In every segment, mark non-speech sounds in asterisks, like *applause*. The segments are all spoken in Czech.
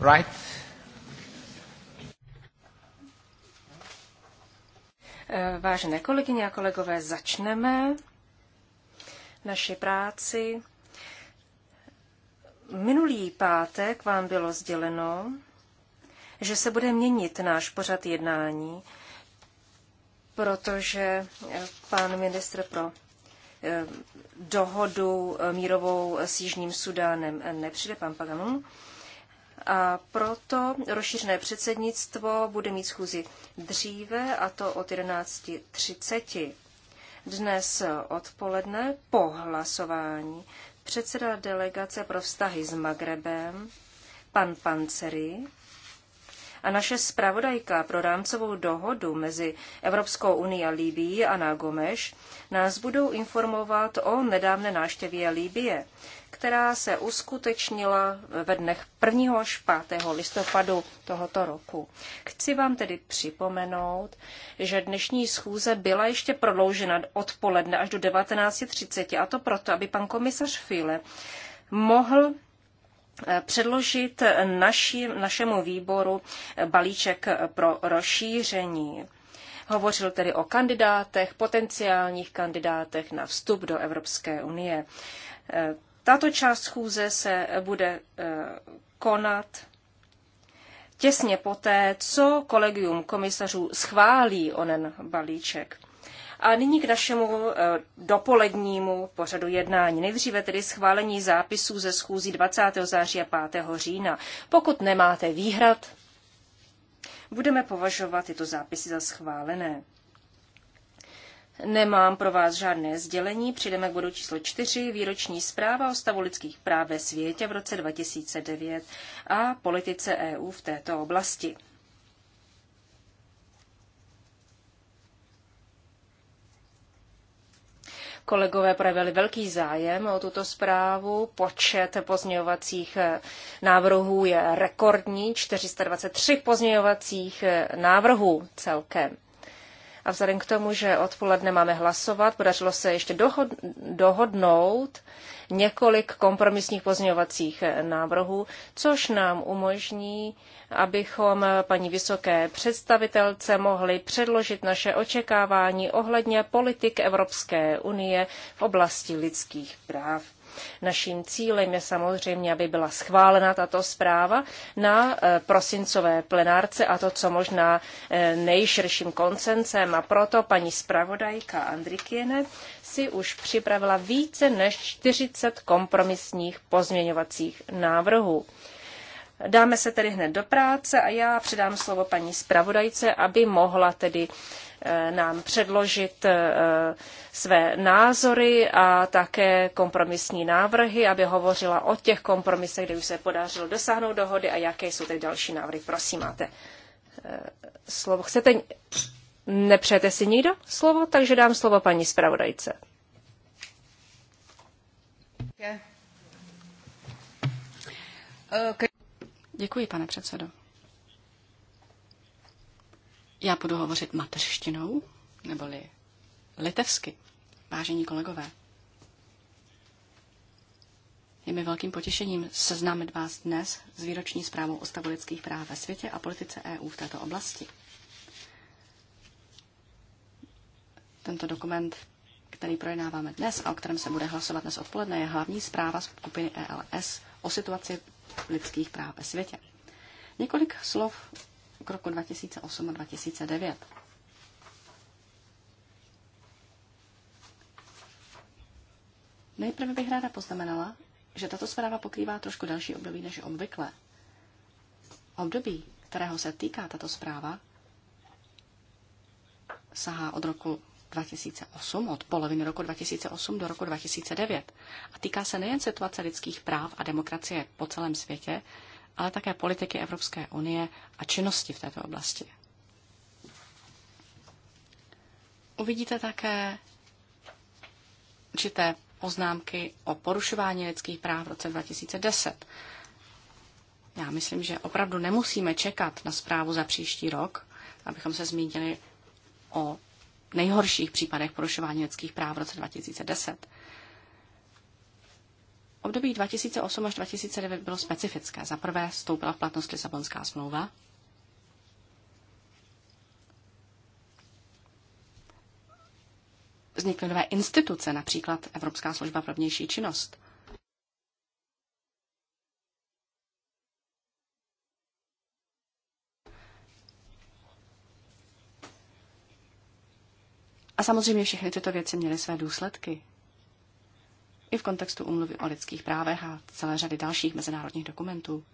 right? Eh, vážené kolegyně a kolegové, začneme naši práci. Minulý pátek vám bylo sděleno, že se bude měnit náš pořad jednání, protože eh, pan ministr pro eh, dohodu mírovou s Jižním Sudánem nepřijde, pan Pagamon a proto rozšířené předsednictvo bude mít schůzi dříve, a to od 11.30. Dnes odpoledne po hlasování předseda delegace pro vztahy s Magrebem, pan Panceri, a naše zpravodajka pro rámcovou dohodu mezi Evropskou unii a Líbí, a Gomeš, nás budou informovat o nedávné náštěvě Líbie která se uskutečnila ve dnech 1. až 5. listopadu tohoto roku. Chci vám tedy připomenout, že dnešní schůze byla ještě prodloužena odpoledne až do 19.30 a to proto, aby pan komisař File mohl eh, předložit naši, našemu výboru eh, balíček eh, pro rozšíření. Hovořil tedy o kandidátech, potenciálních kandidátech na vstup do Evropské unie. Tato část schůze se eh, bude eh, konat těsně poté, co kolegium komisařů schválí onen balíček. A nyní k našemu eh, dopolednímu pořadu jednání. Nejdříve tedy schválení zápisů ze schůzí 20. září a 5. října. Pokud nemáte výhrad, budeme považovat tyto zápisy za schválené. Nemám pro vás žádné sdělení. Přijdeme k bodu číslo 4, výroční zpráva o stavu lidských práv ve světě v roce 2009 a politice EU v této oblasti. Kolegové projevili velký zájem o tuto zprávu. Počet pozměňovacích eh, návrhů je rekordní, 423 pozměňovacích eh, návrhů celkem. A vzhledem k tomu, že odpoledne máme hlasovat, podařilo se ještě dohod, dohodnout několik kompromisních pozměňovacích eh, návrhů, což nám umožní, abychom paní vysoké představitelce mohli předložit naše očekávání ohledně politik Evropské unie v oblasti lidských práv. Naším cílem je samozřejmě, aby byla schválena tato zpráva na eh, prosincové plenárce a to, co možná eh, nejširším konsenzem A proto paní zpravodajka Andrikiene si už připravila více než 40 kompromisních pozměňovacích návrhů. Dáme se tedy hned do práce a já předám slovo paní zpravodajce, aby mohla tedy Eh, nám předložit eh, své názory a také kompromisní návrhy, aby hovořila o těch kompromisech, kde už se podařilo dosáhnout dohody a jaké jsou teď další návrhy. Prosím, máte eh, slovo. Chcete, nepřejete si nikdo slovo, takže dám slovo paní zpravodajce. Děkuji, pane předsedo. Já budu hovořit mateřštinou, neboli litevsky, vážení kolegové. Je mi velkým potěšením seznámit vás dnes s výroční zprávou o stavu lidských práv ve světě a politice EU v této oblasti. Tento dokument, který projednáváme dnes a o kterém se bude hlasovat dnes odpoledne, je hlavní zpráva skupiny ELS o situaci lidských práv ve světě. Několik slov roku 2008 a 2009. Nejprve bych ráda poznamenala, že tato zpráva pokrývá trošku další období než obvykle. Období, kterého se týká tato zpráva, sahá od roku 2008, od poloviny roku 2008 do roku 2009 a týká se nejen situace lidských práv a demokracie po celém světě, ale také politiky Evropské unie a činnosti v této oblasti. Uvidíte také určité poznámky o porušování lidských práv v roce 2010. Já myslím, že opravdu nemusíme čekat na zprávu za příští rok, abychom se zmínili o nejhorších případech porušování lidských práv v roce 2010. Období 2008 až 2009 bylo specifické. Za prvé stoupila v platnost Lisabonská smlouva. Vznikly nové instituce, například Evropská služba pro vnější činnost. A samozřejmě všechny tyto věci měly své důsledky i v kontextu umluvy o lidských právech a celé řady dalších mezinárodních dokumentů.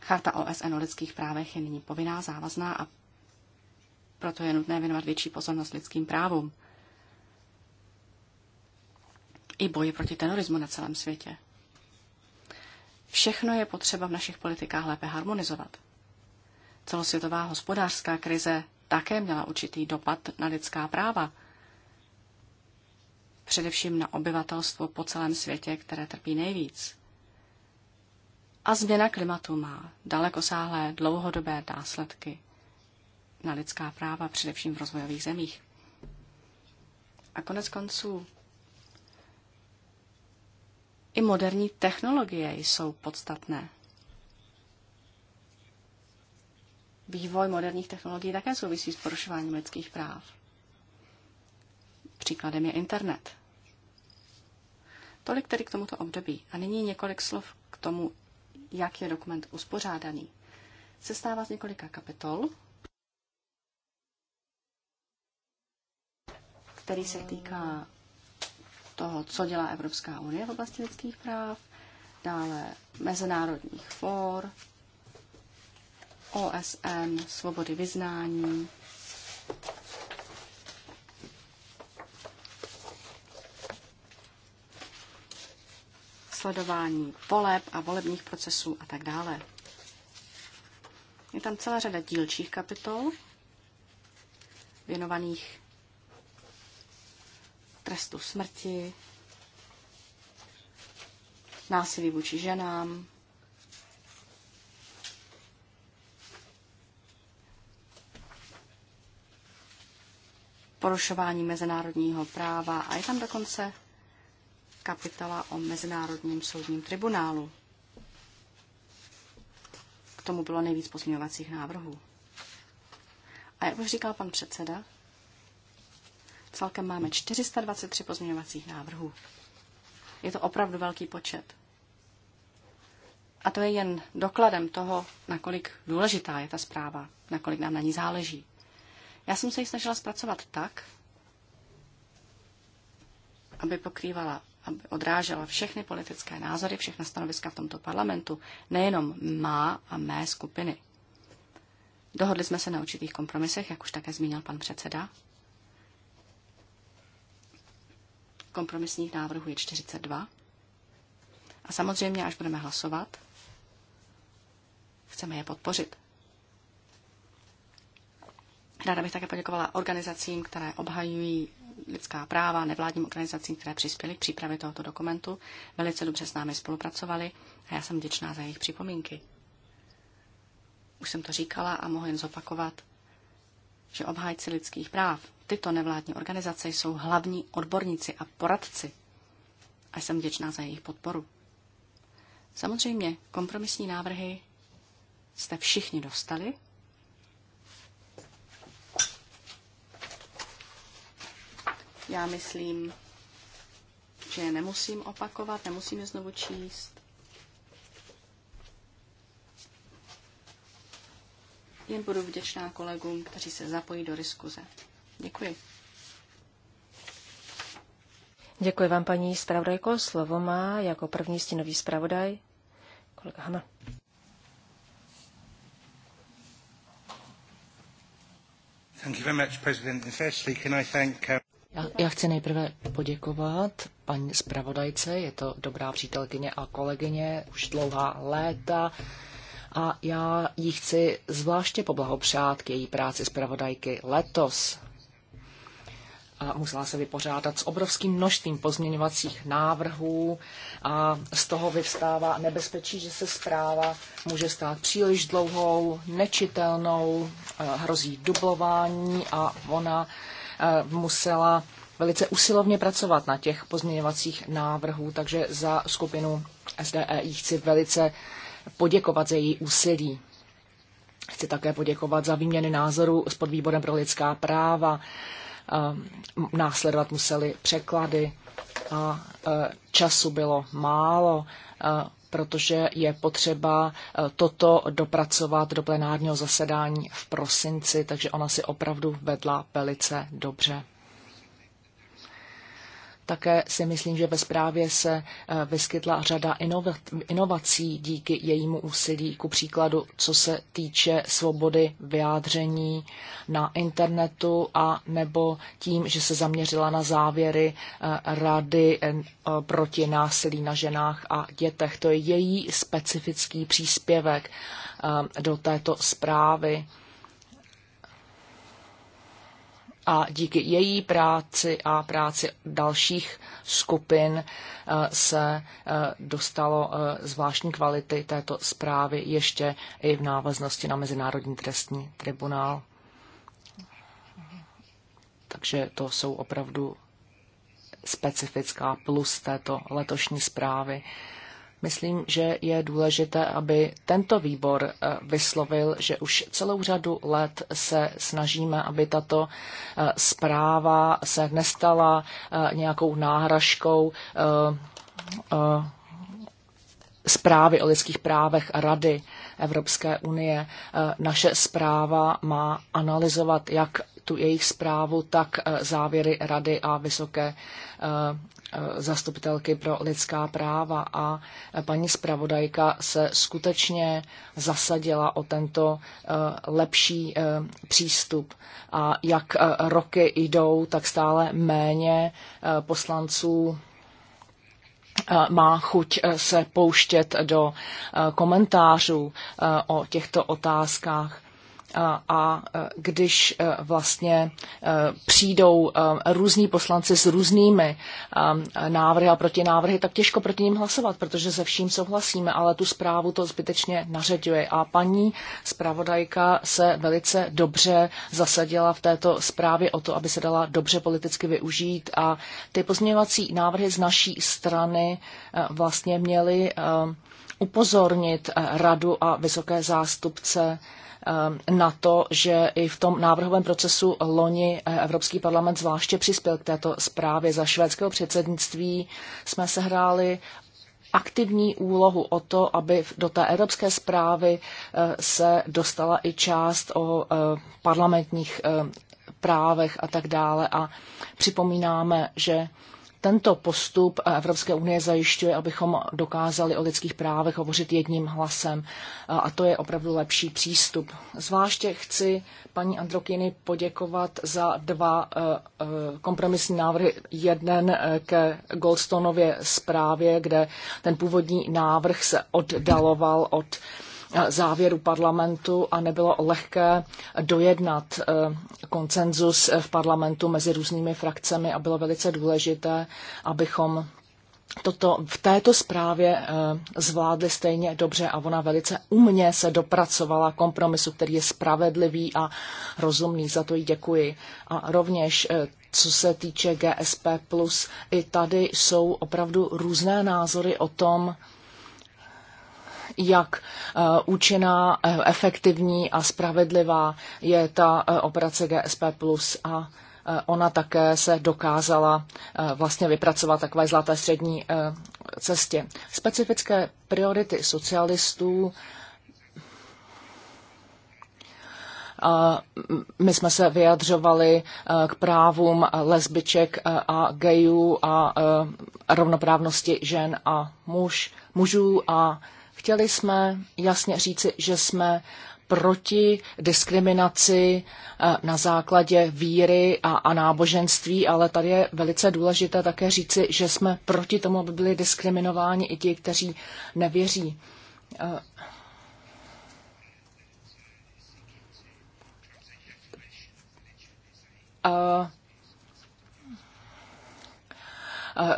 Charta OSN o lidských právech je nyní povinná, závazná a proto je nutné věnovat větší pozornost lidským právům i boji proti terorismu na celém světě. Všechno je potřeba v našich politikách lépe harmonizovat. Celosvětová hospodářská krize také měla určitý dopad na lidská práva především na obyvatelstvo po celém světě, které trpí nejvíc. A změna klimatu má dalekosáhlé dlouhodobé následky na lidská práva, především v rozvojových zemích. A konec konců i moderní technologie jsou podstatné. Vývoj moderních technologií také souvisí s porušováním lidských práv. Příkladem je internet. Tolik tedy k tomuto období. A nyní několik slov k tomu, jak je dokument uspořádaný. Sestává z několika kapitol, který se týká toho, co dělá Evropská unie v oblasti lidských práv, dále mezinárodních for, OSN, svobody vyznání, sledování voleb a volebních procesů a tak dále. Je tam celá řada dílčích kapitol věnovaných trestu smrti, násilí vůči ženám, porušování mezinárodního práva a je tam dokonce kapitola o Mezinárodním soudním tribunálu. K tomu bylo nejvíc pozměňovacích návrhů. A jak už říkal pan předseda, celkem máme 423 pozměňovacích návrhů. Je to opravdu velký počet. A to je jen dokladem toho, nakolik důležitá je ta zpráva, nakolik nám na ní záleží. Já jsem se ji snažila zpracovat tak, aby pokrývala aby odrážela všechny politické názory, všechna stanoviska v tomto parlamentu, nejenom má a mé skupiny. Dohodli jsme se na určitých kompromisech, jak už také zmínil pan předseda. Kompromisních návrhů je 42. A samozřejmě, až budeme hlasovat, chceme je podpořit. Ráda bych také poděkovala organizacím, které obhajují lidská práva, nevládním organizacím, které přispěly k přípravě tohoto dokumentu. Velice dobře s námi spolupracovali a já jsem vděčná za jejich připomínky. Už jsem to říkala a mohu jen zopakovat, že obhájci lidských práv, tyto nevládní organizace jsou hlavní odborníci a poradci a jsem vděčná za jejich podporu. Samozřejmě kompromisní návrhy jste všichni dostali, Já myslím, že je nemusím opakovat, nemusím je znovu číst. Jen budu vděčná kolegům, kteří se zapojí do diskuze. Děkuji. Děkuji vám, paní zpravodajko. Slovo má jako první stinový zpravodaj kolega Hana. Thank you very much, President. And firstly, can I thank... Uh, já, já chci nejprve poděkovat paní zpravodajce, je to dobrá přítelkyně a kolegyně, už dlouhá léta a já jí chci zvláště poblahopřát k její práci zpravodajky letos. A musela se vypořádat s obrovským množstvím pozměňovacích návrhů a z toho vyvstává nebezpečí, že se zpráva může stát příliš dlouhou, nečitelnou, eh, hrozí dublování a ona Eh, musela velice usilovně pracovat na těch pozměňovacích návrhů, takže za skupinu SDE chci velice poděkovat za její úsilí. Chci také poděkovat za výměny názorů s podvýborem pro lidská práva. Eh, následovat museli překlady a eh, času bylo málo protože je potřeba eh, toto dopracovat do plenárního zasedání v prosinci, takže ona si opravdu vedla velice dobře. Také si myslím, že ve zprávě se eh, vyskytla řada inovací díky jejímu úsilí, ku příkladu, co se týče svobody vyjádření na internetu a nebo tím, že se zaměřila na závěry eh, Rady eh, proti násilí na ženách a dětech. To je její specifický příspěvek do této zprávy a díky její práci a práci dalších skupin eh, se eh, dostalo eh, zvláštní kvality této zprávy ještě i v návaznosti na Mezinárodní trestní tribunál. Takže to jsou opravdu specifická plus této letošní zprávy. Myslím, že je důležité, aby tento výbor eh, vyslovil, že už celou řadu let se snažíme, aby tato eh, zpráva se nestala eh, nějakou náhražkou zprávy o lidských právech Rady Evropské unie. Naše zpráva má analyzovat jak tu jejich zprávu, tak eh, závěry Rady a vysoké eh, eh, zastupitelky pro lidská práva a paní zpravodajka se skutečně zasadila o tento lepší přístup. A jak roky jdou, tak stále méně poslanců má chuť se pouštět do komentářů o těchto otázkách a e, když e, vlastně e, přijdou různí poslanci s různými návrhy a protinávrhy, tak těžko proti ním hlasovat, protože se vším souhlasíme, ale tu zprávu to zbytečně nařeďuje. A paní zpravodajka se velice dobře zasadila v této zprávě o to, aby se dala dobře politicky využít a ty pozměňovací návrhy z naší strany vlastně měly upozornit eh, radu a vysoké zástupce eh, na to, že i v tom návrhovém procesu loni eh, Evropský parlament zvláště přispěl k této zprávě. Za švédského předsednictví jsme sehráli aktivní úlohu o to, aby do té evropské zprávy se dostala i část o parlamentních právech a tak dále. A připomínáme, že tento postup Evropské unie zajišťuje, abychom dokázali o lidských právech hovořit jedním hlasem. A to je opravdu lepší přístup. Zvláště chci paní Androkiny poděkovat za dva eh, eh, kompromisní návrhy. Jeden eh, ke Goldstonově zprávě, kde ten původní návrh se oddaloval od závěru parlamentu a nebylo lehké dojednat eh, koncenzus v parlamentu mezi různými frakcemi a bylo velice důležité, abychom toto v této zprávě eh, zvládli stejně dobře a ona velice umně se dopracovala kompromisu, který je spravedlivý a rozumný. Za to jí děkuji. A rovněž eh, co se týče GSP+, i tady jsou opravdu různé názory o tom, jak eh, účinná, eh, efektivní a spravedlivá je ta eh, operace GSP+. A ona také se dokázala vlastně vypracovat takové zlaté střední cestě. Specifické priority socialistů my jsme se vyjadřovali k právům lesbiček a gayů a rovnoprávnosti žen a muž, mužů a Chtěli jsme jasně říci, že jsme proti diskriminaci eh, na základě víry a, a náboženství, ale tady je velice důležité také říci, že jsme proti tomu, aby byli diskriminováni i ti, kteří nevěří. Uh,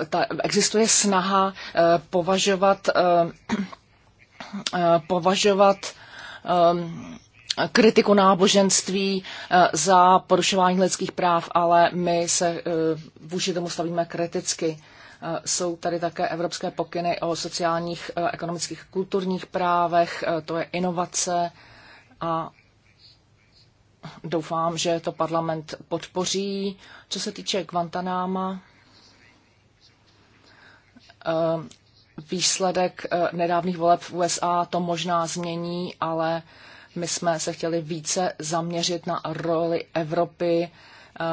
ta, existuje snaha uh, považovat uh, Eh, považovat ehm, kritiku náboženství eh, za porušování lidských práv, ale my se eh, vůči tomu stavíme kriticky. Jsou tady také evropské pokyny o sociálních, ekonomických, kulturních právech, to je inovace a doufám, že to parlament podpoří. Co se týče Guantanáma, výsledek eh, nedávných voleb v USA to možná změní, ale my jsme se chtěli více zaměřit na roli Evropy eh,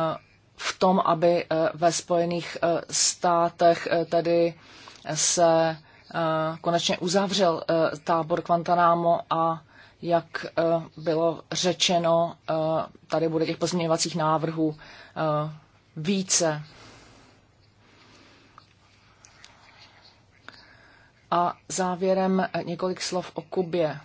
v tom, aby eh, ve Spojených státech tedy se konečně uzavřel tábor Guantanamo a jak bylo řečeno, tady bude těch pozměňovacích návrhů více. A závěrem několik slov o Kubě.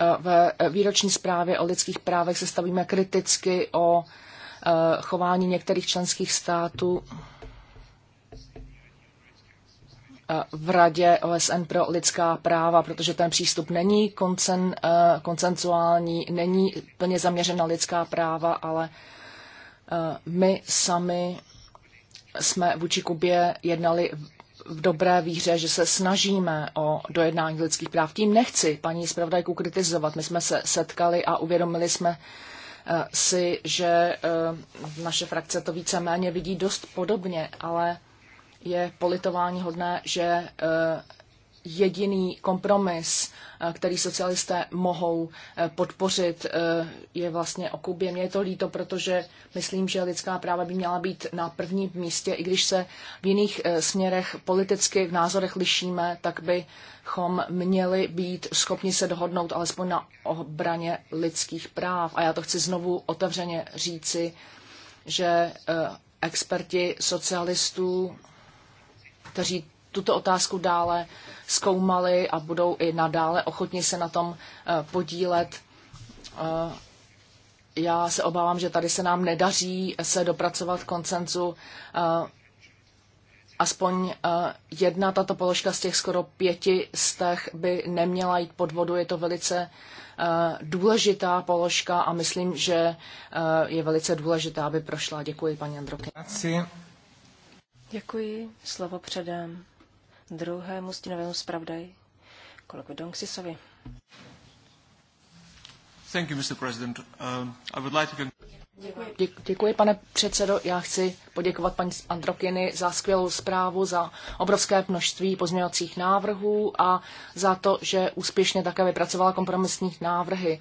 Eh, ve výroční zprávě o lidských právech se stavíme kriticky o eh, chování některých členských států eh, v Radě OSN pro lidská práva, protože ten přístup není koncen, koncensuální, není plně zaměřen na lidská práva, ale my sami jsme vůči Kubě jednali v dobré víře, že se snažíme o dojednání lidských práv. Tím nechci paní zpravodajku kritizovat. My jsme se setkali a uvědomili jsme eh, si, že eh, naše frakce to víceméně vidí dost podobně, ale je politování hodné, že eh, jediný kompromis, eh, který socialisté mohou eh, podpořit, eh, je vlastně o Kubě. Mně je to líto, protože myslím, že lidská práva by měla být na prvním místě, i když se v jiných směrech politicky v názorech lišíme, tak bychom měli být schopni se dohodnout alespoň na obraně lidských práv. A já to chci znovu otevřeně říci, že experti socialistů, kteří tuto otázku dále zkoumali a budou i nadále ochotni se na tom eh, podílet. Eh, já se obávám, že tady se nám nedaří se dopracovat koncenzu. Eh, aspoň jedna tato položka z těch skoro pěti z těch by neměla jít pod vodu. Je to velice důležitá položka a myslím, že je velice důležitá, aby prošla. Děkuji, paní Androky. Děkuji, slovo předám druhému stínovému zpravodaji, kolegu Donksisovi. Thank you, Mr. President. Um, I would like to... Děkuji. děkuji, pane předsedo. Já chci poděkovat paní Androkiny za skvělou zprávu, za obrovské množství pozměňovacích návrhů a za to, že úspěšně také vypracovala kompromisní návrhy.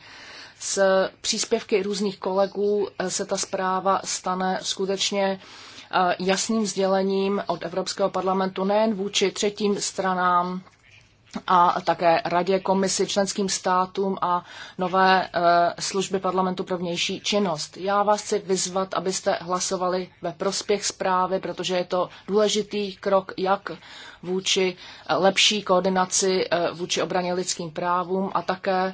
S příspěvky různých kolegů se ta zpráva stane skutečně Eh, jasným sdělením od Evropského parlamentu nejen vůči třetím stranám, a také radě, komisi, členským státům a nové e, služby parlamentu pro vnější činnost. Já vás chci vyzvat, abyste hlasovali ve prospěch zprávy, protože je to důležitý krok jak vůči eh, lepší koordinaci eh, vůči obraně lidským právům a také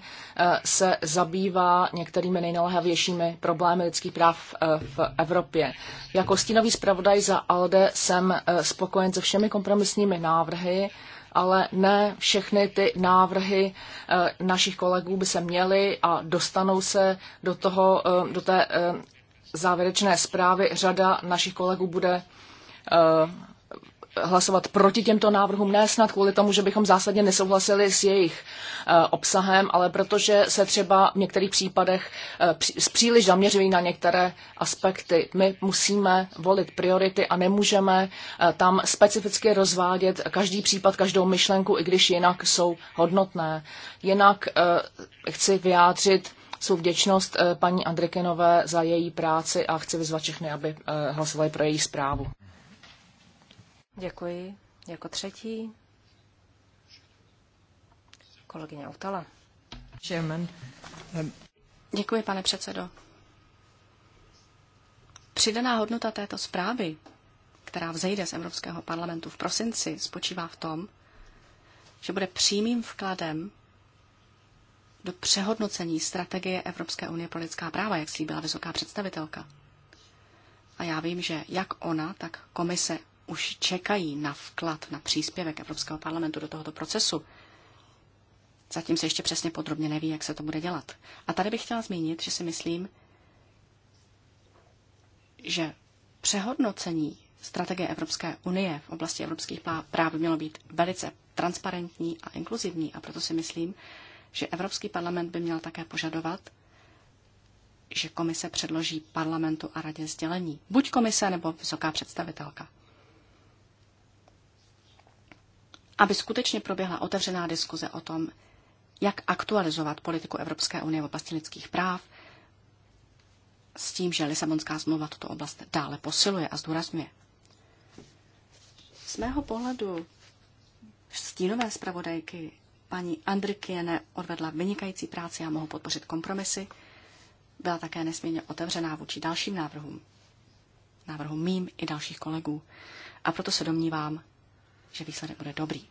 se zabývá některými nejnalehavějšími problémy lidských práv v Evropě. Jako stínový zpravodaj za ALDE jsem spokojen se všemi kompromisními návrhy, ale ne všechny ty návrhy eh, našich kolegů by se měly a dostanou se do, toho, eh, do té eh, závěrečné zprávy. Řada našich kolegů bude hlasovat proti těmto návrhům, ne snad kvůli tomu, že bychom zásadně nesouhlasili s jejich eh, obsahem, ale protože se třeba v některých případech eh, příliš zaměřují na některé aspekty. My musíme volit priority a nemůžeme eh, tam specificky rozvádět každý případ, každou myšlenku, i když jinak jsou hodnotné. Jinak chci vyjádřit svou vděčnost paní Andrikinové za její práci a chci vyzvat všechny, aby hlasovali pro její zprávu. Děkuji. Jako třetí kolegyně Autala. Chairman. Um, Děkuji, pane předsedo. Přidaná hodnota této zprávy, která vzejde z Evropského parlamentu v prosinci, spočívá v tom, že bude přímým vkladem do přehodnocení strategie Evropské unie pro lidská práva, jak slíbila vysoká představitelka. A já vím, že jak ona, tak komise už čekají na vklad, na příspěvek Evropského parlamentu do tohoto procesu. Zatím se ještě přesně podrobně neví, jak se to bude dělat. A tady bych chtěla zmínit, že si myslím, že přehodnocení strategie Evropské unie v oblasti evropských práv by mělo být velice transparentní a inkluzivní a proto si myslím, že Evropský parlament by měl také požadovat, že komise předloží parlamentu a radě sdělení. Buď komise nebo vysoká představitelka. aby skutečně proběhla otevřená diskuze o tom, jak aktualizovat politiku Evropské unie v oblasti lidských práv, s tím, že Lisabonská smlouva tuto oblast dále posiluje a zdůrazňuje. Z mého pohledu stínové zpravodajky paní Andrikiene odvedla vynikající práci a mohu podpořit kompromisy. Byla také nesmírně otevřená vůči dalším návrhům, návrhům mým i dalších kolegů. A proto se domnívám, že výsledek bude dobrý.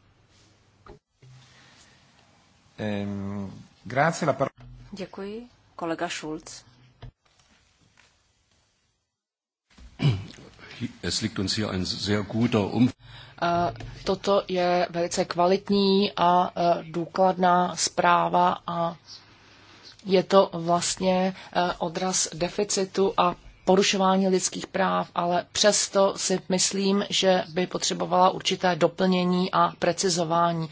Děkuji. Kolega Schulz. Es liegt uns hier ein sehr guter um Toto je velice kvalitní a eh, důkladná zpráva a je to vlastně eh, odraz deficitu a porušování lidských práv, ale přesto si myslím, že by potřebovala určité doplnění a precizování.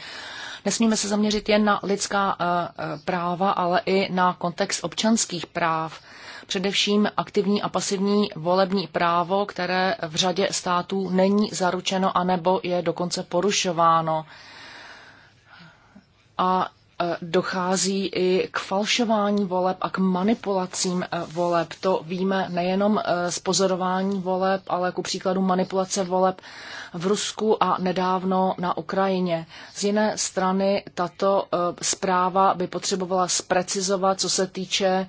Nesmíme se zaměřit jen na lidská eh, eh, práva, ale i na kontext občanských práv především aktivní a pasivní volební právo, které v řadě států není zaručeno anebo je dokonce porušováno. A Eh, dochází i k falšování voleb a k manipulacím eh, voleb. To víme nejenom eh, z pozorování voleb, ale ku příkladu manipulace voleb v Rusku a nedávno na Ukrajině. Z jiné strany tato zpráva by potřebovala sprecizovat, co se týče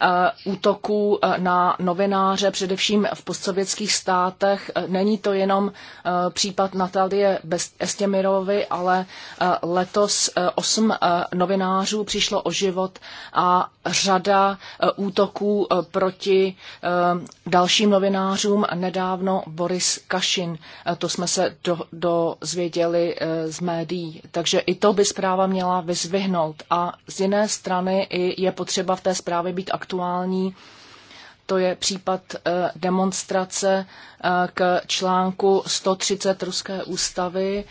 Eh, útoků eh, na novináře, především v postsovětských státech. Eh, není to jenom případ Natalie Estěmirovy, ale letos osm novinářů přišlo o život a řada eh, útoků eh, proti eh, dalším novinářům. Nedávno Boris Kašin, to jsme se do, dozvěděli z médií. Takže i to by zpráva měla vyzvihnout. A z jiné strany i je potřeba v té zprávě být aktuální. To je případ demonstrace k článku 130 Ruské ústavy.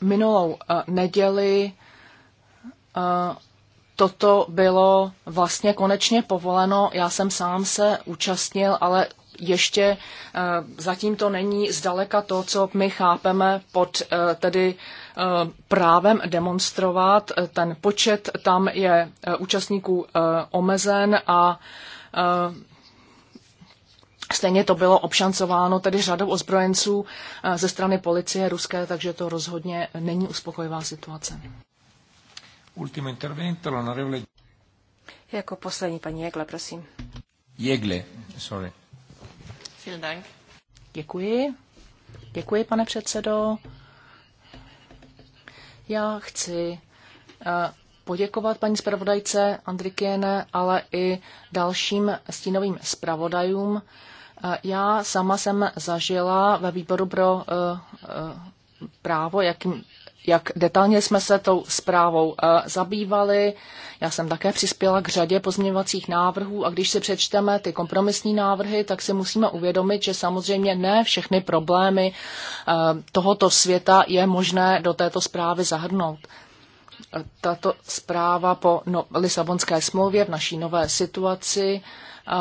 Minulou neděli toto bylo vlastně konečně povoleno. Já jsem sám se účastnil, ale ještě eh, zatím to není zdaleka to, co my chápeme pod eh, tedy eh, právem demonstrovat. Ten počet tam je účastníků omezen a Stejně to bylo obšancováno tedy řadou ozbrojenců ze strany policie ruské, takže to rozhodně není uspokojivá situace. Ultimo intervento, l'onorevole... Jako poslední paní Jegle, prosím. Jegle, sorry. Vielen Dank. Děkuji. Děkuji, pane předsedo. Já chci eh, poděkovat paní zpravodajce Andrikiene, ale i dalším stínovým zpravodajům. Eh, já sama jsem zažila ve výboru pro eh, právo, jakým jak detailně jsme se tou zprávou eh, zabývali. Já jsem také přispěla k řadě pozměňovacích návrhů a když si přečteme ty kompromisní návrhy, tak si musíme uvědomit, že samozřejmě ne všechny problémy eh, tohoto světa je možné do této zprávy zahrnout. Tato zpráva po no, Lisabonské smlouvě v naší nové situaci eh,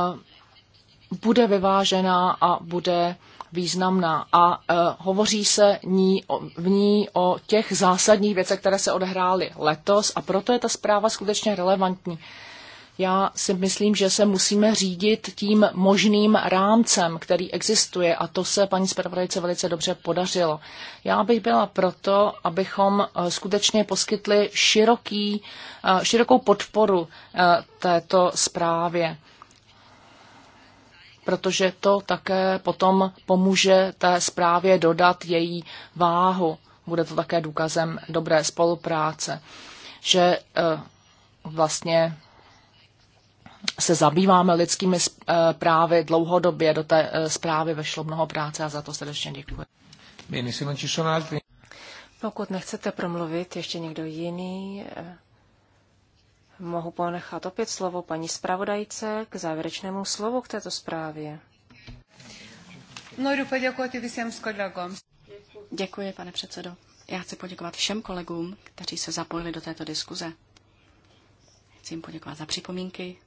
bude vyvážená a bude významná a uh, hovoří se ní, o, v ní o těch zásadních věcech, které se odehrály letos a proto je ta zpráva skutečně relevantní. Já si myslím, že se musíme řídit tím možným rámcem, který existuje a to se paní zpravodajce velice dobře podařilo. Já bych byla proto, abychom e, skutečně poskytli široký, e, širokou podporu této zprávě protože to také potom pomůže té zprávě dodat její váhu. Bude to také důkazem dobré spolupráce, že eh, vlastně se zabýváme lidskými eh, právy dlouhodobě. Do té eh, zprávy vešlo mnoho práce a za to srdečně děkuji. Pokud nechcete promluvit, ještě někdo jiný? mohu ponechat opět slovo paní zpravodajce k závěrečnému slovu k této zprávě. Noriu poděkovat všem kolegům. Děkuji, pane předsedo. Já chci poděkovat všem kolegům, kteří se zapojili do této diskuze. Chci jim poděkovat za připomínky,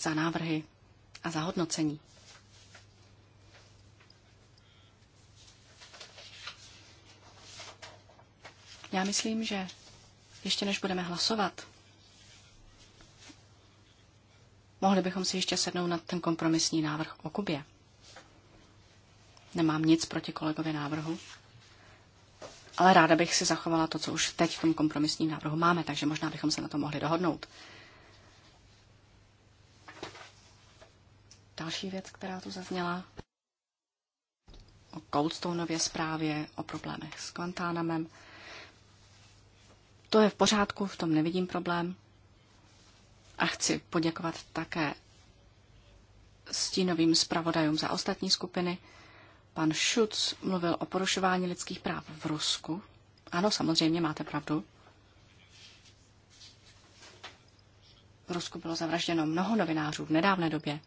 za návrhy a za hodnocení. Já myslím, že ještě než budeme hlasovat, mohli bychom si ještě sednout na ten kompromisní návrh o Kubě. Nemám nic proti kolegovi návrhu, ale ráda bych si zachovala to, co už teď v tom kompromisním návrhu máme, takže možná bychom se na to mohli dohodnout. Další věc, která tu zazněla, o Coldstoneově zprávě, o problémech s Guantánamem, to je v pořádku, v tom nevidím problém. A chci poděkovat také stínovým zpravodajům za ostatní skupiny. Pan Šuc mluvil o porušování lidských práv v Rusku. Ano, samozřejmě máte pravdu. V Rusku bylo zavražděno mnoho novinářů v nedávné době.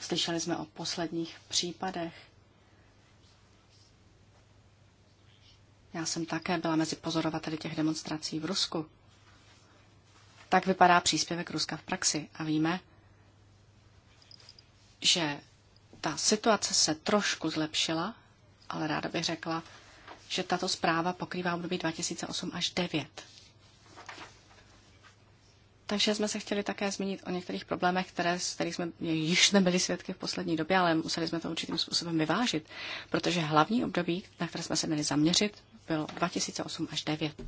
Slyšeli jsme o posledních případech Já jsem také byla mezi pozorovateli těch demonstrací v Rusku. Tak vypadá příspěvek Ruska v praxi a víme, že ta situace se trošku zlepšila, ale ráda bych řekla, že tato zpráva pokrývá období 2008 až 2009. Takže jsme se chtěli také zmínit o některých problémech, které, z kterých jsme již nebyli svědky v poslední době, ale museli jsme to určitým způsobem vyvážit, protože hlavní období, na které jsme se měli zaměřit, bylo 2008 až 2009.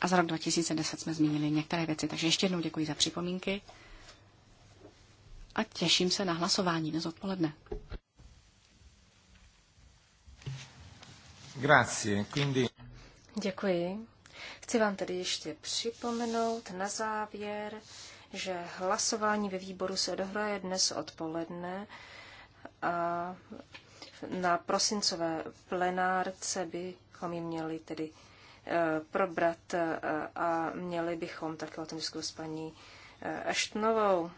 A za rok 2010 jsme zmínili některé věci, takže ještě jednou děkuji za připomínky a těším se na hlasování dnes odpoledne. Grazie, quindi... Děkuji. Chci vám tedy ještě připomenout na závěr, že hlasování ve výboru se dohraje dnes odpoledne a na prosincové plenárce bychom ji měli tedy eh, probrat eh, a měli bychom také o tom diskutovat s paní eh, Eštnovou.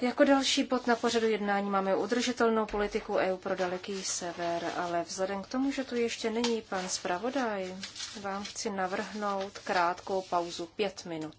Jako další bod na pořadu jednání máme udržitelnou politiku EU pro daleký sever, ale vzhledem k tomu, že tu ještě není pan zpravodaj, vám chci navrhnout krátkou pauzu pět minut.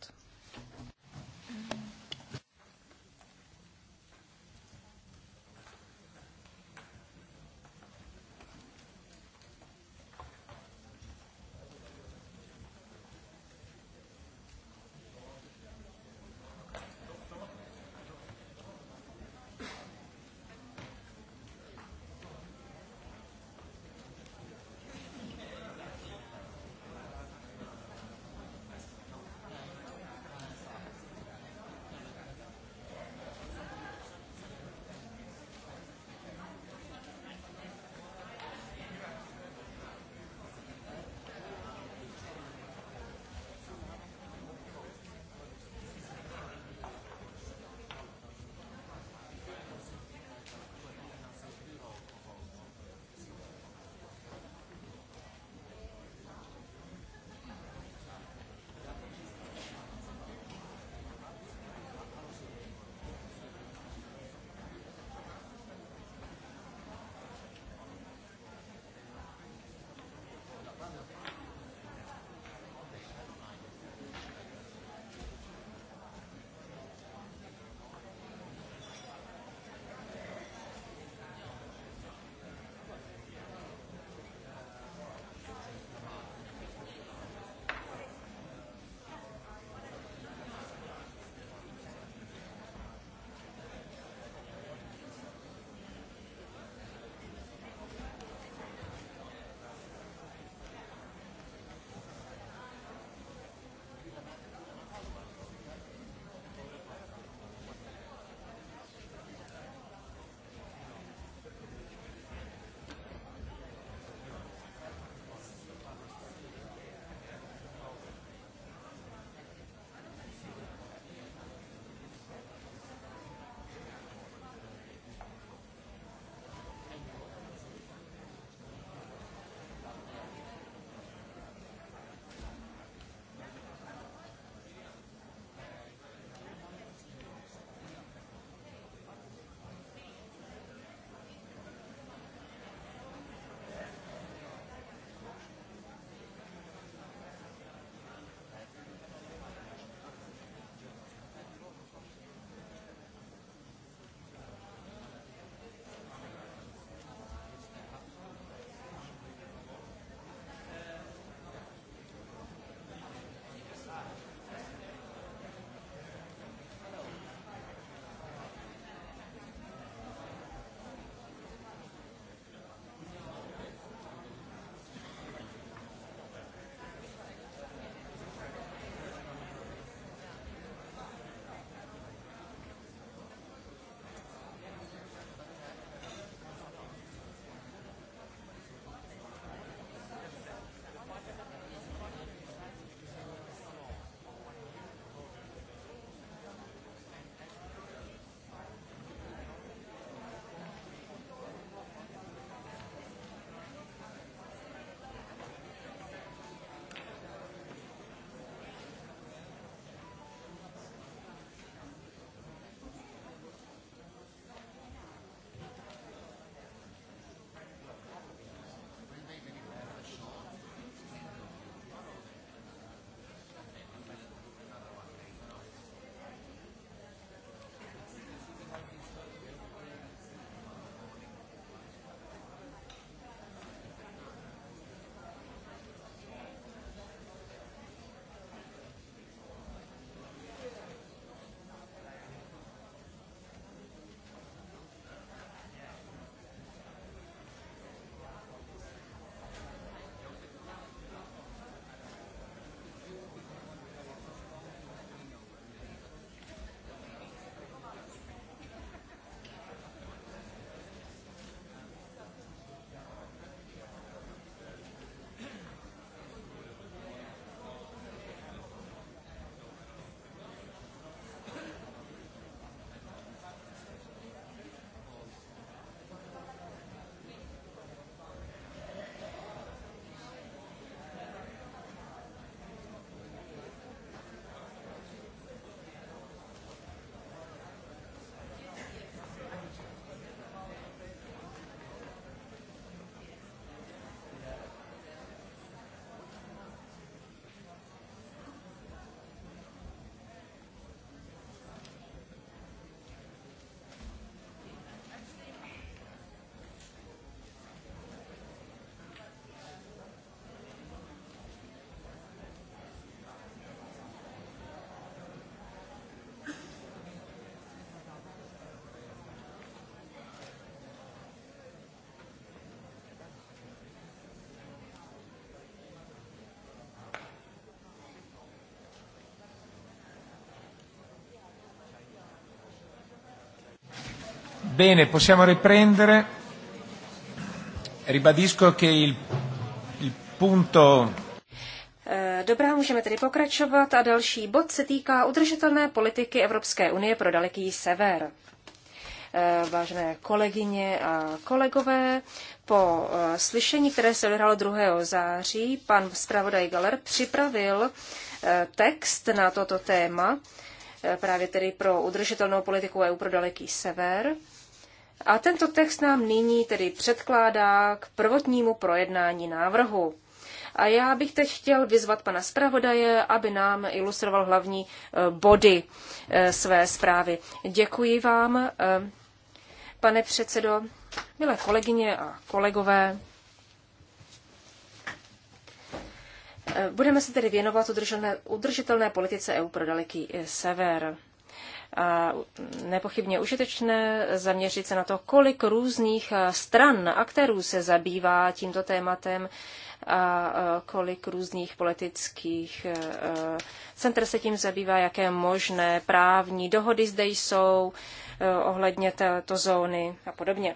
Bene, possiamo riprendere. Ribadisco che il, il punto. Eh, dobrá, můžeme tedy pokračovat a další bod se týká udržitelné politiky Evropské unie pro daleký sever. Eh, vážené kolegyně a kolegové, po eh, slyšení, které se odehrálo 2. září, pan zpravodaj Galer připravil text na toto téma, právě tedy pro udržitelnou politiku EU pro daleký sever. A tento text nám nyní tedy předkládá k prvotnímu projednání návrhu. A já bych teď chtěl vyzvat pana zpravodaje, aby nám ilustroval hlavní e, body e, své zprávy. Děkuji vám, e, pane předsedo, milé kolegyně a kolegové. Budeme se tedy věnovat udržitelné, udržitelné politice EU pro daleký sever a nepochybně užitečné zaměřit se na to, kolik různých eh, stran aktérů se zabývá tímto tématem a kolik různých politických e, e, centr se tím zabývá, jaké možné právní dohody zde jsou e, ohledně této zóny a podobně.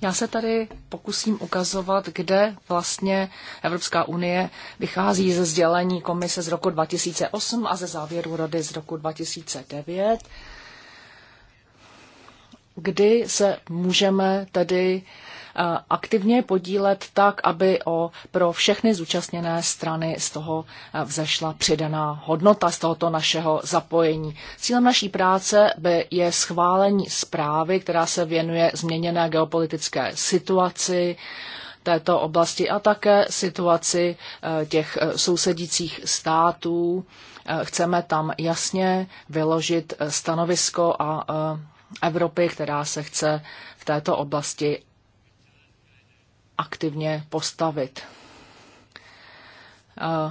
Já se tady pokusím ukazovat, kde vlastně Evropská unie vychází ze sdělení komise z roku 2008 a ze závěru rady z roku 2009, kdy se můžeme tedy uh, Eh, aktivně podílet tak, aby o, pro všechny zúčastněné strany z toho eh, vzešla přidaná hodnota z tohoto našeho zapojení. Cílem naší práce by je schválení zprávy, která se věnuje změněné geopolitické situaci, této oblasti a také situaci eh, těch sousedících států. Chceme tam jasně vyložit stanovisko a Evropy, která se chce v této oblasti aktivně postavit. Eh,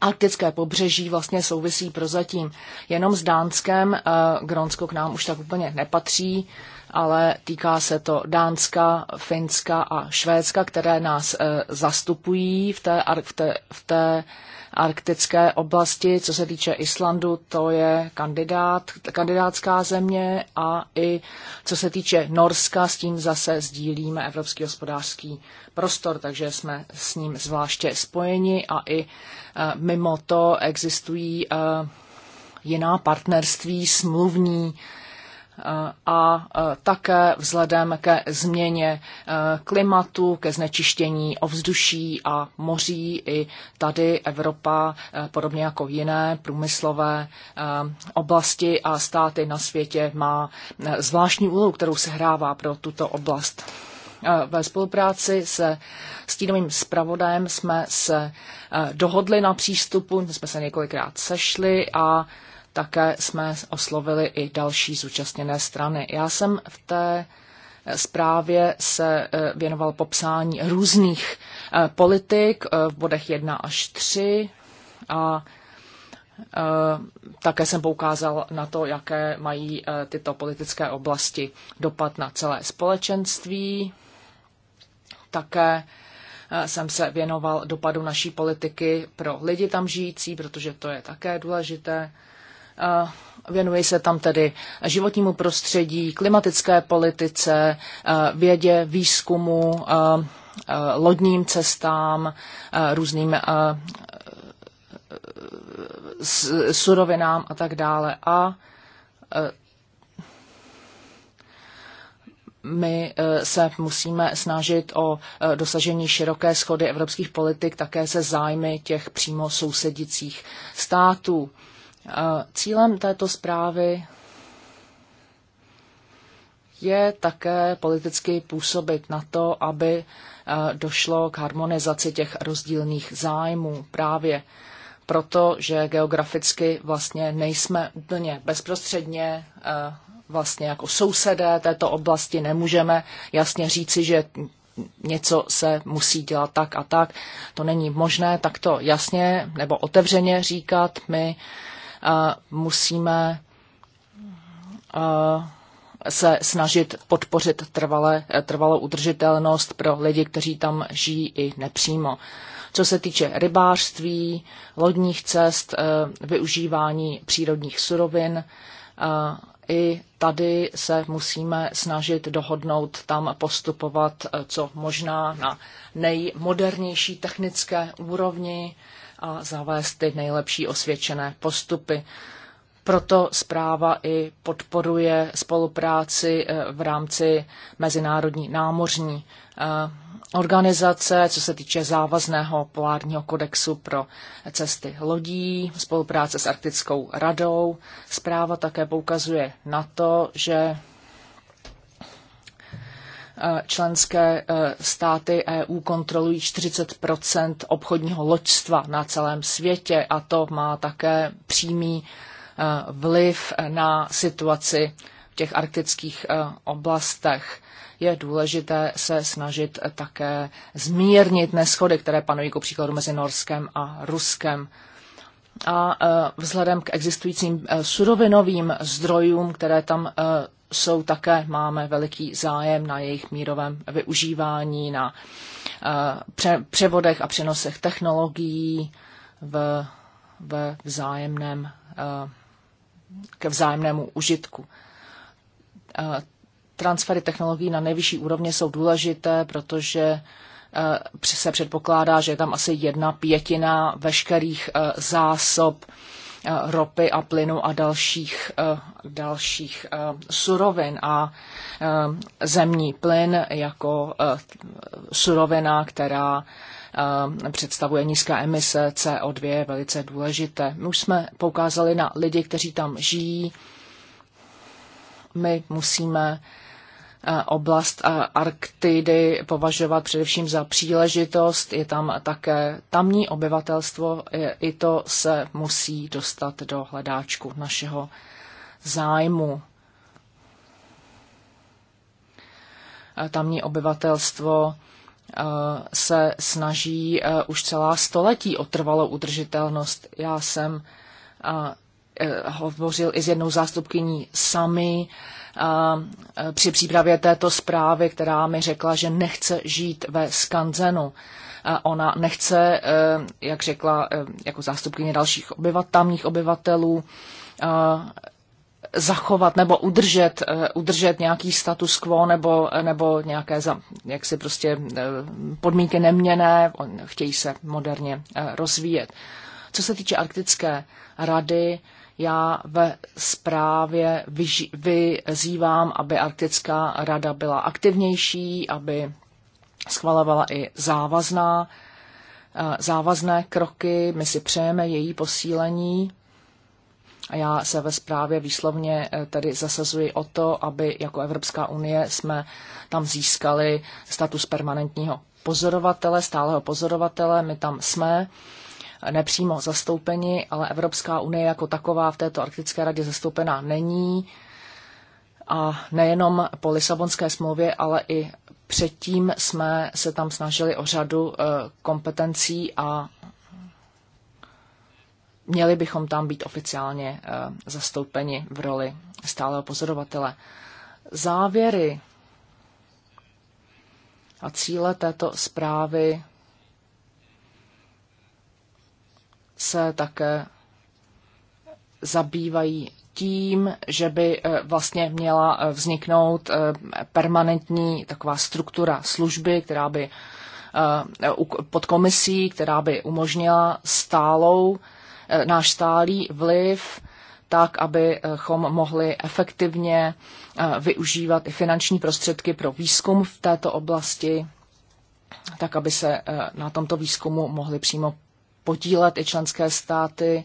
Arktické pobřeží vlastně souvisí prozatím jenom s Dánskem. Eh, Grónsko k nám už tak úplně nepatří, ale týká se to Dánska, Finska a Švédska, které nás eh, zastupují v té, v té, v té arktické oblasti. Co se týče Islandu, to je kandidát, kandidátská země a i co se týče Norska, s tím zase sdílíme Evropský hospodářský prostor, takže jsme s ním zvláště spojeni a i eh, mimo to existují eh, jiná partnerství smluvní a také vzhledem ke změně e, klimatu, ke znečištění ovzduší a moří. I tady Evropa, e, podobně jako jiné průmyslové e, oblasti a státy na světě, má zvláštní úlohu, kterou se hrává pro tuto oblast. Ve spolupráci se stínovým zpravodajem jsme se dohodli na přístupu, jsme se několikrát sešli a také jsme oslovili i další zúčastněné strany. Já jsem v té eh, zprávě se eh, věnoval popsání různých eh, politik v bodech 1 až 3 a také jsem poukázal na to, jaké mají tyto politické oblasti dopad na celé společenství. Také jsem se věnoval dopadu naší politiky pro lidi tam žijící, protože to je také důležité. Eh, věnuji se tam tedy životnímu prostředí, klimatické politice, eh, vědě, výzkumu, eh, lodním cestám, různým surovinám a tak dále. A my se musíme snažit o dosažení široké schody evropských politik také se zájmy těch přímo sousedících států. Cílem této zprávy je také politicky působit na to, aby e, došlo k harmonizaci těch rozdílných zájmů právě proto, že geograficky vlastně nejsme úplně bezprostředně e, vlastně jako sousedé této oblasti, nemůžeme jasně říci, že něco se musí dělat tak a tak. To není možné takto jasně nebo otevřeně říkat. My musíme se snažit podpořit trvale, trvalou udržitelnost pro lidi, kteří tam žijí i nepřímo. Co se týče rybářství, lodních cest, e, využívání přírodních surovin, e, i tady se musíme snažit dohodnout tam postupovat e, co možná na nejmodernější technické úrovni a zavést ty nejlepší osvědčené postupy. Proto zpráva i podporuje spolupráci eh, v rámci Mezinárodní námořní eh, organizace, co se týče závazného polárního kodexu pro cesty lodí, spolupráce s Arktickou radou. Zpráva také poukazuje na to, že Eh, členské eh, státy EU kontrolují 40 obchodního loďstva na celém světě a to má také přímý eh, vliv na situaci v těch arktických oblastech. Je důležité se snažit také zmírnit neschody, které panují ku příkladu mezi Norskem a Ruskem a vzhledem k existujícím surovinovým zdrojům, které tam jsou také, máme veliký zájem na jejich mírovém využívání, na eh, převodech a přenosech technologií v, v vzájemném, eh, ke vzájemnému užitku. Eh, transfery technologií na nejvyšší úrovně jsou důležité, protože se předpokládá, že je tam asi jedna pětina veškerých zásob Eh, ropy a plynu a dalších, eh, dalších eh, surovin a zemní plyn jako surovina, která představuje nízká emise CO2, je velice důležité. My už jsme poukázali na lidi, kteří tam žijí. My musíme Eh, oblast eh, Arktidy považovat především za příležitost. Je tam také tamní obyvatelstvo, eh, i to se musí dostat do hledáčku našeho zájmu. Tamní obyvatelstvo se snaží už celá století o trvalou udržitelnost. Já jsem hovořil i s jednou zástupkyní sami Eh, při přípravě této zprávy, která mi řekla, že nechce žít ve skanzenu. Eh, ona nechce, eh, jak řekla jako zástupkyně dalších obyvat, tamních obyvatelů, zachovat nebo udržet, udržet nějaký status quo nebo, nebo nějaké za, jaksi prostě podmínky neměné, chtějí se moderně rozvíjet. Co se týče Arktické rady, já ve zprávě vyzývám, aby Arktická rada byla aktivnější, aby schvalovala i závazná, eh, závazné kroky. My si přejeme její posílení. A já se ve zprávě výslovně eh, tedy zasazuji o to, aby jako Evropská unie jsme tam získali status permanentního pozorovatele, stáleho pozorovatele. My tam jsme nepřímo zastoupeni, ale Evropská unie jako taková v této arktické radě zastoupená není. A nejenom po Lisabonské smlouvě, ale i předtím jsme se tam snažili o řadu eh, kompetencí a měli bychom tam být oficiálně eh, zastoupeni v roli stáleho pozorovatele. Závěry a cíle této zprávy se také zabývají tím, že by eh, vlastně měla eh, vzniknout eh, permanentní taková struktura služby, která by pod komisí, která by umožnila stálou, náš stálý vliv, tak, abychom mohli efektivně využívat i finanční prostředky pro výzkum v této oblasti, tak, aby se na tomto výzkumu mohli přímo podílet i členské státy.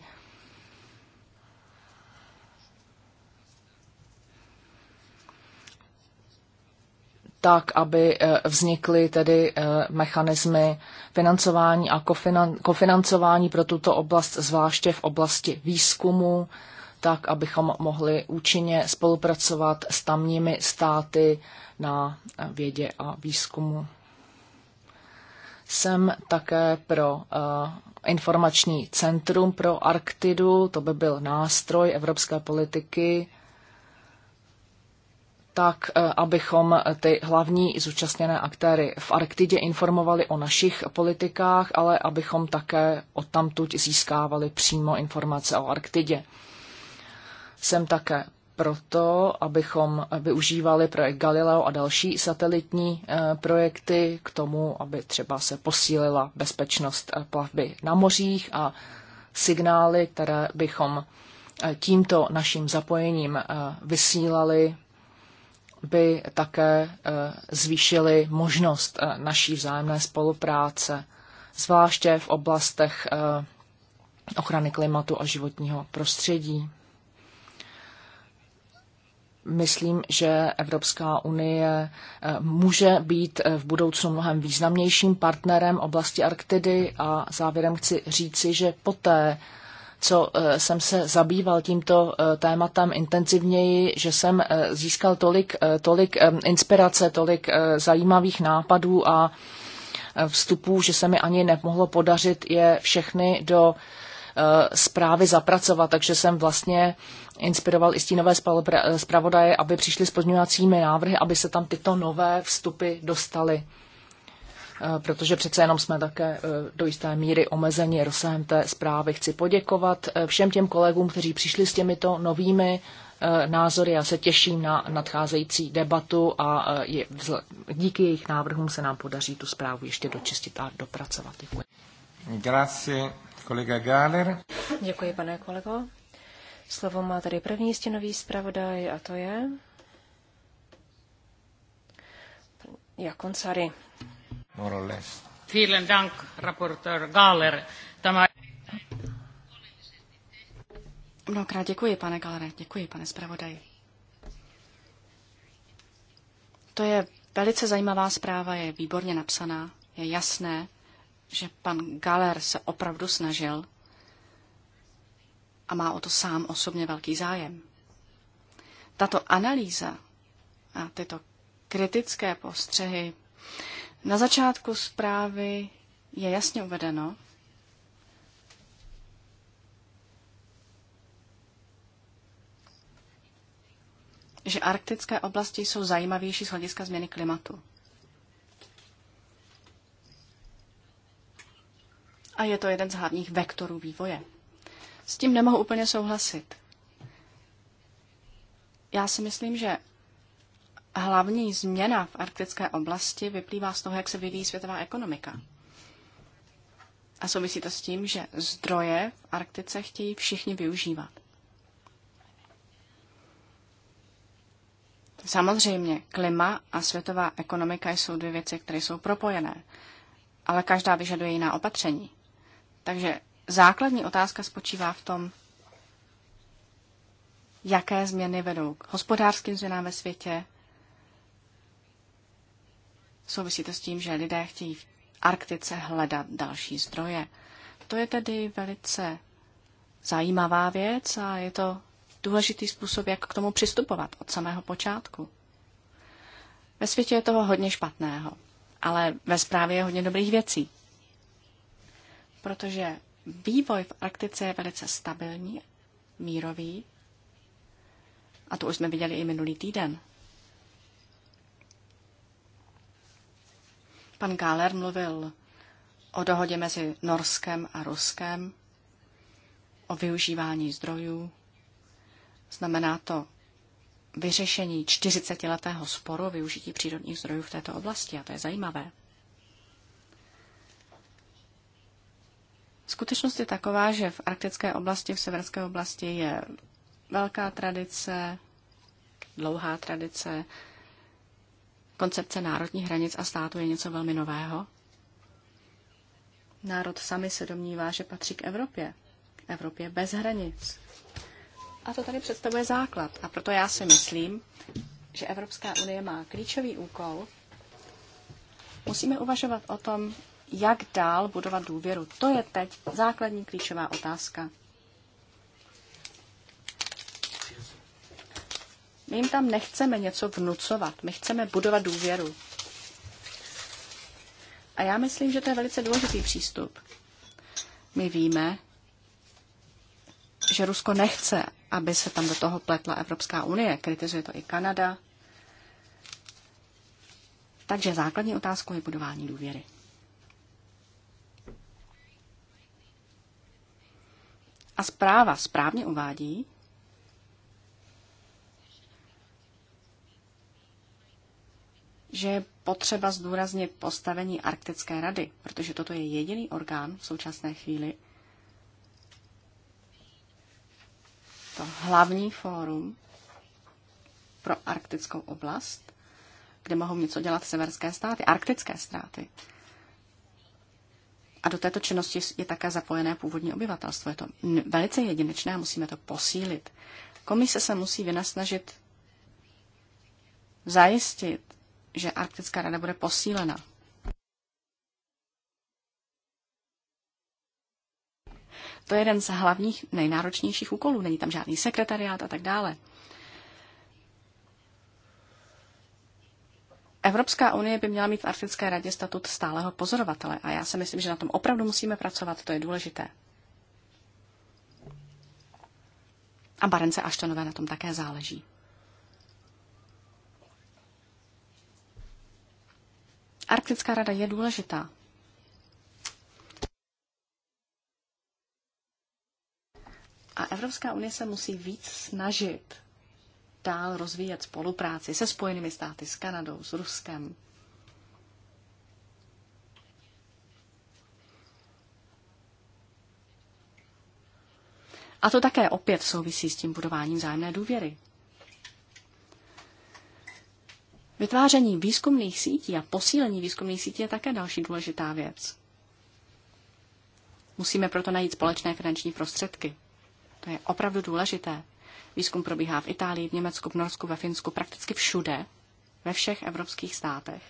tak, aby eh, vznikly tedy eh, mechanismy financování a kofinancování pro tuto oblast, zvláště v oblasti výzkumu, tak, abychom mohli účinně spolupracovat s tamními státy na eh, vědě a výzkumu. Jsem také pro uh, informační centrum pro Arktidu, to by byl nástroj evropské politiky, tak uh, abychom ty hlavní zúčastněné aktéry v Arktidě informovali o našich politikách, ale abychom také odtamtud získávali přímo informace o Arktidě. Jsem také proto, abychom využívali projekt Galileo a další satelitní eh, projekty k tomu, aby třeba se posílila bezpečnost eh, plavby na mořích a signály, které bychom eh, tímto naším zapojením vysílali, by také zvýšily možnost naší vzájemné spolupráce, zvláště v oblastech ochrany klimatu a životního prostředí myslím, že Evropská unie eh, může být eh, v budoucnu mnohem významnějším partnerem oblasti Arktidy a závěrem chci říci, že poté, co eh, jsem se zabýval tímto tématem intenzivněji, že jsem získal tolik, tolik inspirace, tolik zajímavých nápadů a vstupů, že se mi ani nemohlo podařit je všechny do Eh, zprávy zapracovat, takže jsem vlastně inspiroval i stínové eh, zpravodaje, aby přišli s pozměňovacími návrhy, aby se tam tyto nové vstupy dostaly. Eh, protože přece jenom jsme také do jisté míry omezeni rozsahem té zprávy. Chci poděkovat všem těm kolegům, kteří přišli s těmito novými názory. Já se těším na nadcházející debatu a je, díky jejich návrhům se nám podaří tu zprávu ještě dočistit a dopracovat. Děkuji kolega Gáler. Děkuji, pane kolego. Slovo má tady první stěnový zpravodaj a to je... Jakon Morales. Vielen Dank, raportör Gáler. Tämä... Mnohokrát děkuji, pane Galere, děkuji, pane zpravodaj. To je velice zajímavá zpráva, je výborně napsaná, je jasné, že pan Galer se opravdu snažil a má o to sám osobně velký zájem. Tato analýza a tyto kritické postřehy na začátku zprávy je jasně uvedeno, že arktické oblasti jsou zajímavější z hlediska změny klimatu. a je to jeden z hlavních vektorů vývoje. S tím nemohu úplně souhlasit. Já si myslím, že hlavní změna v arktické oblasti vyplývá z toho, jak se vyvíjí světová ekonomika. A souvisí to s tím, že zdroje v Arktice chtějí všichni využívat. Samozřejmě, klima a světová ekonomika jsou dvě věci, které jsou propojené, ale každá vyžaduje jiná opatření. Takže základní otázka spočívá v tom, jaké změny vedou k hospodářským změnám ve světě. Souvisí to s tím, že lidé chtějí v Arktice hledat další zdroje. To je tedy velice zajímavá věc a je to důležitý způsob, jak k tomu přistupovat od samého počátku. Ve světě je toho hodně špatného, ale ve zprávě je hodně dobrých věcí protože vývoj v Arktice je velice stabilní, mírový, a to už jsme viděli i minulý týden. Pan Gáler mluvil o dohodě mezi Norskem a Ruskem, o využívání zdrojů. Znamená to vyřešení 40-letého sporu využití přírodních zdrojů v této oblasti a to je zajímavé. Skutečnost je taková, že v arktické oblasti, v severské oblasti je velká tradice, dlouhá tradice, koncepce národních hranic a státu je něco velmi nového. Národ sami se domnívá, že patří k Evropě. K Evropě bez hranic. A to tady představuje základ. A proto já si myslím, že Evropská unie má klíčový úkol. Musíme uvažovat o tom, jak dál budovat důvěru. To je teď základní klíčová otázka. My jim tam nechceme něco vnucovat, my chceme budovat důvěru. A já myslím, že to je velice důležitý přístup. My víme, že Rusko nechce, aby se tam do toho pletla Evropská unie. Kritizuje to i Kanada. Takže základní otázkou je budování důvěry. A zpráva správně uvádí, že je potřeba zdůraznit postavení Arktické rady, protože toto je jediný orgán v současné chvíli, to hlavní fórum pro arktickou oblast, kde mohou něco dělat severské státy, arktické státy. A do této činnosti je také zapojené původní obyvatelstvo. Je to velice jedinečné a musíme to posílit. Komise se musí vynasnažit zajistit, že Arktická rada bude posílena. To je jeden z hlavních nejnáročnějších úkolů. Není tam žádný sekretariát a tak dále. Evropská unie by měla mít v Arktické radě statut stáleho pozorovatele a já si myslím, že na tom opravdu musíme pracovat, to je důležité. A Barence Aštonové na tom také záleží. Arktická rada je důležitá. A Evropská unie se musí víc snažit dál rozvíjet spolupráci se Spojenými státy, s Kanadou, s Ruskem. A to také opět souvisí s tím budováním zájemné důvěry. Vytváření výzkumných sítí a posílení výzkumných sítí je také další důležitá věc. Musíme proto najít společné finanční prostředky. To je opravdu důležité. Výzkum probíhá v Itálii, v Německu, v Norsku, ve Finsku, prakticky všude, ve všech evropských státech.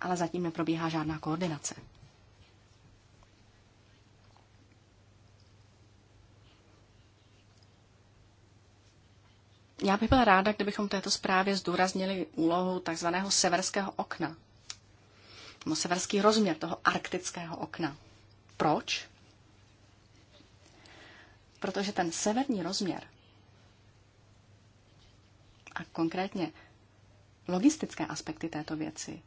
Ale zatím neprobíhá žádná koordinace. Já bych byla ráda, kdybychom této zprávě zdůraznili úlohu takzvaného severského okna. No, severský rozměr toho arktického okna. Proč? Protože ten severní rozměr a konkrétně logistické aspekty této věci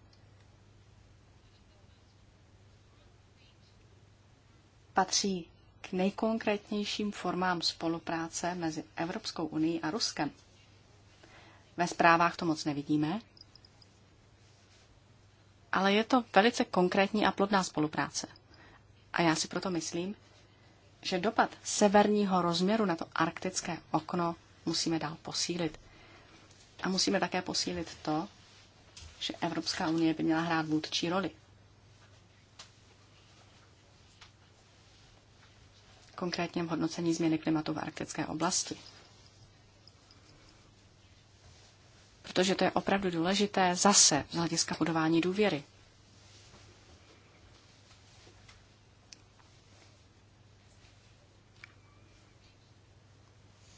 patří k nejkonkrétnějším formám spolupráce mezi Evropskou unii a Ruskem. Ve zprávách to moc nevidíme, ale je to velice konkrétní a plodná spolupráce. A já si proto myslím, že dopad severního rozměru na to arktické okno musíme dál posílit. A musíme také posílit to, že Evropská unie by měla hrát vůdčí roli. Konkrétně v hodnocení změny klimatu v arktické oblasti. Protože to je opravdu důležité zase z hlediska budování důvěry.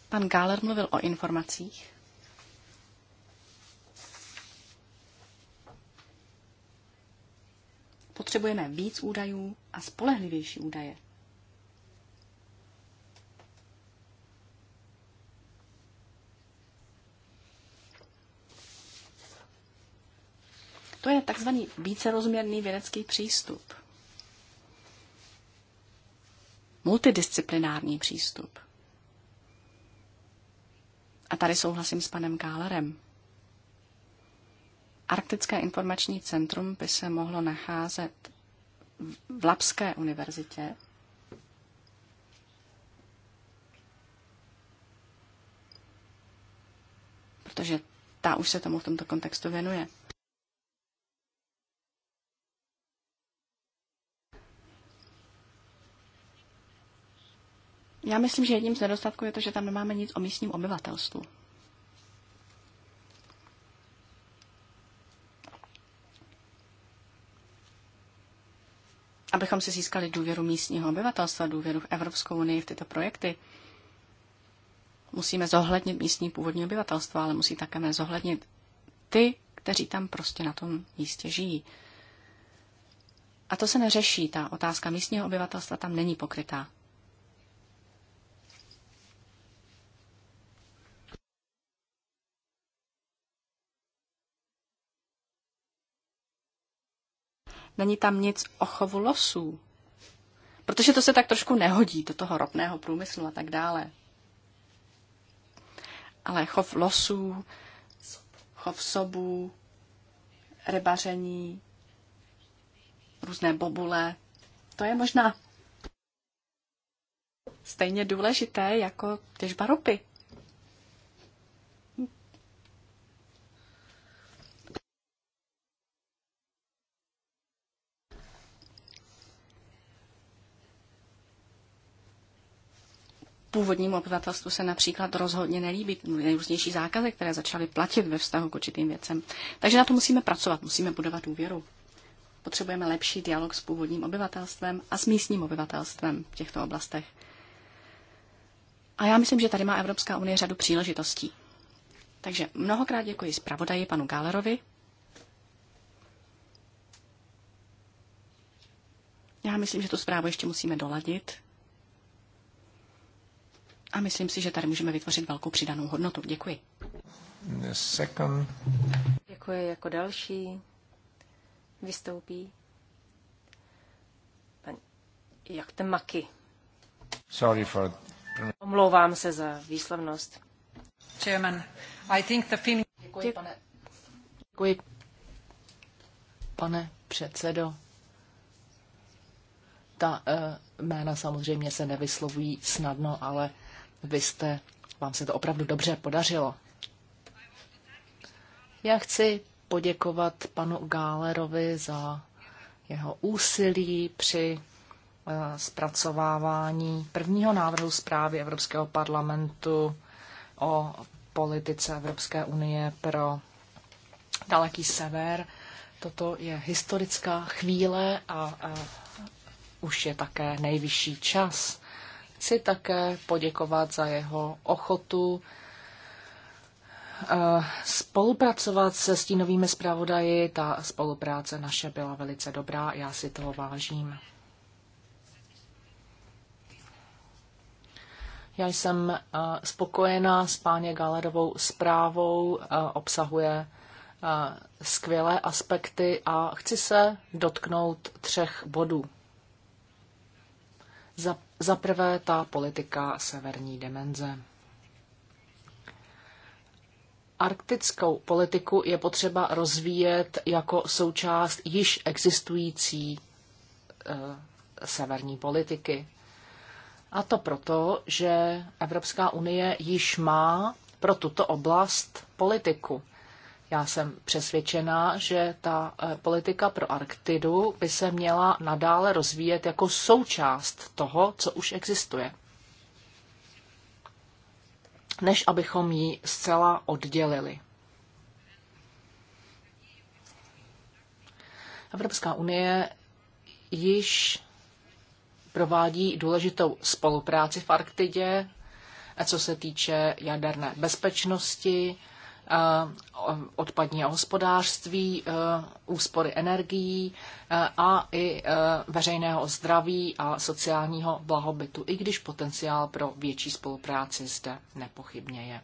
Pan Gáler mluvil o informacích. Potřebujeme víc údajů a spolehlivější údaje. To je takzvaný vícerozměrný vědecký přístup. Multidisciplinární přístup. A tady souhlasím s panem Gálerem. Arktické informační centrum by se mohlo nacházet v Lapské univerzitě. Protože ta už se tomu v tomto kontextu věnuje. Já myslím, že jedním z nedostatků je to, že tam nemáme nic o místním obyvatelstvu. abychom si získali důvěru místního obyvatelstva, důvěru v Evropskou unii v tyto projekty, musíme zohlednit místní původní obyvatelstvo, ale musí také zohlednit ty, kteří tam prostě na tom místě žijí. A to se neřeší, ta otázka místního obyvatelstva tam není pokrytá. Není tam nic o chovu losů. Protože to se tak trošku nehodí do toho ropného průmyslu a tak dále. Ale chov losů, chov sobů, rybaření, různé bobule, to je možná stejně důležité jako těžba ropy. původnímu obyvatelstvu se například rozhodně nelíbí nejrůznější zákazy, které začaly platit ve vztahu k určitým věcem. Takže na to musíme pracovat, musíme budovat důvěru. Potřebujeme lepší dialog s původním obyvatelstvem a s místním obyvatelstvem v těchto oblastech. A já myslím, že tady má Evropská unie řadu příležitostí. Takže mnohokrát děkuji zpravodaji panu Gálerovi. Já myslím, že tu zprávu ještě musíme doladit, a myslím si, že tady můžeme vytvořit velkou přidanou hodnotu. Děkuji. Second. Děkuji. Jako další vystoupí pan Jakte Maki. Sorry for... Omlouvám se za výslovnost. Chairman, I think the film... Děkuji, pane... Děkuji, pane předsedo. Ta uh, jména samozřejmě se nevyslovují snadno, ale vy jste, vám se to opravdu dobře podařilo. Já chci poděkovat panu Gálerovi za jeho úsilí při eh, zpracovávání prvního návrhu zprávy Evropského parlamentu o politice Evropské unie pro daleký sever. Toto je historická chvíle a, a eh, už je také nejvyšší čas chci také poděkovat za jeho ochotu eh, spolupracovat se stínovými zpravodaji. Ta spolupráce naše byla velice dobrá, já si toho vážím. Já jsem eh, spokojená s páně Galerovou zprávou, eh, obsahuje skvělé aspekty a chci se dotknout třech bodů. Za za prvé ta politika severní dimenze. Arktickou politiku je potřeba rozvíjet jako součást již existující e, severní politiky. A to proto, že Evropská unie již má pro tuto oblast politiku. Já jsem přesvědčená, že ta eh, politika pro Arktidu by se měla nadále rozvíjet jako součást toho, co už existuje. Než abychom ji zcela oddělili. Evropská unie již provádí důležitou spolupráci v Arktidě, co se týče jaderné bezpečnosti, Eh, odpadního hospodářství, eh, úspory energií eh, a i veřejného zdraví a sociálního blahobytu, i když potenciál pro větší spolupráci zde nepochybně je.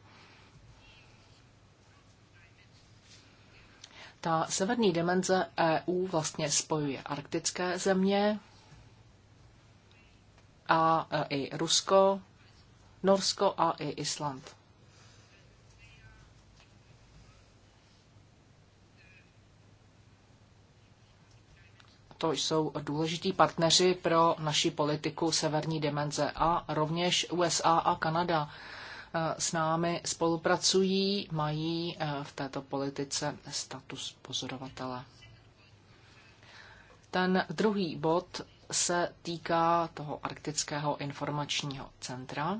Ta severní dimenze EU vlastně spojuje arktické země a i Rusko, Norsko a i Island. to jsou důležití partneři pro naši politiku severní dimenze a rovněž USA a Kanada e, s námi spolupracují, mají e, v této politice status pozorovatele. Ten druhý bod se týká toho arktického informačního centra.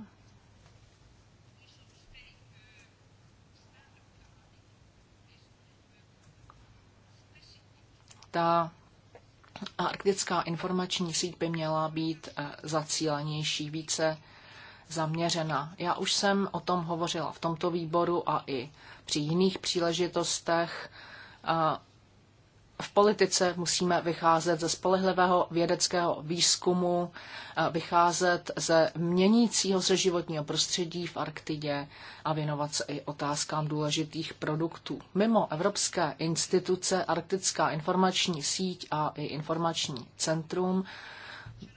Ta a arktická informační síť by měla být eh, zacílenější, více zaměřena. Já už jsem o tom hovořila v tomto výboru a i při jiných příležitostech. Eh, v politice musíme vycházet ze spolehlivého vědeckého výzkumu, eh, vycházet ze měnícího se životního prostředí v Arktidě a věnovat se i otázkám důležitých produktů. Mimo evropské instituce Arktická informační síť a i informační centrum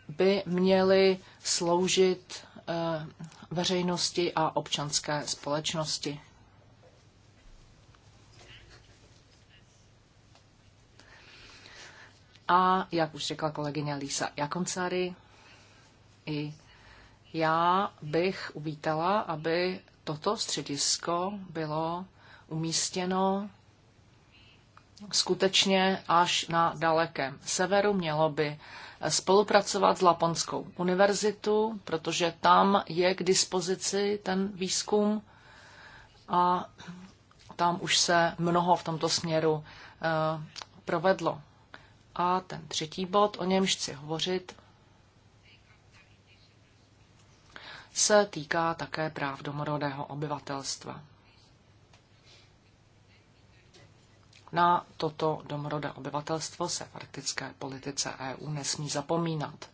by měly sloužit eh, veřejnosti a občanské společnosti. A jak už řekla kolegyně Lisa Jakoncary, i já bych uvítala, aby toto středisko bylo umístěno skutečně až na dalekém severu. Mělo by spolupracovat s Laponskou univerzitu, protože tam je k dispozici ten výzkum a tam už se mnoho v tomto směru eh, provedlo. A ten třetí bod, o němž chci hovořit, se týká také práv domorodého obyvatelstva. Na toto domorodé obyvatelstvo se v arktické politice EU nesmí zapomínat.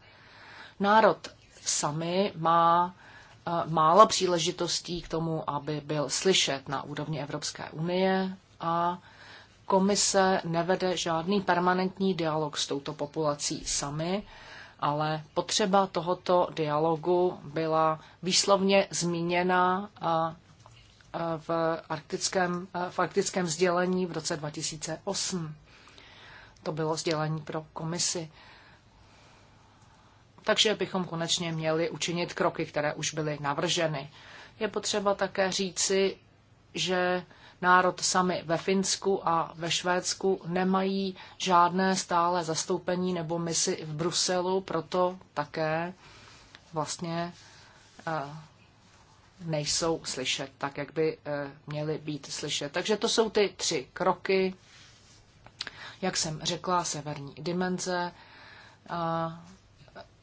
Národ sami má eh, málo příležitostí k tomu, aby byl slyšet na úrovni Evropské unie a komise nevede žádný permanentní dialog s touto populací sami, ale potřeba tohoto dialogu byla výslovně zmíněna v arktickém, v arktickém sdělení v roce 2008. To bylo sdělení pro komisi. Takže bychom konečně měli učinit kroky, které už byly navrženy. Je potřeba také říci, že národ sami ve Finsku a ve Švédsku nemají žádné stále zastoupení nebo misi v Bruselu, proto také vlastně eh, nejsou slyšet tak, jak by eh, měly být slyšet. Takže to jsou ty tři kroky. Jak jsem řekla, severní dimenze, eh,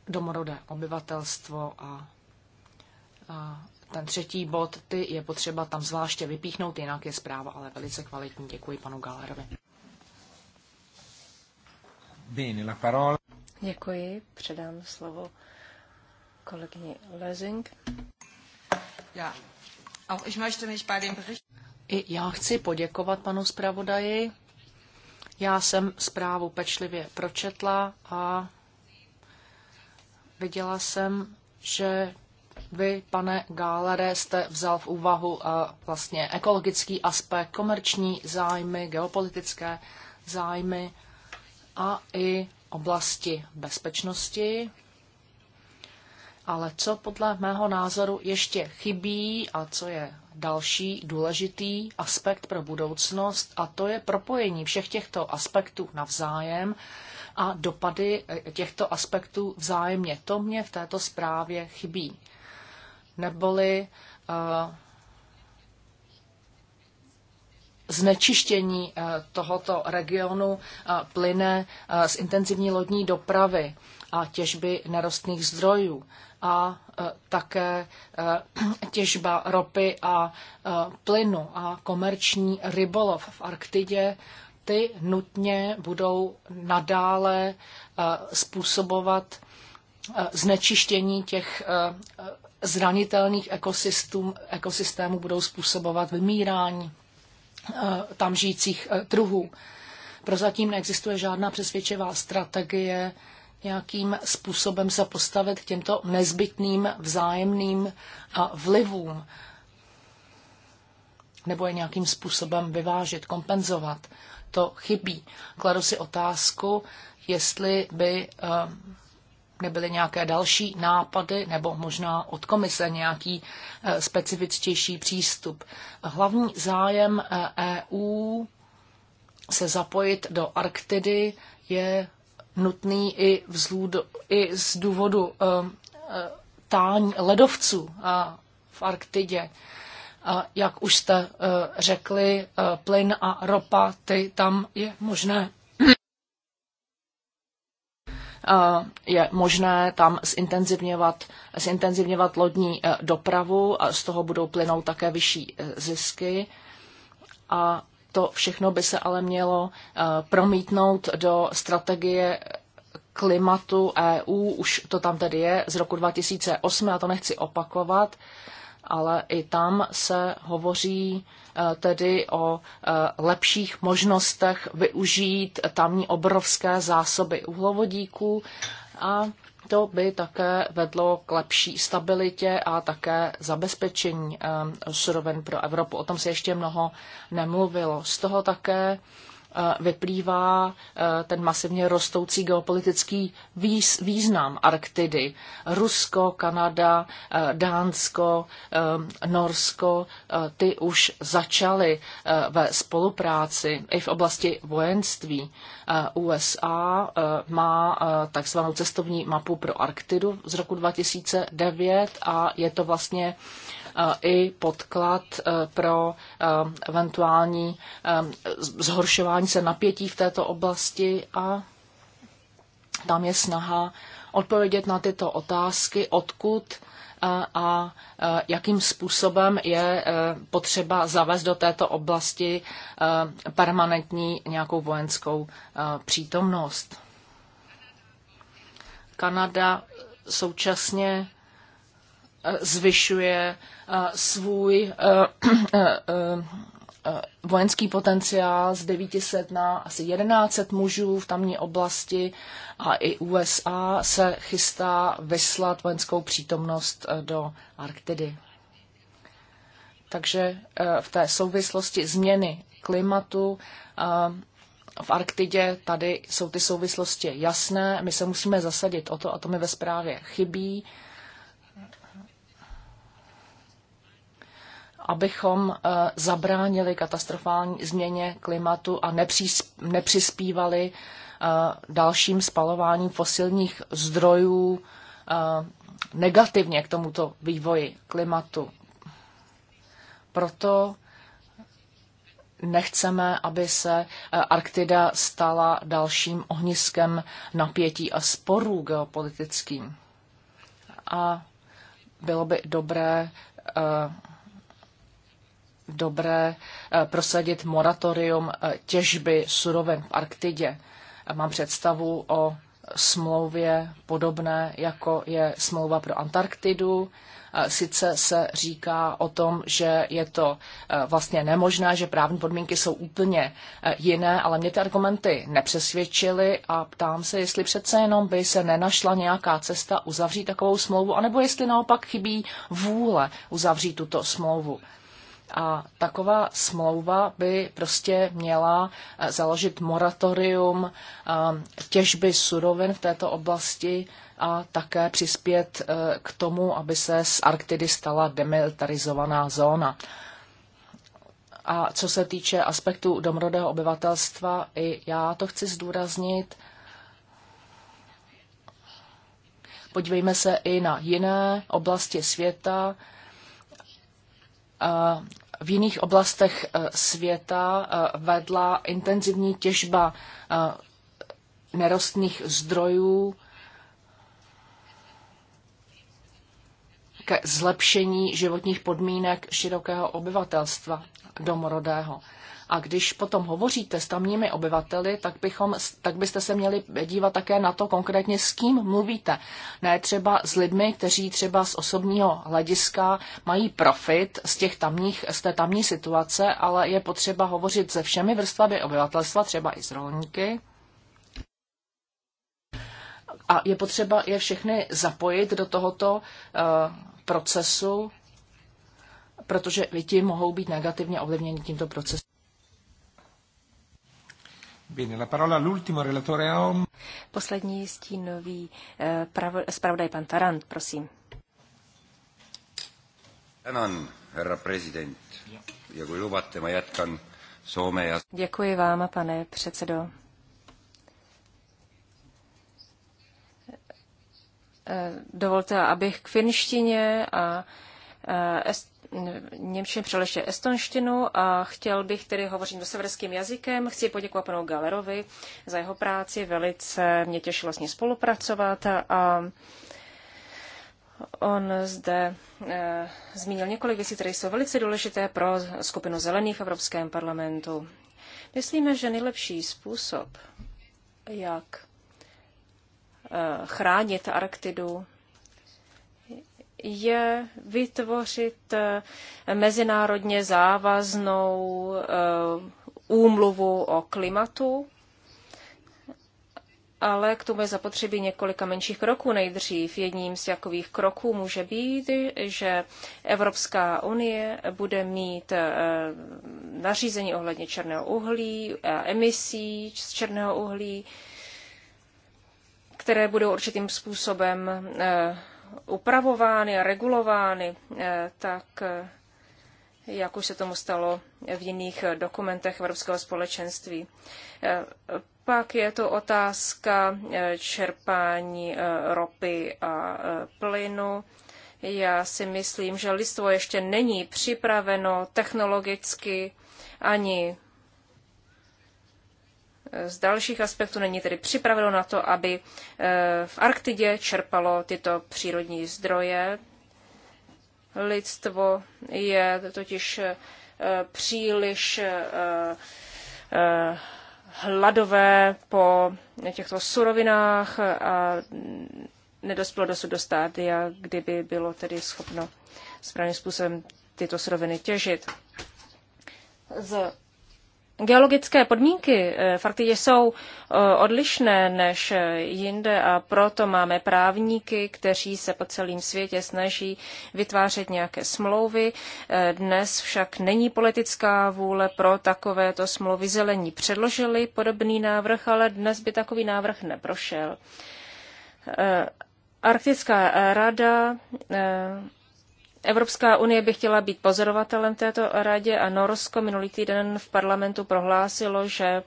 domorodé obyvatelstvo a ten třetí bod, ty je potřeba tam zvláště vypíchnout, jinak je zpráva ale velice kvalitní. Děkuji panu Galerovi. Bene, la parola. Děkuji, předám slovo kolegyni Lezing. Ja, auch ich möchte mich bei dem Bericht... I já chci poděkovat panu zpravodaji. Já jsem zprávu pečlivě pročetla a viděla jsem, že vy, pane Gálere, jste vzal v úvahu eh, vlastně ekologický aspekt, komerční zájmy, geopolitické zájmy a i oblasti bezpečnosti. Ale co podle mého názoru ještě chybí a co je další důležitý aspekt pro budoucnost, a to je propojení všech těchto aspektů navzájem a dopady eh, těchto aspektů vzájemně. To mě v této zprávě chybí neboli eh, znečištění eh, tohoto regionu eh, plyne z intenzivní lodní dopravy a těžby nerostných zdrojů a také *clears throat* těžba ropy a plynu a komerční rybolov v Arktidě, ty nutně budou nadále způsobovat znečištění těch zranitelných ekosystém, ekosystémů budou způsobovat vymírání eh, tam žijících eh, druhů. Prozatím neexistuje žádná přesvědčivá strategie, jakým způsobem se postavit k těmto nezbytným vzájemným vlivům nebo je nějakým způsobem vyvážit, kompenzovat. To chybí. Kladu si otázku, jestli by eh, nebyly nějaké další nápady nebo možná od komise nějaký eh, specifičtější přístup. Hlavní zájem EU eh, e se zapojit do Arktidy je nutný i, vzlůdo, i z důvodu eh, tání ledovců v Arktidě. Jak už jste řekli, plyn a ropa, ty tam je možné je možné tam zintenzivňovat, zintenzivňovat lodní e, dopravu a z toho budou plynout také vyšší e, zisky. A to všechno by se ale mělo e, promítnout do strategie klimatu EU, už to tam tedy je z roku 2008, a to nechci opakovat, ale i tam se hovoří eh, tedy o eh, lepších možnostech využít tamní obrovské zásoby uhlovodíků a to by také vedlo k lepší stabilitě a také zabezpečení eh, surovin pro Evropu. O tom se ještě mnoho nemluvilo. Z toho také Eh, vyplývá eh, ten masivně rostoucí geopolitický význam Arktidy. Rusko, Kanada, eh, Dánsko, Norsko, ty už začaly ve spolupráci i v oblasti vojenství. USA má takzvanou cestovní mapu pro Arktidu z roku 2009 a je to vlastně i podklad eh, pro eh, eventuální eh, zhoršování se napětí v této oblasti a tam je snaha odpovědět na tyto otázky, odkud a jakým způsobem je potřeba zavést do této oblasti permanentní nějakou vojenskou přítomnost. Kanada současně Eh, zvyšuje eh, svůj eh, vojenský potenciál z 900 na asi 1100 mužů v tamní oblasti a i USA se chystá vyslat vojenskou přítomnost do Arktidy. Takže v té souvislosti změny klimatu v Arktidě tady jsou ty souvislosti jasné. My se musíme zasadit o to, a to mi ve zprávě chybí, abychom eh, zabránili katastrofální změně klimatu a nepřispívali eh, dalším spalováním fosilních zdrojů eh, negativně k tomuto vývoji klimatu. Proto nechceme, aby se Arktida stala dalším ohniskem napětí a sporů geopolitickým. A bylo by dobré dobré eh, prosadit moratorium eh, těžby surovin v Arktidě. Mám představu o smlouvě podobné, jako je smlouva pro Antarktidu. Eh, sice se říká o tom, že je to vlastně nemožné, že právní podmínky jsou úplně jiné, ale mě ty argumenty nepřesvědčily a ptám se, jestli přece jenom by se nenašla nějaká cesta uzavřít takovou smlouvu, anebo jestli naopak chybí vůle uzavřít tuto smlouvu. A taková smlouva by prostě měla eh, založit moratorium eh, těžby surovin v této oblasti a také přispět eh, k tomu, aby se z Arktidy stala demilitarizovaná zóna. A co se týče aspektu domorodého obyvatelstva, i já to chci zdůraznit. Podívejme se i na jiné oblasti světa, Eh, v jiných oblastech eh, světa eh, vedla intenzivní těžba nerostných zdrojů ke zlepšení životních podmínek širokého obyvatelstva domorodého. A když potom hovoříte s tamními obyvateli, tak, bychom, tak byste se měli dívat také na to konkrétně, s kým mluvíte. Ne třeba s lidmi, kteří třeba z osobního hlediska mají profit z, těch tamních, z té tamní situace, ale je potřeba hovořit se všemi vrstvami obyvatelstva, třeba i s rolníky, a je potřeba je všechny zapojit do tohoto eh, procesu, protože ti mohou být negativně ovlivněni tímto procesem. Bene, la parola all'ultimo relatore Aom. Poslední stínový eh, zpravodaj pan Tarant, prosím. Tänan, herra president. Ja kui lubate, ma jätkan Soome ja... Děkuji vám, pane předsedo. Eh, dovolte, abych k finštině a eh, est Němčinu, přešel ještě estonštinu a chtěl bych tedy hovořit do severským jazykem. Chci poděkovat panu Galerovi za jeho práci, velice mě těšilo s vlastně ním spolupracovat a On zde e, zmínil několik věcí, které jsou velice důležité pro skupinu zelených v Evropském parlamentu. Myslíme, že nejlepší způsob, jak e, chránit Arktidu, je vytvořit eh, mezinárodně závaznou eh, úmluvu o klimatu, ale k tomu je zapotřebí několika menších kroků nejdřív. Jedním z takových kroků může být, že Evropská unie bude mít eh, nařízení ohledně černého uhlí, emisí z černého uhlí, které budou určitým způsobem upravovány a regulovány, eh, tak eh, jak už se tomu stalo v jiných eh, dokumentech Evropského společenství. Pak je to otázka čerpání ropy a plynu. Já si myslím, že listvo ještě není připraveno technologicky ani z dalších aspektů není tedy připraveno na to, aby eh, v Arktidě čerpalo tyto přírodní zdroje. Lidstvo je totiž eh, příliš eh, hladové po těchto surovinách a nedospělo dosud do stádia, kdyby bylo tedy schopno správným způsobem tyto suroviny těžit. Z Geologické podmínky v eh, Arktidě jsou eh, odlišné než eh, jinde a proto máme právníky, kteří se po celém světě snaží vytvářet nějaké smlouvy. Dnes však není politická vůle pro takovéto smlouvy. Zelení předložili podobný návrh, ale dnes by takový návrh neprošel. Arktická rada Evropská unie by chtěla být pozorovatelem této radě a Norsko minulý týden v parlamentu prohlásilo, že e,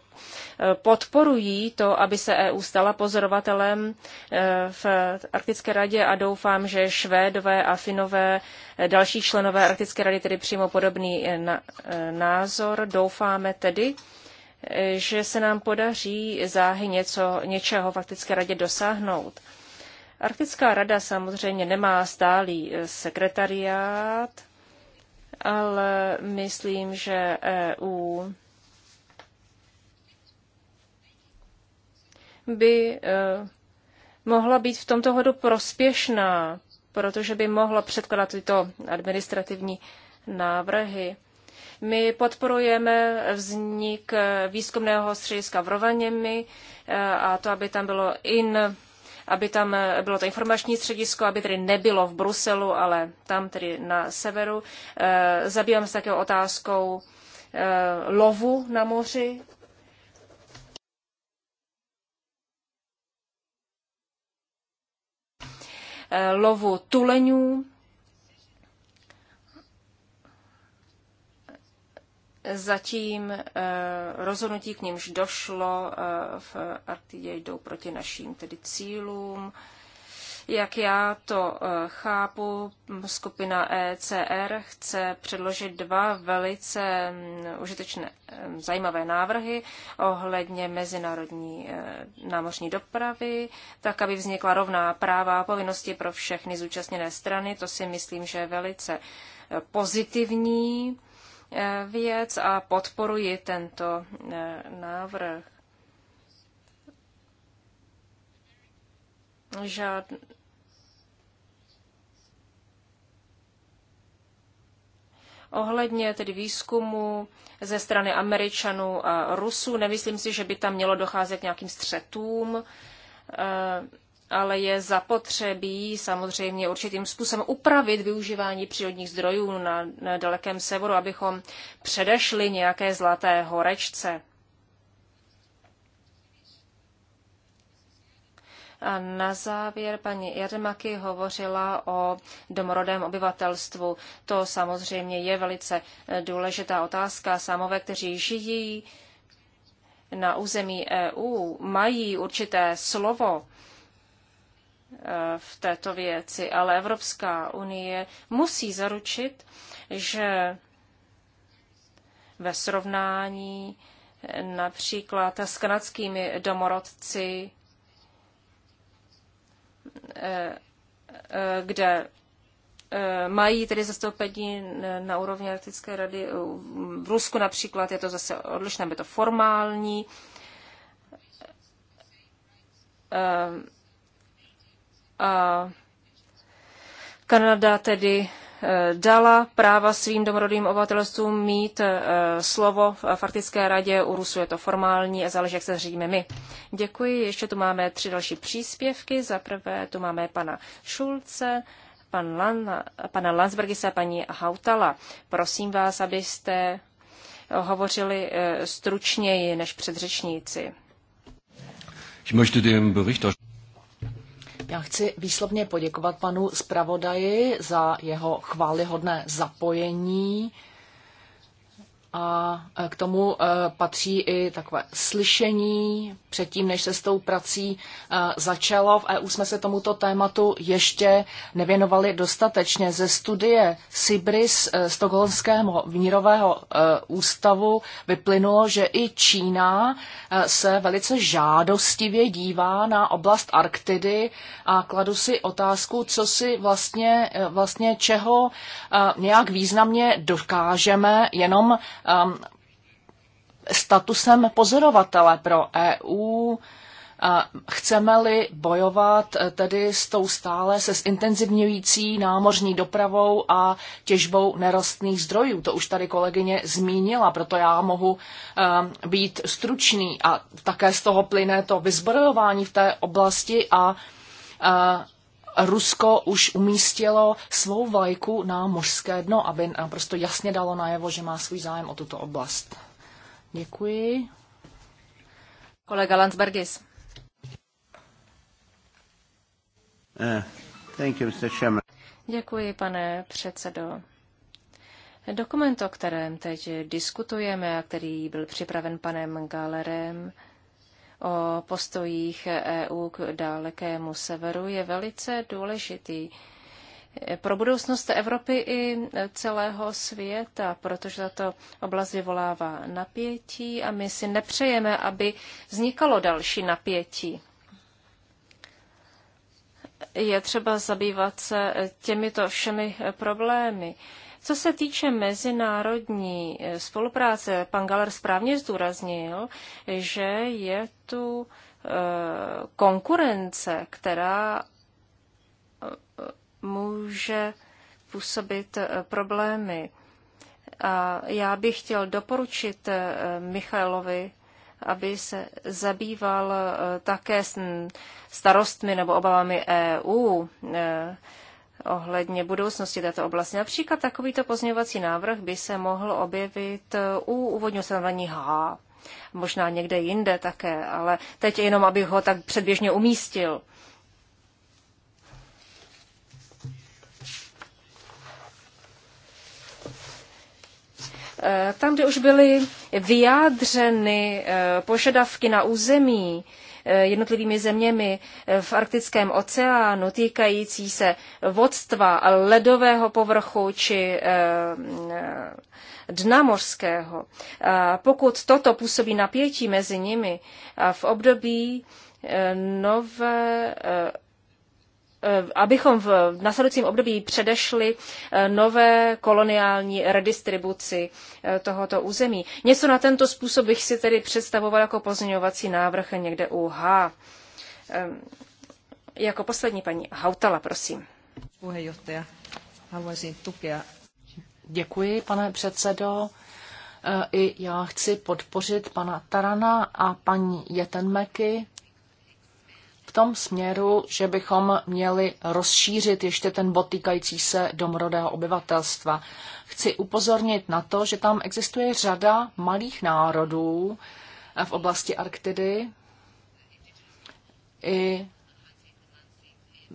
podporují to, aby se EU stala pozorovatelem e, v Arktické radě a doufám, že Švédové a Finové, e, další členové Arktické rady tedy přijmou podobný názor. Doufáme tedy, že se nám podaří záhy něco, něčeho v Arktické radě dosáhnout. Arktická rada samozřejmě nemá stálý eh, sekretariát, ale myslím, že EU by eh, mohla být v tomto hodu prospěšná, protože by mohla předkládat tyto administrativní návrhy. My podporujeme vznik eh, výzkumného střediska v Rovaněmi a to, aby tam bylo in aby tam eh, bylo to informační středisko, aby tedy nebylo v Bruselu, ale tam tedy na severu. Eh, zabývám se také otázkou eh, lovu na moři, lovu tuleňů. Zatím eh, rozhodnutí, k nímž došlo eh, v Artidě, jdou proti našim tedy cílům. Jak já to eh, chápu, skupina ECR chce předložit dva velice mm, užitečné mm, zajímavé návrhy ohledně mezinárodní námořní dopravy, tak aby vznikla rovná práva a povinnosti pro všechny zúčastněné strany. To si myslím, že je velice pozitivní věc a podporuji tento eh, návrh. Žád... Ohledně tedy výzkumu ze strany Američanů a Rusů, nemyslím si, že by tam mělo docházet k nějakým střetům. Eh, ale je zapotřebí samozřejmě určitým způsobem upravit využívání přírodních zdrojů na, na dalekém severu, abychom předešli nějaké zlaté horečce. A na závěr paní Jermaky hovořila o domorodém obyvatelstvu. To samozřejmě je velice eh, důležitá otázka. Samové, kteří žijí na území EU, mají určité slovo Eh, v této věci, ale Evropská unie musí zaručit, že ve srovnání eh, například s kanadskými domorodci, eh, kde mají tedy zastoupení na úrovni Arktické rady. V Rusku například je to zase odlišné, je to formální a Kanada tedy e, dala práva svým domorodým obyvatelstvům mít e, slovo v faktické radě. U Rusu je to formální a záleží, jak se řídíme my. Děkuji. Ještě tu máme tři další příspěvky. Za prvé tu máme pana Šulce, pan Lan, pana Landsbergisa a paní Hautala. Prosím vás, abyste hovořili e, stručněji než předřečníci. Ich möchte dem Berichter... Já chci výslovně poděkovat panu zpravodaji za jeho chválihodné zapojení a e, k tomu e, patří i takové slyšení předtím, než se s tou prací e, začalo. V EU jsme se tomuto tématu ještě nevěnovali dostatečně. Ze studie Sibris Stokholmského vnírového ústavu vyplynulo, že i Čína se velice žádostivě dívá na oblast Arktidy a kladu si otázku, co si vlastně, vlastně čeho nějak významně dokážeme jenom Um, statusem pozorovatele pro EU, Chceme-li bojovat eh, tedy s tou stále se zintenzivňující námořní dopravou a těžbou nerostných zdrojů? To už tady kolegyně zmínila, proto já mohu eh, být stručný a také z toho plyne to vyzbrojování v té oblasti a eh, Rusko už umístilo svou vlajku na mořské dno, aby naprosto jasně dalo najevo, že má svůj zájem o tuto oblast. Děkuji. Kolega Landsbergis. Uh, thank you, Mr. Chairman. Děkuji, pane předsedo. Dokument, o kterém teď diskutujeme a který byl připraven panem Galerem, o postojích EU k dalekému severu je velice důležitý pro budoucnost Evropy i celého světa, protože tato oblast vyvolává napětí a my si nepřejeme, aby vznikalo další napětí. Je třeba zabývat se těmito všemi problémy. Co se týče mezinárodní eh, spolupráce, pan Galer správně zdůraznil, že je tu eh, konkurence, která eh, může působit problémy. A já bych chtěl doporučit Michalovi, aby se zabýval také mm, starostmi nebo obavami EU ohledně budoucnosti této oblasti. Například takovýto pozměňovací návrh by se mohl objevit uh, u úvodního stanovení H, možná někde jinde také, ale teď jenom, abych ho tak předběžně umístil. Eh, tam, kde už byly vyjádřeny eh, požadavky na území, Eh, jednotlivými zeměmi eh, v Arktickém oceánu týkající se vodstva ledového povrchu či eh, dna mořského. Pokud toto působí napětí mezi nimi v období nové Eh, abychom v následujícím období předešli eh, nové koloniální redistribuci eh, tohoto území. Něco na tento způsob bych si tedy představoval jako pozměňovací návrh někde u H. Jako poslední paní Hautala, prosím. Děkuji, pane předsedo. I já chci podpořit pana Tarana a paní Jetenmeky v tom směru, že bychom měli rozšířit ještě ten bod týkající se domorodého obyvatelstva. Chci upozornit na to, že tam existuje řada malých národů eh, v oblasti Arktidy i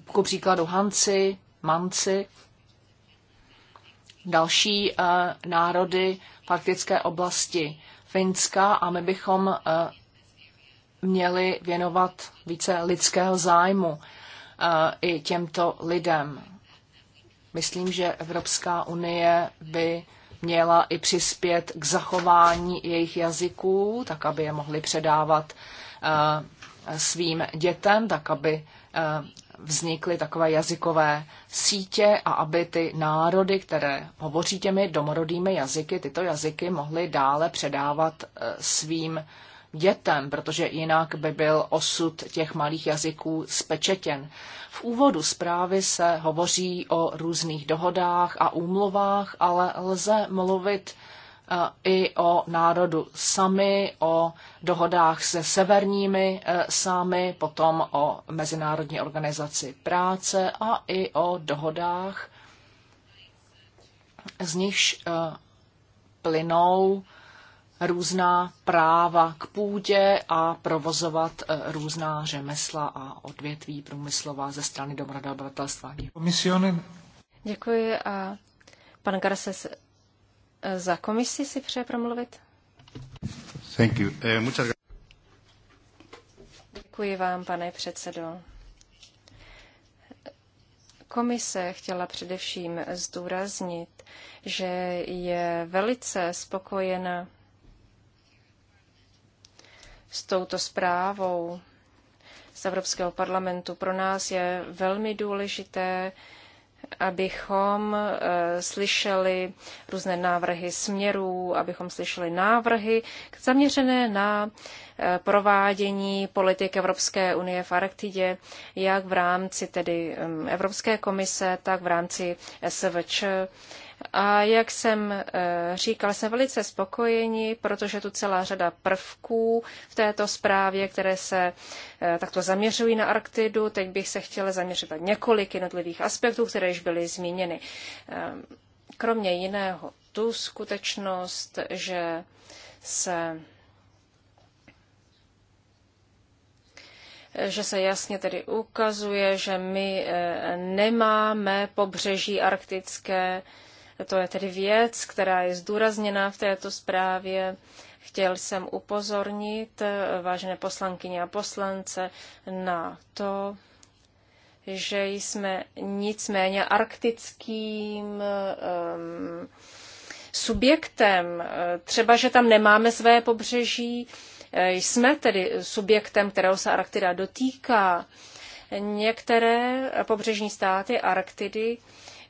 ku příkladu Hanci, Manci, další eh, národy v arktické oblasti Finska a my bychom eh, měli věnovat více lidského zájmu eh, i těmto lidem. Myslím, že Evropská unie by měla i přispět k zachování jejich jazyků, tak aby je mohli předávat eh, svým dětem, tak aby eh, vznikly takové jazykové sítě a aby ty národy, které hovoří těmi domorodými jazyky, tyto jazyky mohly dále předávat svým dětem, protože jinak by byl osud těch malých jazyků spečetěn. V úvodu zprávy se hovoří o různých dohodách a úmluvách, ale lze mluvit eh, i o národu sami, o dohodách se severními eh, sami, potom o Mezinárodní organizaci práce a i o dohodách, z nichž eh, plynou různá práva k půdě a provozovat eh, různá řemesla a odvětví průmyslová ze strany Domorodého bratelstva. Děkuji a pan Garces eh, za komisi si přeje promluvit. Thank you. Eh, muchas... Děkuji vám, pane předsedo. Komise chtěla především zdůraznit, že je velice spokojena s touto zprávou z Evropského parlamentu. Pro nás je velmi důležité, abychom eh, slyšeli různé návrhy směrů, abychom slyšeli návrhy zaměřené na eh, provádění politik Evropské unie v Arktidě, jak v rámci tedy Evropské komise, tak v rámci SVČ a jak jsem eh, říkal, jsem velice spokojeni, protože tu celá řada prvků v této zprávě, které se eh, takto zaměřují na Arktidu. Teď bych se chtěla zaměřit na několik jednotlivých aspektů, které již byly zmíněny. Eh, kromě jiného tu skutečnost, že se že se jasně tedy ukazuje, že my nemáme pobřeží arktické, to je tedy věc, která je zdůrazněna v této zprávě. Chtěl jsem upozornit eh, vážené poslankyně a poslance na to, že jsme nicméně arktickým um, subjektem. Třeba, že tam nemáme své pobřeží, eh, jsme tedy subjektem, kterého se Arktida dotýká. Některé pobřežní státy Arktidy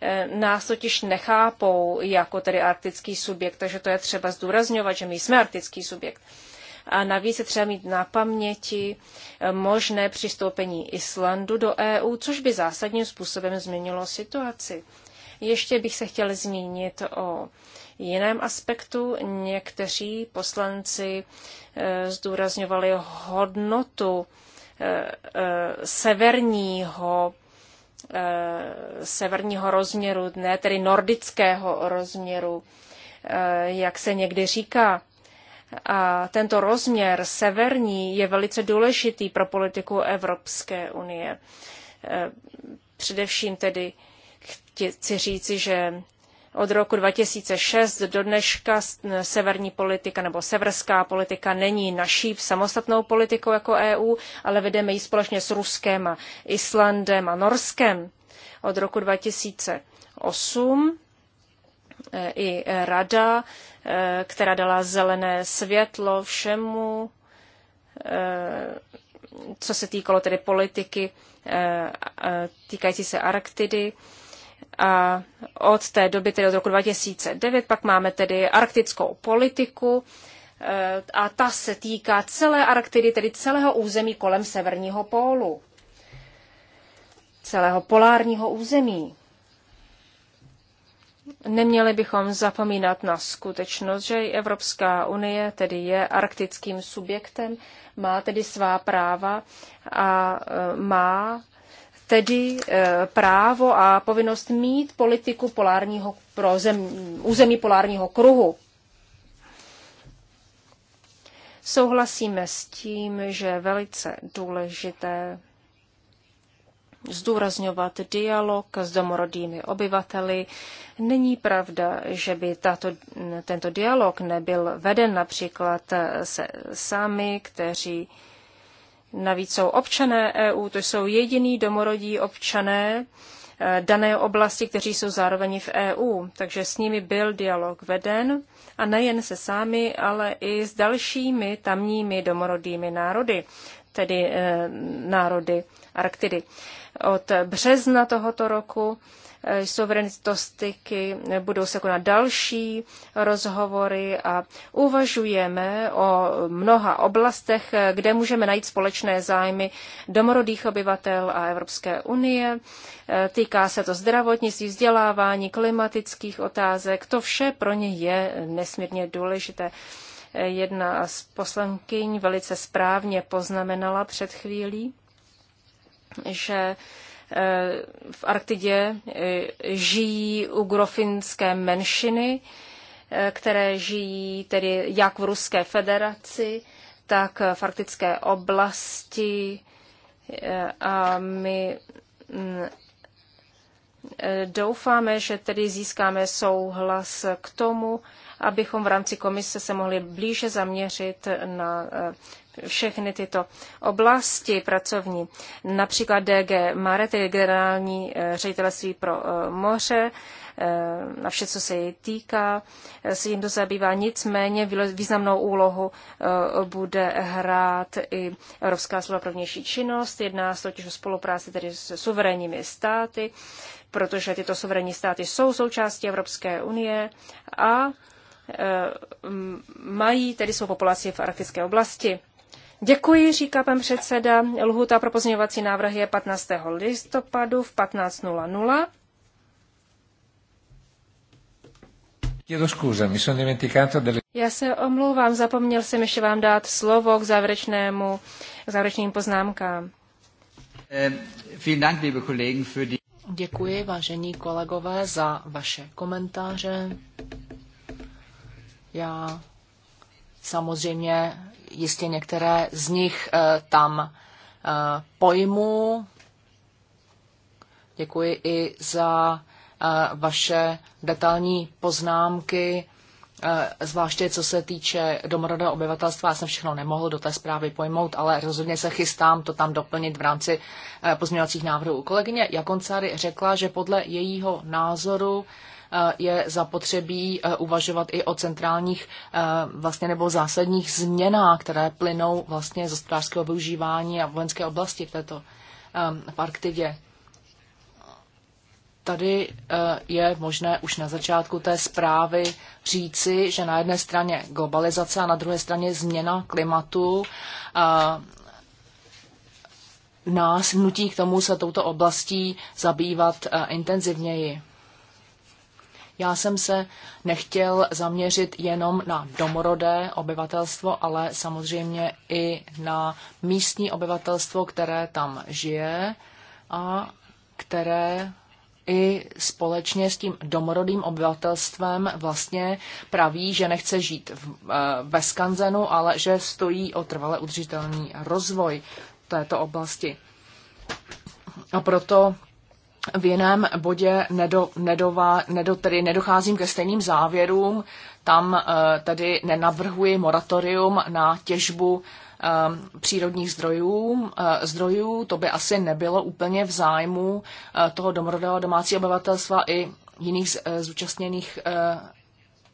Eh, nás totiž nechápou jako tedy arktický subjekt, takže to je třeba zdůrazňovat, že my jsme arktický subjekt. A navíc je třeba mít na paměti eh, možné přistoupení Islandu do EU, což by zásadním způsobem změnilo situaci. Ještě bych se chtěl zmínit o jiném aspektu. Někteří poslanci eh, zdůrazňovali hodnotu severního Eh, severního rozměru, ne tedy nordického rozměru, eh, jak se někdy říká. A tento rozměr severní je velice důležitý pro politiku Evropské unie. Eh, především tedy chci říci, že od roku 2006 do dneška severní politika nebo severská politika není naší samostatnou politikou jako EU, ale vedeme ji společně s Ruskem a Islandem a Norskem. Od roku 2008 eh, i rada, eh, která dala zelené světlo všemu, eh, co se týkalo tedy politiky týkající se Arktidy. A od té doby, tedy od roku 2009, pak máme tedy arktickou politiku eh, a ta se týká celé Arktidy, tedy celého území kolem severního pólu, celého polárního území. Neměli bychom zapomínat na skutečnost, že Evropská unie tedy je arktickým subjektem, má tedy svá práva a eh, má tedy eh, právo a povinnost mít politiku polárního pro zem, území polárního kruhu. Souhlasíme s tím, že je velice důležité zdůrazňovat dialog s domorodými obyvateli. Není pravda, že by tato, tento dialog nebyl veden například se sami, kteří Navíc jsou občané EU, to jsou jediní domorodí občané e, dané oblasti, kteří jsou zároveň v EU. Takže s nimi byl dialog veden a nejen se sámi, ale i s dalšími tamními domorodými národy, tedy e, národy Arktidy. Od března tohoto roku Eh, suverenitostiky, eh, budou se konat další rozhovory a uvažujeme o mnoha oblastech, eh, kde můžeme najít společné zájmy domorodých obyvatel a Evropské unie. Týká se to zdravotnictví, vzdělávání, klimatických otázek. To vše pro ně je nesmírně důležité. Jedna z poslankyň velice správně poznamenala před chvílí, že v Arktidě eh, žijí ugrofinské menšiny, eh, které žijí tedy jak v Ruské federaci, tak v arktické oblasti. Eh, a my mm, doufáme, že tedy získáme souhlas k tomu, abychom v rámci komise se mohli blíže zaměřit na všechny tyto oblasti pracovní. Například DG Mare, tedy generální eh, ředitelství pro eh, moře, eh, na vše, co se jej týká, se jim to zabývá. Nicméně významnou úlohu bude hrát i Evropská slova pro vnější činnost. Jedná se totiž o spolupráci tedy s suverénními státy, protože tyto suverénní státy jsou součástí Evropské unie a mají tedy svou populaci v arktické oblasti. Děkuji, říká pan předseda. Lhuta pro pozměňovací návrh je 15. listopadu v 15.00. Já se omlouvám, zapomněl jsem ještě vám dát slovo k závěrečnému, k závěrečným poznámkám. Děkuji, vážení kolegové, za vaše komentáře. Já samozřejmě jistě některé z nich eh, tam eh, pojmu. Děkuji i za eh, vaše detailní poznámky, zvláště co se týče domorodého obyvatelstva. Já jsem všechno nemohl do té zprávy pojmout, ale rozhodně se chystám to tam doplnit v rámci pozměňovacích návrhů. Kolegyně Jakoncary řekla, že podle jejího názoru je zapotřebí eh, uvažovat i o centrálních eh, vlastně nebo zásadních změnách, které plynou vlastně z hospodářského využívání a vojenské oblasti v této v Arktidě. Tady eh, je možné už na začátku té zprávy říci, že na jedné straně globalizace a na druhé straně změna klimatu nás nutí k tomu se touto oblastí zabývat intenzivněji. Já jsem se nechtěl zaměřit jenom na domorodé obyvatelstvo, ale samozřejmě i na místní obyvatelstvo, které tam žije a které i společně s tím domorodým obyvatelstvem vlastně praví, že nechce žít v, eh, ve Skanzenu, ale že stojí o trvale udržitelný rozvoj této oblasti. A proto v jiném bodě nedo, nedova, nedo, tedy nedocházím ke stejným závěrům. Tam eh, tedy nenavrhuji moratorium na těžbu eh, přírodních zdrojů, eh, zdrojů, to by asi nebylo úplně v zájmu toho domorodého domácího obyvatelstva i jiných zúčastněných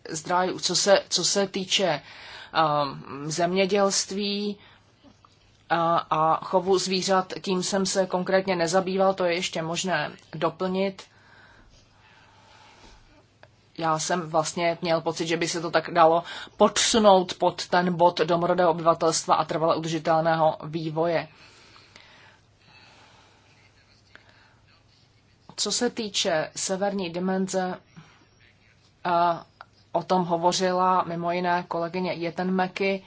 zdrojů. Co se, co se týče zemědělství, a chovu zvířat, tím jsem se konkrétně nezabýval, to je ještě možné doplnit. Já jsem vlastně měl pocit, že by se to tak dalo podsunout pod ten bod domorodého obyvatelstva a trvale udržitelného vývoje. Co se týče severní dimenze, o tom hovořila mimo jiné kolegyně Jeten Meky,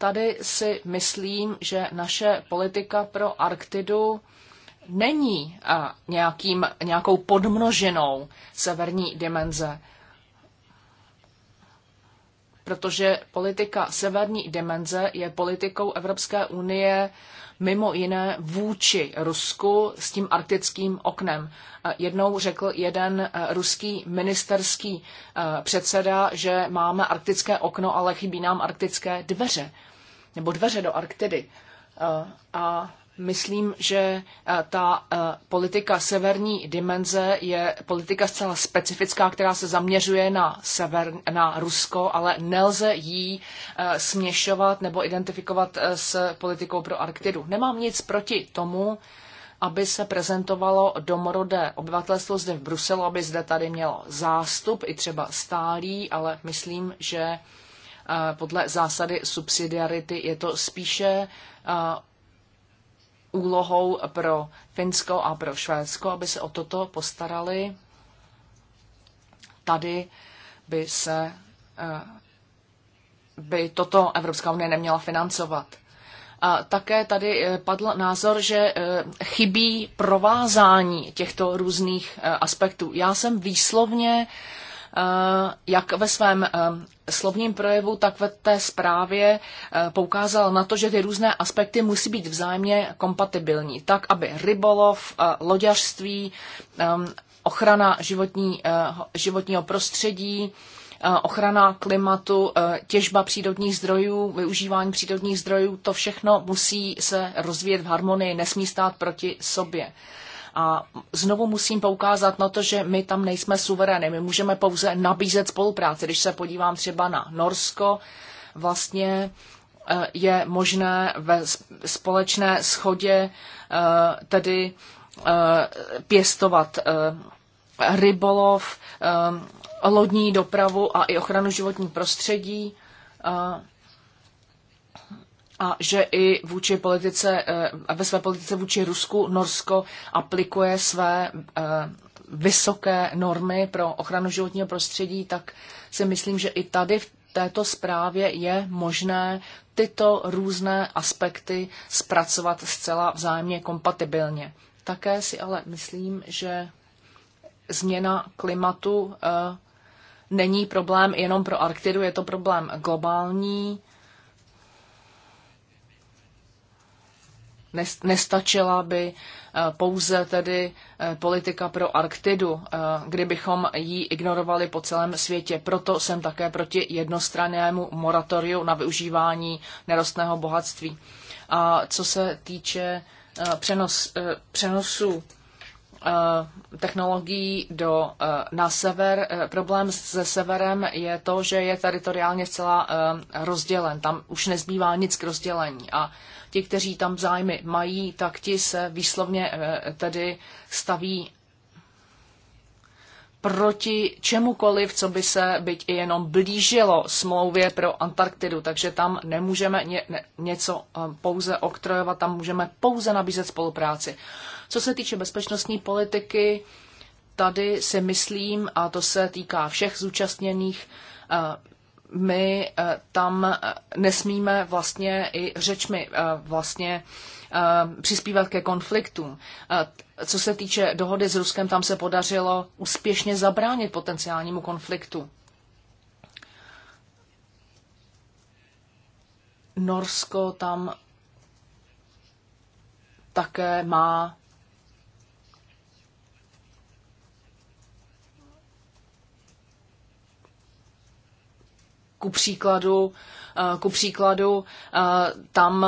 tady si myslím, že naše politika pro Arktidu není nějakým, nějakou podmnoženou severní dimenze. Protože politika severní dimenze je politikou Evropské unie mimo jiné vůči Rusku s tím arktickým oknem. Jednou řekl jeden e, ruský ministerský e, předseda, že máme arktické okno, ale chybí nám arktické dveře nebo dveře do Arktidy. Eh, a myslím, že eh, ta eh, politika severní dimenze je politika zcela specifická, která se zaměřuje na, sever, na Rusko, ale nelze ji směšovat nebo identifikovat s politikou pro Arktidu. Nemám nic proti tomu, aby se prezentovalo domorodé obyvatelstvo zde v Bruselu, aby zde tady mělo zástup, i třeba stálý, ale myslím, že podle zásady subsidiarity je to spíše úlohou pro Finsko a pro Švédsko, aby se o toto postarali. Tady by se by toto Evropská unie neměla financovat. A také tady e, padl názor, že e, chybí provázání těchto různých e, aspektů. Já jsem výslovně jak ve svém slovním projevu, tak ve té zprávě eh, poukázal na to, že ty různé aspekty musí být vzájemně kompatibilní, tak aby rybolov, eh, loďařství, ehm, ochrana životní, eh, životního prostředí, ochrana klimatu, těžba přírodních zdrojů, využívání přírodních zdrojů, to všechno musí se rozvíjet v harmonii, nesmí stát proti sobě. A znovu musím poukázat na to, že my tam nejsme suverény. My můžeme pouze nabízet spolupráci. Když se podívám třeba na Norsko, vlastně eh, je možné ve společné schodě eh, tedy eh, pěstovat rybolov, lodní dopravu a i ochranu životní prostředí a že i vůči politice, eh, ve své politice vůči Rusku Norsko aplikuje své eh, vysoké normy pro ochranu životního prostředí, tak si myslím, že i tady v této zprávě je možné tyto různé aspekty zpracovat zcela vzájemně kompatibilně. Také si ale myslím, že změna klimatu eh, není problém jenom pro Arktidu, je to problém globální nestačila by eh, pouze tedy eh, politika pro Arktidu, eh, kdybychom ji ignorovali po celém světě. Proto jsem také proti jednostrannému moratoriu na využívání nerostného bohatství. A co se týče přenos, přenosu technologií do, na sever. Problém se severem je to, že je teritoriálně zcela rozdělen. Tam už nezbývá nic k rozdělení. A ti, kteří tam zájmy mají, tak ti se výslovně eh, tedy staví proti čemukoliv, co by se byť i jenom blížilo smlouvě pro Antarktidu. Takže tam nemůžeme ně, ne, něco eh, pouze oktrojovat, tam můžeme pouze nabízet spolupráci. Co se týče bezpečnostní politiky, tady si myslím, a to se týká všech zúčastněných, eh, my eh, tam eh, nesmíme vlastně i řečmi eh, vlastně přispívat ke konfliktům. Co se týče dohody s Ruskem, tam se podařilo úspěšně zabránit potenciálnímu konfliktu. Norsko tam také má ku příkladu, eh, ku příkladu eh, tam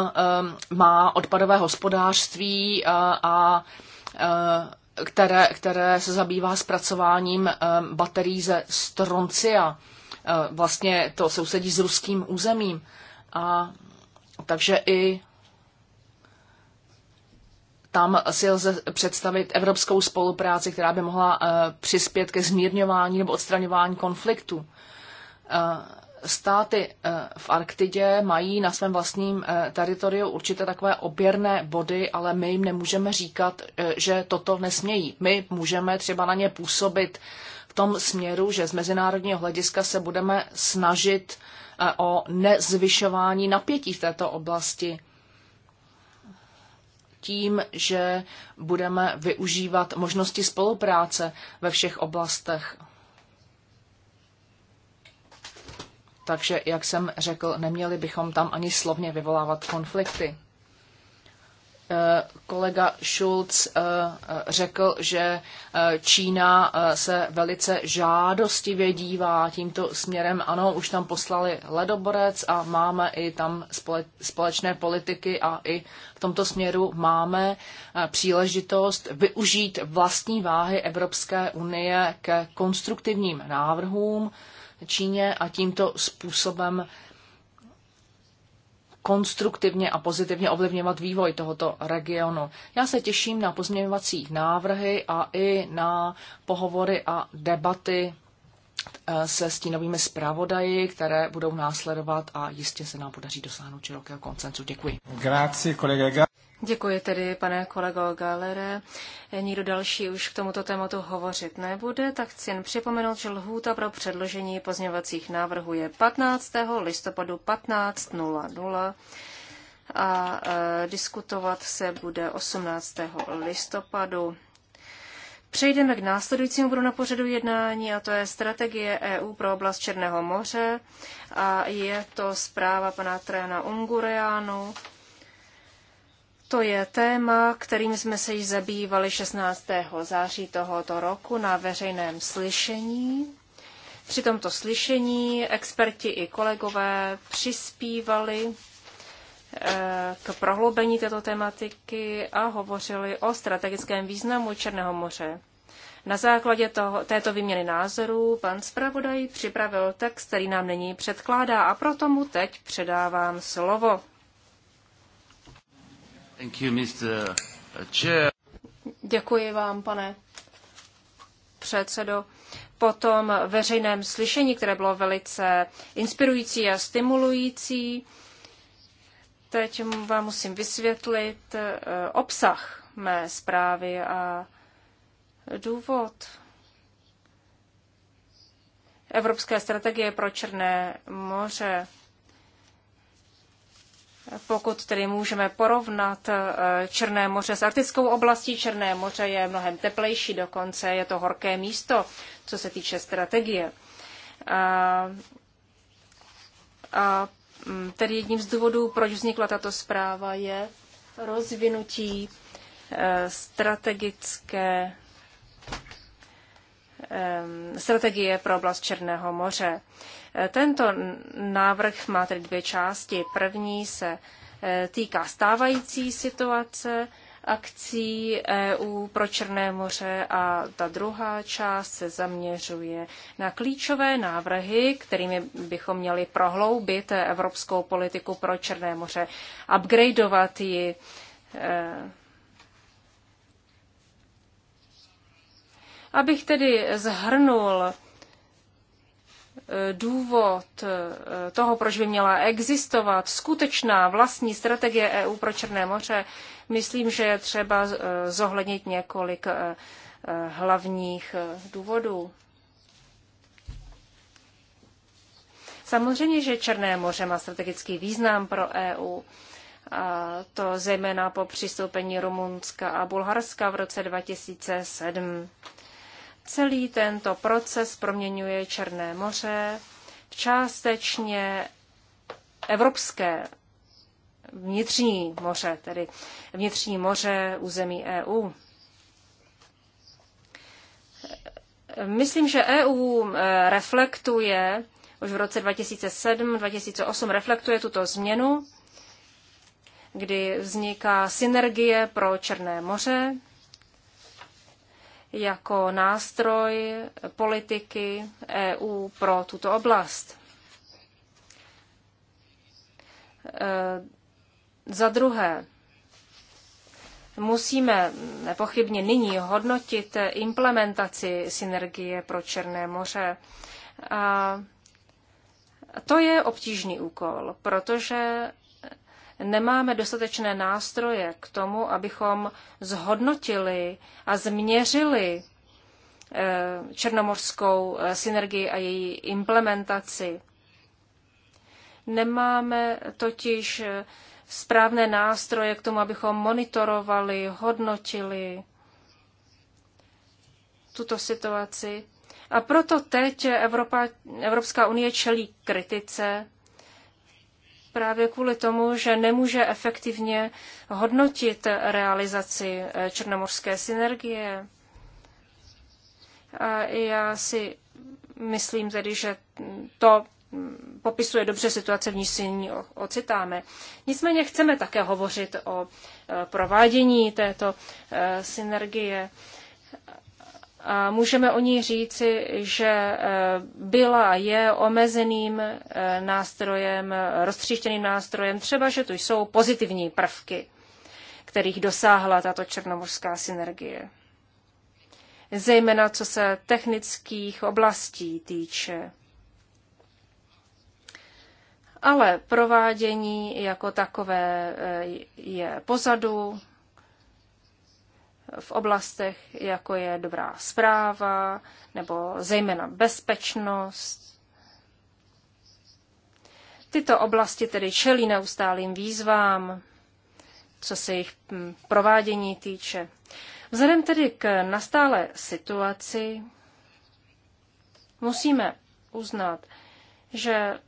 eh, má odpadové hospodářství a které, které se zabývá zpracováním baterií ze stroncia. Vlastně to sousedí s ruským územím. A takže i tam si lze představit evropskou spolupráci, která by mohla přispět ke zmírňování nebo odstraňování konfliktu státy eh, v Arktidě mají na svém vlastním eh, teritoriu určité takové oběrné body, ale my jim nemůžeme říkat, eh, že toto nesmějí. My můžeme třeba na ně působit v tom směru, že z mezinárodního hlediska se budeme snažit o nezvyšování napětí v této oblasti tím, že budeme využívat možnosti spolupráce ve všech oblastech takže, jak jsem řekl, neměli bychom tam ani slovně vyvolávat konflikty. Eh, kolega Schulz eh, eh, řekl, že Čína se velice žádostivě dívá tímto směrem. Ano, už tam poslali ledoborec a máme i tam společné politiky a i v tomto směru máme příležitost využít vlastní váhy Evropské unie ke konstruktivním návrhům Číně a tímto způsobem konstruktivně a pozitivně ovlivňovat vývoj tohoto regionu. Já se těším na pozměňovací návrhy a i na pohovory a debaty eh, se stínovými zpravodaji, které budou následovat a jistě se nám podaří dosáhnout širokého koncenzu. Děkuji. Grazie, kolega. Děkuji tedy, pane kolego Galere. Nikdo další už k tomuto tématu hovořit nebude, tak chci jen připomenout, že lhůta pro předložení pozměňovacích návrhů je 15. listopadu 15.00 a e, diskutovat se bude 18. listopadu. Přejdeme k následujícímu bodu na pořadu jednání a to je strategie EU pro oblast Černého moře a je to zpráva pana Trena Ungureanu. To je téma, kterým jsme se již zabývali 16. září tohoto roku na veřejném slyšení. Při tomto slyšení experti i kolegové přispívali eh, k prohloubení této tematiky a hovořili o strategickém významu Černého moře. Na základě toho, této výměny názorů pan zpravodaj připravil text, který nám nyní předkládá a proto mu teď předávám slovo. Thank you, Mr. Uh, Chair. Děkuji vám, pane předsedo. Po tom veřejném slyšení, které bylo velice inspirující a stimulující, teď vám musím vysvětlit eh, obsah mé zprávy a důvod Evropské strategie pro Černé moře pokud tedy můžeme porovnat eh, Černé moře s arktickou oblastí, Černé moře je mnohem teplejší, dokonce je to horké místo, co se týče strategie. A, a mm, tedy jedním z důvodů, proč vznikla tato zpráva, je rozvinutí eh, strategické Ehm, strategie pro oblast Černého moře. E, tento návrh má tedy dvě části. První se e, týká stávající situace akcí EU pro Černé moře a ta druhá část se zaměřuje na klíčové návrhy, kterými bychom měli prohloubit evropskou politiku pro Černé moře, upgradeovat ji e, Abych tedy zhrnul eh, důvod eh, toho, proč by měla existovat skutečná vlastní strategie EU pro Černé moře, myslím, že je třeba eh, zohlednit několik hlavních důvodů. Samozřejmě, že Černé moře má strategický význam pro EU, a to zejména po přistoupení Rumunska a Bulharska v roce 2007. Celý tento proces proměňuje Černé moře v částečně evropské vnitřní moře, tedy vnitřní moře území EU. Myslím, že EU eh, reflektuje už v roce 2007-2008 reflektuje tuto změnu, kdy vzniká synergie pro Černé moře, jako nástroj politiky EU pro tuto oblast. E, za druhé, musíme nepochybně nyní hodnotit implementaci synergie pro Černé moře. A to je obtížný úkol, protože nemáme dostatečné nástroje k tomu, abychom zhodnotili a změřili eh, černomorskou eh, synergii a její implementaci. Nemáme totiž eh, správné nástroje k tomu, abychom monitorovali, hodnotili tuto situaci. A proto teď Evropa, Evropská unie čelí kritice právě kvůli tomu, že nemůže efektivně hodnotit realizaci eh, černomorské synergie. A já si myslím tedy, že to mm, popisuje dobře situace, v níž si ní ocitáme. Nicméně chceme také hovořit o eh, provádění této eh, synergie. A můžeme o ní říci, že e, byla je omezeným e, nástrojem, roztříštěným nástrojem, třeba že tu jsou pozitivní prvky, kterých dosáhla tato černomorská synergie. Zejména co se technických oblastí týče. Ale provádění jako takové e, je pozadu, v oblastech, jako je dobrá zpráva nebo zejména bezpečnost. Tyto oblasti tedy čelí neustálým výzvám, co se jejich hm, provádění týče. Vzhledem tedy k nastále situaci musíme uznat, že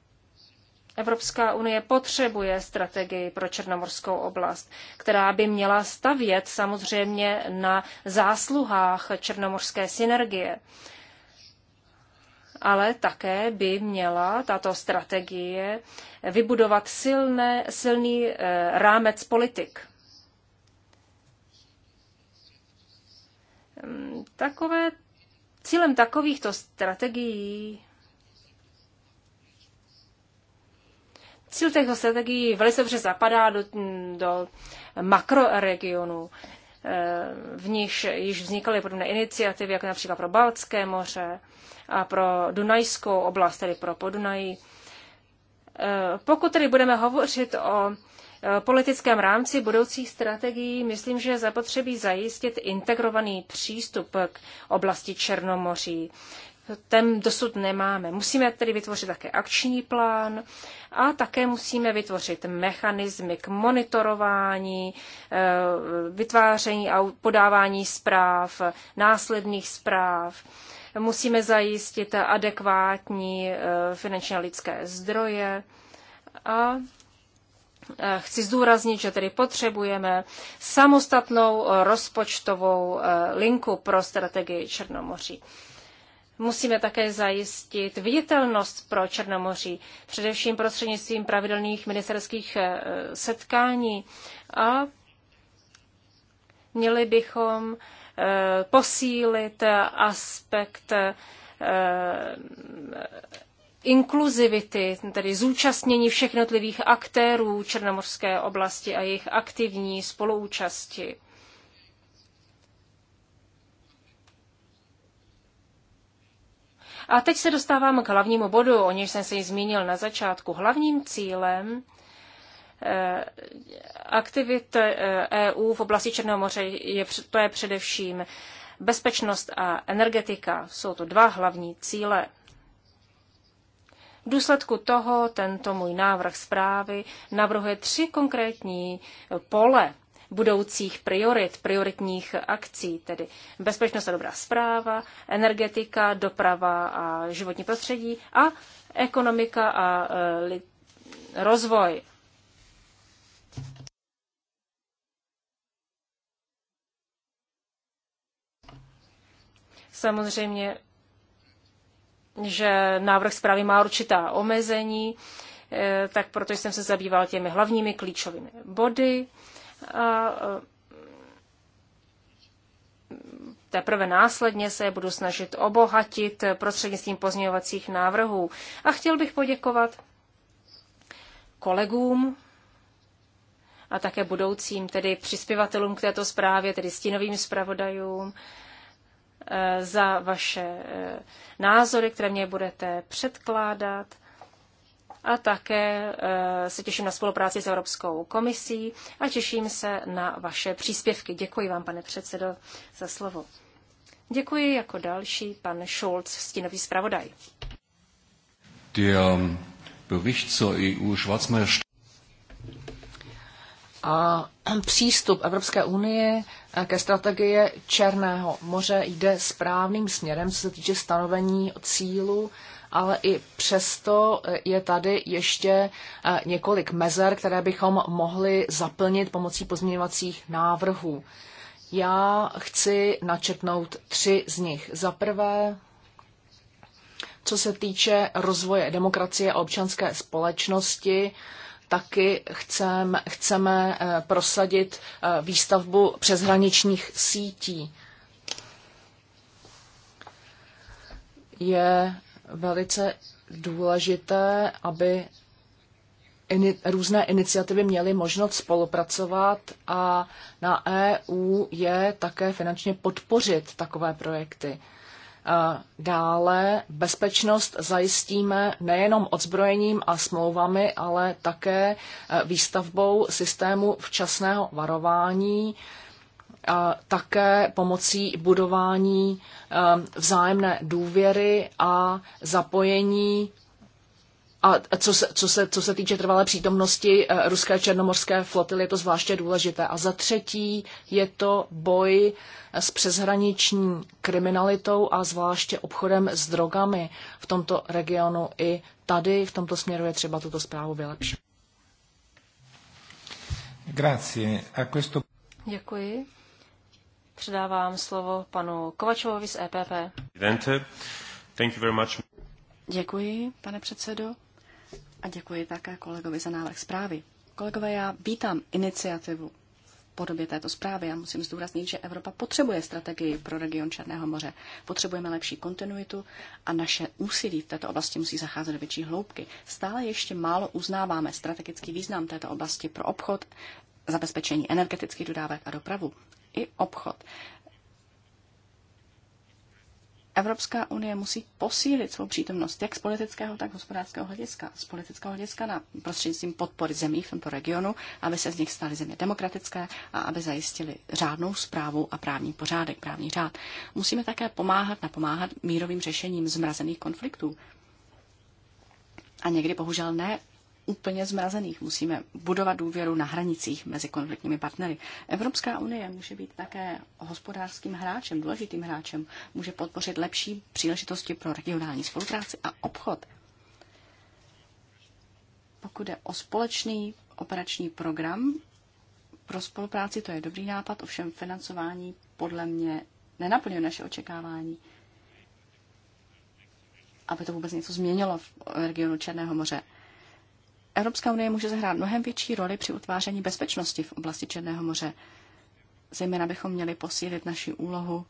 Evropská unie potřebuje strategii pro Černomorskou oblast, která by měla stavět samozřejmě na zásluhách černomorské synergie. Ale také by měla tato strategie vybudovat silné, silný eh, rámec politik. Ehm, takové, cílem takovýchto strategií Cíl těchto strategií velice dobře zapadá do, do makroregionu, eh, V níž již vznikaly podobné iniciativy, jako například pro Baltské moře a pro Dunajskou oblast, tedy pro Podunají. Eh, pokud tedy budeme hovořit o eh, politickém rámci budoucích strategií, myslím, že zapotřebí zajistit integrovaný přístup k oblasti Černomoří ten dosud nemáme. Musíme tedy vytvořit také akční plán a také musíme vytvořit mechanizmy k monitorování, eh, vytváření a podávání zpráv, následných zpráv. Musíme zajistit adekvátní eh, finančně lidské zdroje a eh, chci zdůraznit, že tedy potřebujeme samostatnou rozpočtovou linku pro strategii Černomoří. Musíme také zajistit viditelnost pro Černomoří, především prostřednictvím pravidelných ministerských eh, setkání a měli bychom eh, posílit aspekt eh, inkluzivity, tedy zúčastnění všech jednotlivých aktérů černomorské oblasti a jejich aktivní spoluúčasti. A teď se dostávám k hlavnímu bodu, o něž jsem se ji zmínil na začátku. Hlavním cílem eh, aktivit EU eh, e v oblasti Černého moře je, to je především bezpečnost a energetika. Jsou to dva hlavní cíle. V důsledku toho tento můj návrh zprávy navrhuje tři konkrétní pole budoucích priorit, prioritních akcí, tedy bezpečnost a dobrá zpráva, energetika, doprava a životní prostředí a ekonomika a e, rozvoj. Samozřejmě, že návrh zprávy má určitá omezení, e, tak proto jsem se zabýval těmi hlavními klíčovými body teprve následně se je budu snažit obohatit prostřednictvím pozměňovacích návrhů. A chtěl bych poděkovat kolegům a také budoucím, tedy přispěvatelům k této zprávě, tedy stínovým zpravodajům, e, za vaše e, názory, které mě budete předkládat a také eh, se těším na spolupráci s Evropskou komisí a těším se na vaše příspěvky. Děkuji vám, pane předsedo, za slovo. Děkuji jako další pan Schulz, stínový zpravodaj. Der ähm, Bericht zur EU a přístup Evropské unie ke strategie Černého moře jde správným směrem, co se týče stanovení cílu ale i přesto e, je tady ještě e, několik mezer, které bychom mohli zaplnit pomocí pozměňovacích návrhů. Já chci načetnout tři z nich. Za prvé, co se týče rozvoje demokracie a občanské společnosti, taky chcem, chceme e, prosadit výstavbu přeshraničních sítí. Je velice důležité, aby ini, různé iniciativy měly možnost spolupracovat a na EU je také finančně podpořit takové projekty. Dále bezpečnost zajistíme nejenom odzbrojením a smlouvami, ale také e, výstavbou systému včasného varování, také pomocí budování eh, vzájemné důvěry a zapojení a co se, co, se, co se týče trvalé přítomnosti eh, ruské černomorské flotily, je to zvláště důležité. A za třetí je to boj eh, s přeshraniční kriminalitou a zvláště obchodem s drogami v tomto regionu. I tady v tomto směru je třeba tuto zprávu vylepšit. Grazie. A questo... Děkuji. Předávám slovo panu Kovačovovi z EPP. Děkuji, pane předsedo, a děkuji také kolegovi za návrh zprávy. Kolegové, já vítám iniciativu podobě této zprávy. Já musím zdůraznit, že Evropa potřebuje strategii pro region Černého moře. Potřebujeme lepší kontinuitu a naše úsilí v této oblasti musí zacházet do větší hloubky. Stále ještě málo uznáváme strategický význam této oblasti pro obchod, zabezpečení energetických dodávek a dopravu. I obchod. Evropská unie musí posílit svou přítomnost jak z politického, tak hospodářského hlediska. Z politického hlediska na prostřednictvím podpory zemí v tomto regionu, aby se z nich staly země demokratické a aby zajistili řádnou zprávu a právní pořádek, právní řád. Musíme také pomáhat, napomáhat mírovým řešením zmrazených konfliktů. A někdy bohužel ne úplně zmrazených. Musíme budovat důvěru na hranicích mezi konfliktními partnery. Evropská unie může být také hospodářským hráčem, důležitým hráčem, může podpořit lepší příležitosti pro regionální spolupráci a obchod. Pokud je o společný operační program pro spolupráci, to je dobrý nápad, ovšem financování podle mě nenaplňuje naše očekávání aby to vůbec něco změnilo v regionu Černého moře. Evropská unie může zahrát mnohem větší roli při utváření bezpečnosti v oblasti Černého moře. Zejména bychom měli posílit naši úlohu,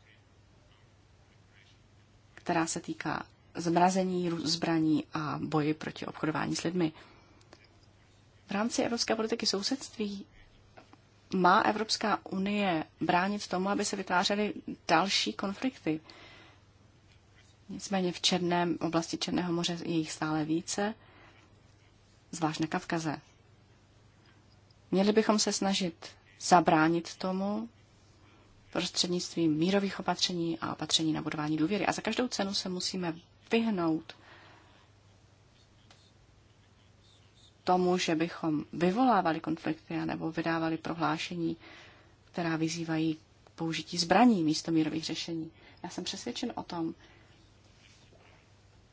která se týká zmrazení zbraní a boji proti obchodování s lidmi. V rámci evropské politiky sousedství má Evropská unie bránit tomu, aby se vytvářely další konflikty. Nicméně v Černém oblasti Černého moře je jich stále více zvlášť na Kavkaze. Měli bychom se snažit zabránit tomu prostřednictvím mírových opatření a opatření na budování důvěry. A za každou cenu se musíme vyhnout tomu, že bychom vyvolávali konflikty nebo vydávali prohlášení, která vyzývají k použití zbraní místo mírových řešení. Já jsem přesvědčen o tom,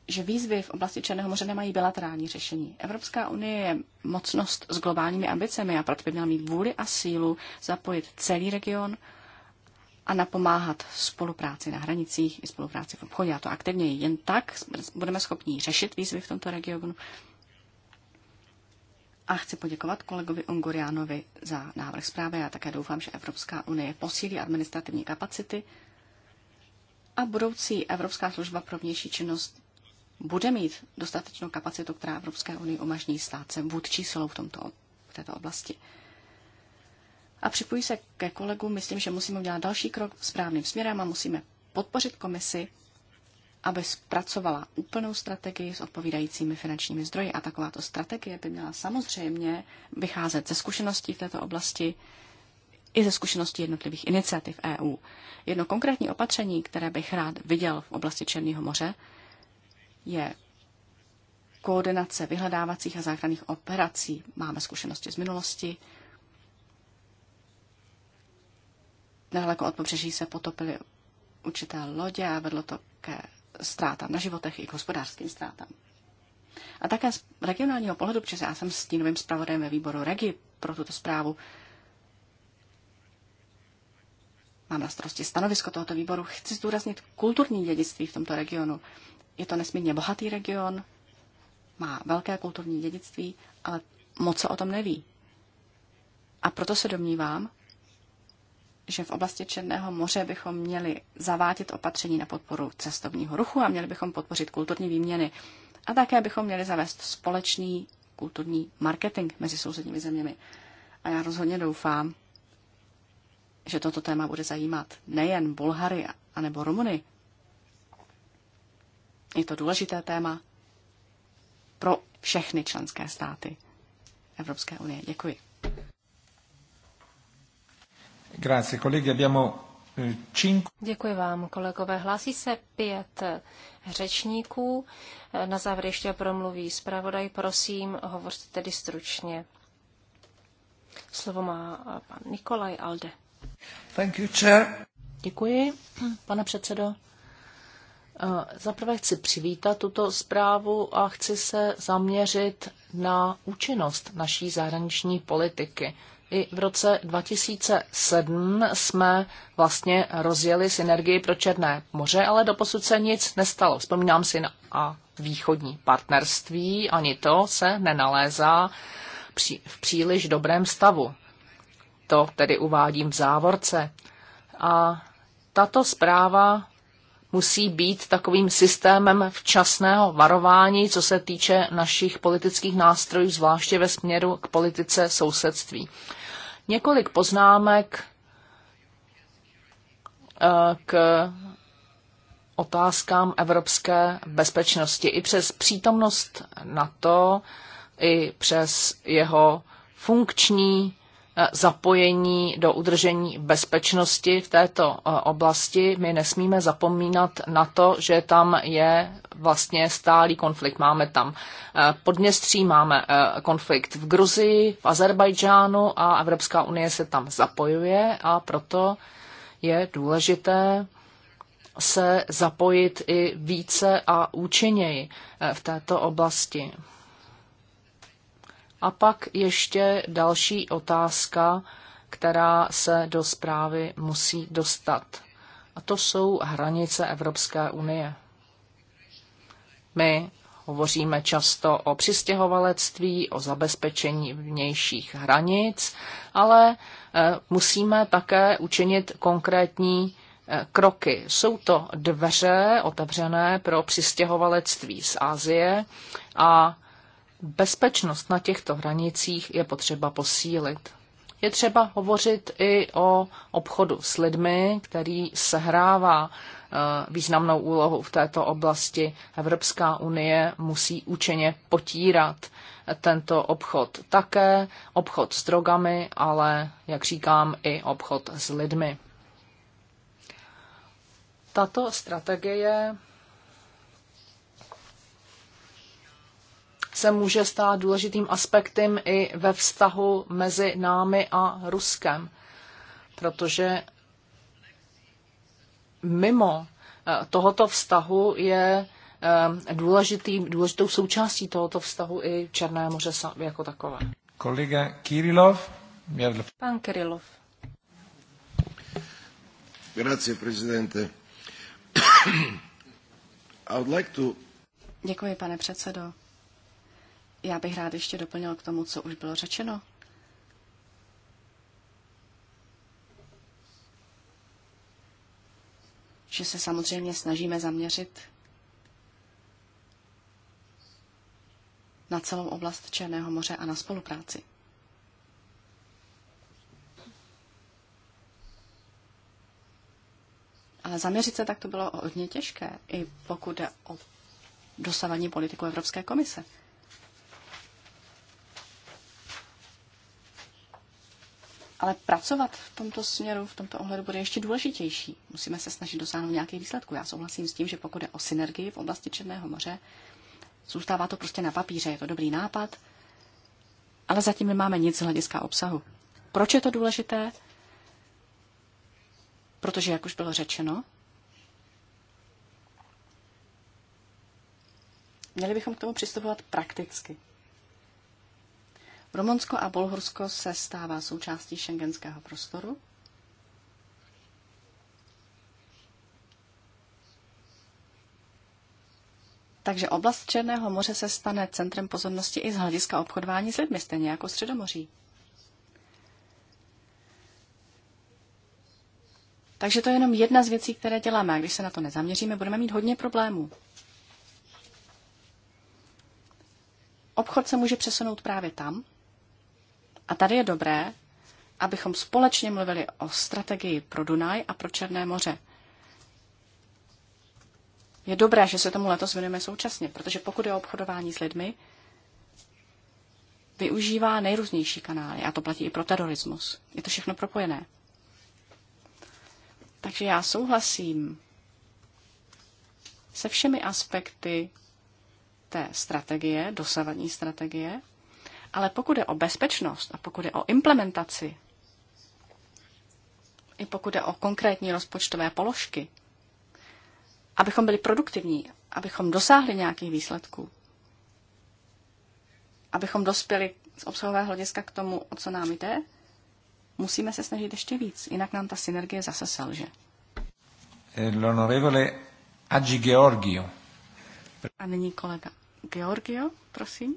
že výzvy v oblasti Černého moře nemají bilaterální řešení. Evropská unie je mocnost s globálními ambicemi a proto by měla mít vůli a sílu zapojit celý region a napomáhat spolupráci na hranicích i spolupráci v obchodě. A to aktivně jen tak budeme schopni řešit výzvy v tomto regionu. A chci poděkovat kolegovi Ongoriánovi za návrh zprávy. Já také doufám, že Evropská unie posílí administrativní kapacity a budoucí Evropská služba pro vnější činnost bude mít dostatečnou kapacitu, která Evropské unii umožní stát se vůdčí silou v, tomto, v této oblasti. A připojí se ke kolegům, myslím, že musíme udělat další krok správným směrem a musíme podpořit komisi, aby zpracovala úplnou strategii s odpovídajícími finančními zdroji. A takováto strategie by měla samozřejmě vycházet ze zkušeností v této oblasti i ze zkušeností jednotlivých iniciativ EU. Jedno konkrétní opatření, které bych rád viděl v oblasti Černého moře, je koordinace vyhledávacích a záchranných operací. Máme zkušenosti z minulosti. Nedaleko od pobřeží se potopily určité lodě a vedlo to ke ztrátám na životech i k hospodářským ztrátám. A také z regionálního pohledu, protože já jsem s novým zpravodajem ve výboru Regi pro tuto zprávu, mám na starosti stanovisko tohoto výboru, chci zdůraznit kulturní dědictví v tomto regionu je to nesmírně bohatý region, má velké kulturní dědictví, ale moc se o tom neví. A proto se domnívám, že v oblasti Černého moře bychom měli zavádět opatření na podporu cestovního ruchu a měli bychom podpořit kulturní výměny. A také bychom měli zavést společný kulturní marketing mezi sousedními zeměmi. A já rozhodně doufám, že toto téma bude zajímat nejen Bulhary anebo Rumuny, je to důležité téma pro všechny členské státy Evropské unie. Děkuji. Grazie, kolegy. Abbiamo eh, Děkuji vám, kolegové. Hlásí se pět eh, řečníků. Eh, na závěr ještě promluví zpravodaj. Prosím, hovořte tedy stručně. Slovo má pan Nikolaj Alde. Thank you, chair. Děkuji, pane předsedo. Eh, zaprvé chci přivítat tuto zprávu a chci se zaměřit na účinnost naší zahraniční politiky. I v roce 2007 jsme vlastně rozjeli synergii pro Černé moře, ale posud se nic nestalo. Vzpomínám si na a východní partnerství, ani to se nenalézá v příliš dobrém stavu. To tedy uvádím v závorce. A tato zpráva musí být takovým systémem včasného varování, co se týče našich politických nástrojů, zvláště ve směru k politice sousedství. Několik poznámek eh, k otázkám evropské bezpečnosti. I přes přítomnost NATO, i přes jeho funkční zapojení do udržení bezpečnosti v této eh, oblasti. My nesmíme zapomínat na to, že tam je vlastně stálý konflikt. Máme tam eh, Podněstří, máme eh, konflikt v Gruzii, v Azerbajdžánu a Evropská unie se tam zapojuje a proto je důležité se zapojit i více a účinněji v této oblasti. A pak ještě další otázka, která se do zprávy musí dostat. A to jsou hranice Evropské unie. My hovoříme často o přistěhovalectví, o zabezpečení vnějších hranic, ale e, musíme také učinit konkrétní e, kroky. Jsou to dveře otevřené pro přistěhovalectví z Asie a Bezpečnost na těchto hranicích je potřeba posílit. Je třeba hovořit i o obchodu s lidmi, který sehrává eh, významnou úlohu v této oblasti. Evropská unie musí účinně potírat tento obchod také, obchod s drogami, ale, jak říkám, i obchod s lidmi. Tato strategie se může stát důležitým aspektem i ve vztahu mezi námi a Ruskem, protože mimo eh, tohoto vztahu je eh, důležitý, důležitou součástí tohoto vztahu i Černé moře jako takové. Kolega Kirilov. Pan Kirilov. Grazie, prezidente. *coughs* Like to... Děkuji, pane předsedo. Já bych rád ještě doplnil k tomu, co už bylo řečeno. Že se samozřejmě snažíme zaměřit na celou oblast Černého moře a na spolupráci. Ale zaměřit se tak to bylo hodně těžké, i pokud jde o dosavadní politiku Evropské komise. Ale pracovat v tomto směru, v tomto ohledu bude ještě důležitější. Musíme se snažit dosáhnout nějakých výsledků. Já souhlasím s tím, že pokud je o synergii v oblasti Černého moře, zůstává to prostě na papíře, je to dobrý nápad, ale zatím nemáme nic z hlediska obsahu. Proč je to důležité? Protože, jak už bylo řečeno, měli bychom k tomu přistupovat prakticky. Rumunsko a Bulhorsko se stává součástí šengenského prostoru. Takže oblast Černého moře se stane centrem pozornosti i z hlediska obchodování s lidmi, stejně jako Středomoří. Takže to je jenom jedna z věcí, které děláme. A když se na to nezaměříme, budeme mít hodně problémů. Obchod se může přesunout právě tam, a tady je dobré, abychom společně mluvili o strategii pro Dunaj a pro Černé moře. Je dobré, že se tomu letos věnujeme současně, protože pokud je o obchodování s lidmi, využívá nejrůznější kanály a to platí i pro terorismus. Je to všechno propojené. Takže já souhlasím se všemi aspekty té strategie, dosavadní strategie, ale pokud je o bezpečnost a pokud je o implementaci, i pokud je o konkrétní rozpočtové položky, abychom byli produktivní, abychom dosáhli nějakých výsledků, abychom dospěli z obsahového hlediska k tomu, o co nám jde, musíme se snažit ještě víc, jinak nám ta synergie zase selže. Agi Georgio. A nyní kolega Georgio, prosím.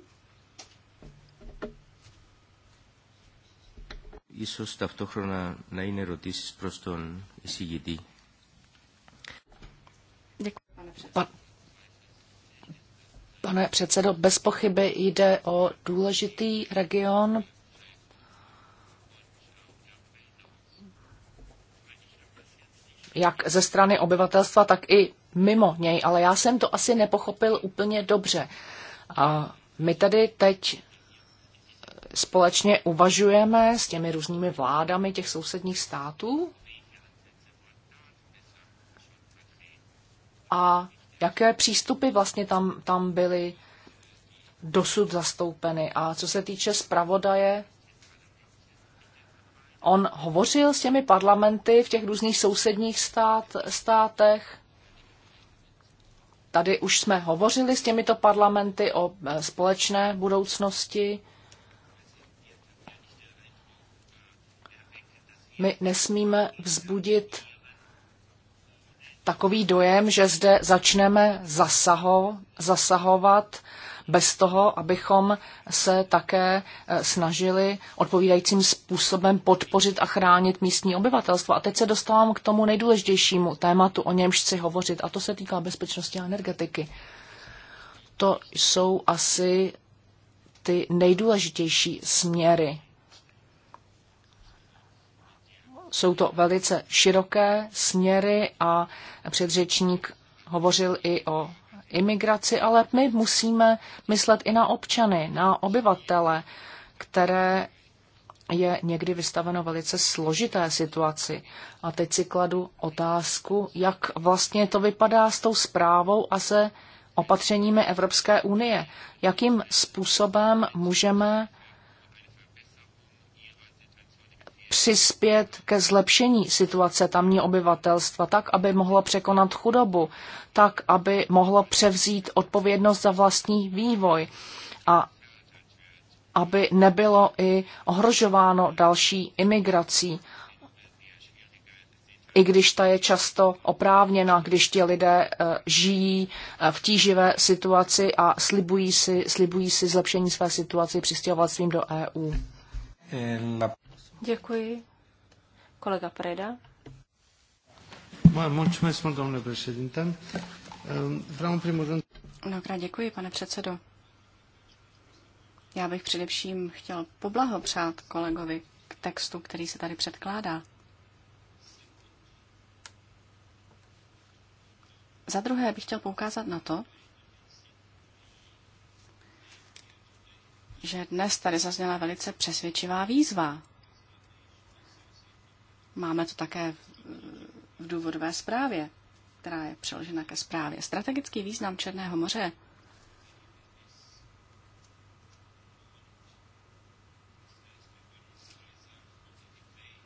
ίσως ταυτόχρονα να είναι ερωτήσεις προς τον εισηγητή. Pane předsedo, bez pochyby jde o důležitý region. Jak ze strany obyvatelstva, tak i mimo něj, ale já jsem to asi nepochopil úplně dobře. A my tady teď společně uvažujeme s těmi různými vládami těch sousedních států? A jaké přístupy vlastně tam, tam byly dosud zastoupeny? A co se týče zpravodaje, on hovořil s těmi parlamenty v těch různých sousedních stát, státech? Tady už jsme hovořili s těmito parlamenty o e, společné budoucnosti My nesmíme vzbudit takový dojem, že zde začneme zasaho, zasahovat bez toho, abychom se také eh, snažili odpovídajícím způsobem podpořit a chránit místní obyvatelstvo. A teď se dostávám k tomu nejdůležitějšímu tématu, o němž chci hovořit, a to se týká bezpečnosti a energetiky. To jsou asi ty nejdůležitější směry Jsou to velice široké směry a předřečník hovořil i o imigraci, ale my musíme myslet i na občany, na obyvatele, které je někdy vystaveno velice složité situaci. A teď si kladu otázku, jak vlastně to vypadá s tou zprávou a se opatřeními Evropské unie. Jakým způsobem můžeme přispět ke zlepšení situace tamní obyvatelstva, tak, aby mohlo překonat chudobu, tak, aby mohlo převzít odpovědnost za vlastní vývoj a aby nebylo i ohrožováno další imigrací, i když ta je často oprávněna, když ti lidé eh, žijí eh, v tíživé situaci a slibují si, slibují si zlepšení své situace svým do EU. Eh, Děkuji. Kolega Preda. Ehm, Mnohokrát děkuji, pane předsedo. Já bych především chtěl poblahopřát kolegovi k textu, který se tady předkládá. Za druhé bych chtěl poukázat na to, že dnes tady zazněla velice přesvědčivá výzva Máme to také v důvodové zprávě, která je přeložena ke zprávě. Strategický význam Černého moře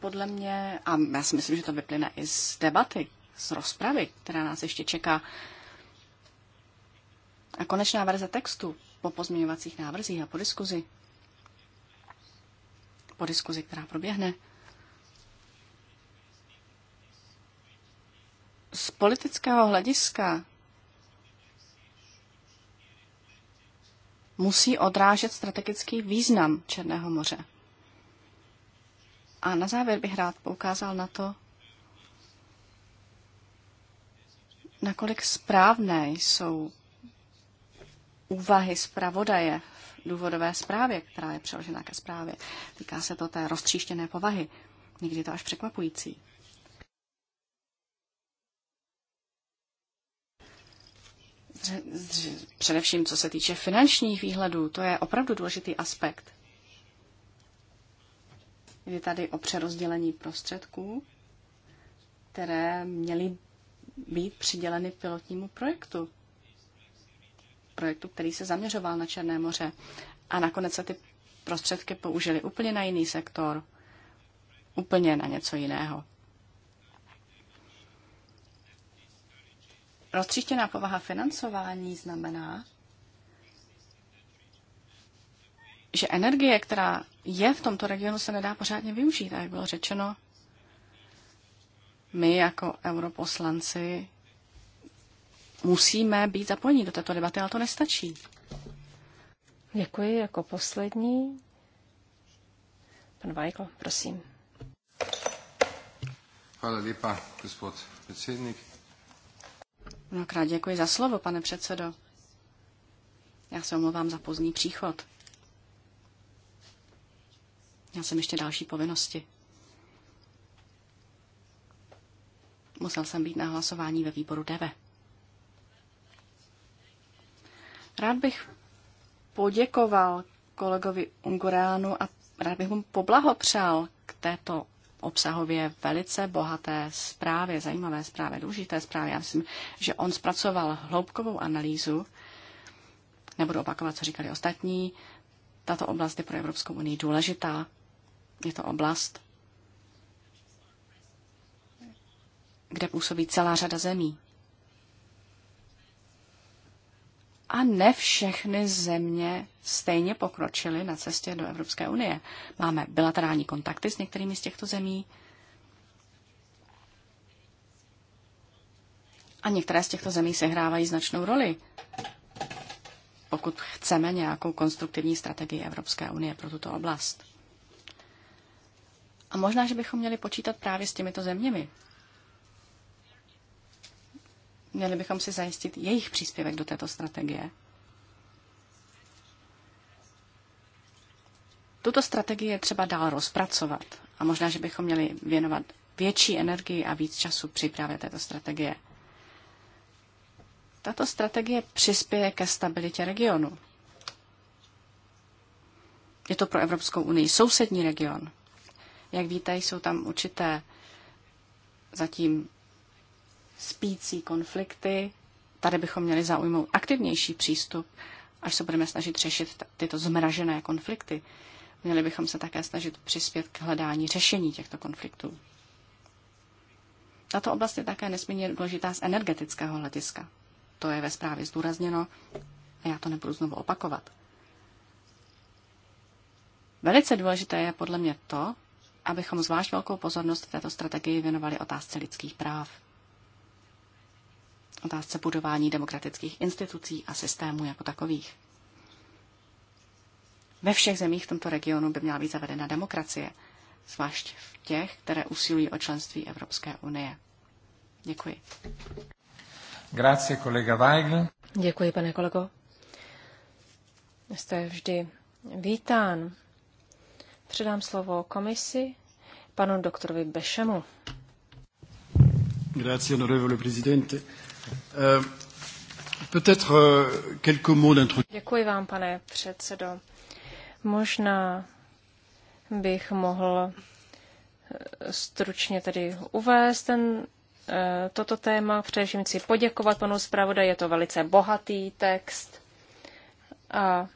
podle mě, a já si myslím, že to vyplyne i z debaty, z rozpravy, která nás ještě čeká, a konečná verze textu po pozměňovacích návrzích a po diskuzi, po diskuzi, která proběhne, z politického hlediska musí odrážet strategický význam Černého moře. A na závěr bych rád poukázal na to, nakolik správné jsou úvahy zpravodaje v důvodové zprávě, která je přeložena ke zprávě. Týká se to té roztříštěné povahy. Někdy to až překvapující. Především co se týče finančních výhledů, to je opravdu důležitý aspekt. Je tady o přerozdělení prostředků, které měly být přiděleny pilotnímu projektu. Projektu, který se zaměřoval na Černé moře. A nakonec se ty prostředky použily úplně na jiný sektor, úplně na něco jiného. roztříštěná povaha financování znamená, že energie, která je v tomto regionu, se nedá pořádně využít. A jak bylo řečeno, my jako europoslanci musíme být zapojeni do této debaty, ale to nestačí. Děkuji. Jako poslední pan Vajko, prosím. Hvala lepa, gospod predsednik. Mnohokrát děkuji za slovo, pane předsedo. Já se omlouvám za pozdní příchod. Já jsem ještě další povinnosti. Musel jsem být na hlasování ve výboru DEVE. Rád bych poděkoval kolegovi Unguránu a rád bych mu poblahopřál k této obsahově velice bohaté zprávy, zajímavé zprávy, důležité zprávy. Já myslím, že on zpracoval hloubkovou analýzu, nebudu opakovat, co říkali ostatní, tato oblast je pro Evropskou unii důležitá. Je to oblast, kde působí celá řada zemí. a ne všechny země stejně pokročily na cestě do Evropské unie. Máme bilaterální kontakty s některými z těchto zemí a některé z těchto zemí sehrávají značnou roli, pokud chceme nějakou konstruktivní strategii Evropské unie pro tuto oblast. A možná, že bychom měli počítat právě s těmito zeměmi, Měli bychom si zajistit jejich příspěvek do této strategie. Tuto strategii je třeba dál rozpracovat a možná, že bychom měli věnovat větší energii a víc času přípravě této strategie. Tato strategie přispěje ke stabilitě regionu. Je to pro Evropskou unii sousední region. Jak víte, jsou tam určité zatím spící konflikty. Tady bychom měli zaujmout aktivnější přístup, až se budeme snažit řešit tyto zmražené konflikty. Měli bychom se také snažit přispět k hledání řešení těchto konfliktů. Tato oblast je také nesmírně důležitá z energetického hlediska. To je ve zprávě zdůrazněno a já to nebudu znovu opakovat. Velice důležité je podle mě to, abychom zvlášť velkou pozornost v této strategii věnovali otázce lidských práv otázce budování demokratických institucí a systémů jako takových. Ve všech zemích v tomto regionu by měla být zavedena demokracie, zvlášť v těch, které usilují o členství Evropské unie. Děkuji. Grazie, kolega Weigl. Děkuji, pane kolego. Jste vždy vítán. Předám slovo komisi panu doktorovi Bešemu. Grazie, onorevole presidente. Euh, euh, Děkuji vám, pane předsedo. Možná bych mohl eh, stručně tedy uvést ten, eh, toto téma. Především chci poděkovat panu zpravodaji, je to velice bohatý text. A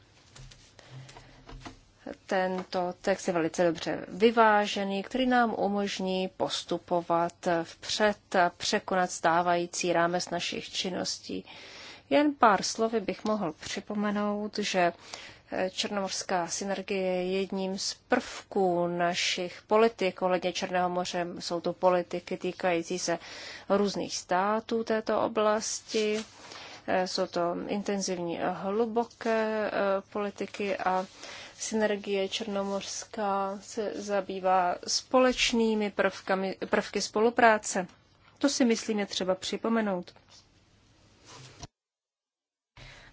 tento text je velice dobře vyvážený, který nám umožní postupovat vpřed a překonat stávající rámec našich činností. Jen pár slovy bych mohl připomenout, že Černomorská synergie je jedním z prvků našich politik ohledně Černého moře. Jsou to politiky týkající se různých států této oblasti. Jsou to intenzivní hluboké eh, politiky a Synergie Černomorská se zabývá společnými prvkami, prvky spolupráce. To si myslím je třeba připomenout.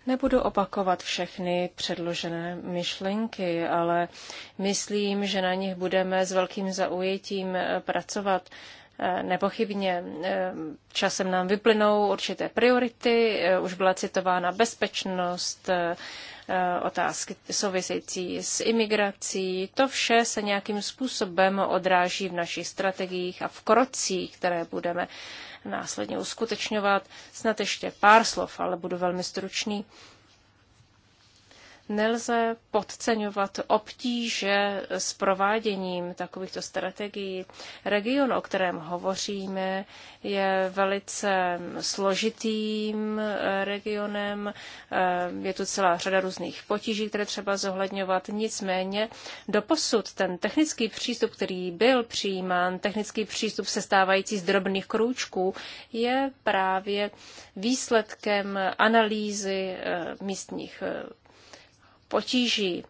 Nebudu opakovat všechny předložené myšlenky, ale myslím, že na nich budeme s velkým zaujetím eh, pracovat. Eh, nepochybně eh, časem nám vyplynou určité priority, už byla citována bezpečnost, Eh, otázky související s imigrací. To vše se nějakým způsobem odráží v našich strategiích a v krocích, které budeme následně uskutečňovat. Snad ještě pár slov, ale budu velmi stručný. Nelze podceňovat obtíže s prováděním takovýchto strategií. Region, o kterém hovoříme, je velice složitým eh, regionem. Eh, je tu celá řada různých potíží, které třeba zohledňovat. Nicméně doposud ten technický přístup, který byl přijímán, technický přístup sestávající z drobných krůčků, je právě výsledkem analýzy eh, místních potíží.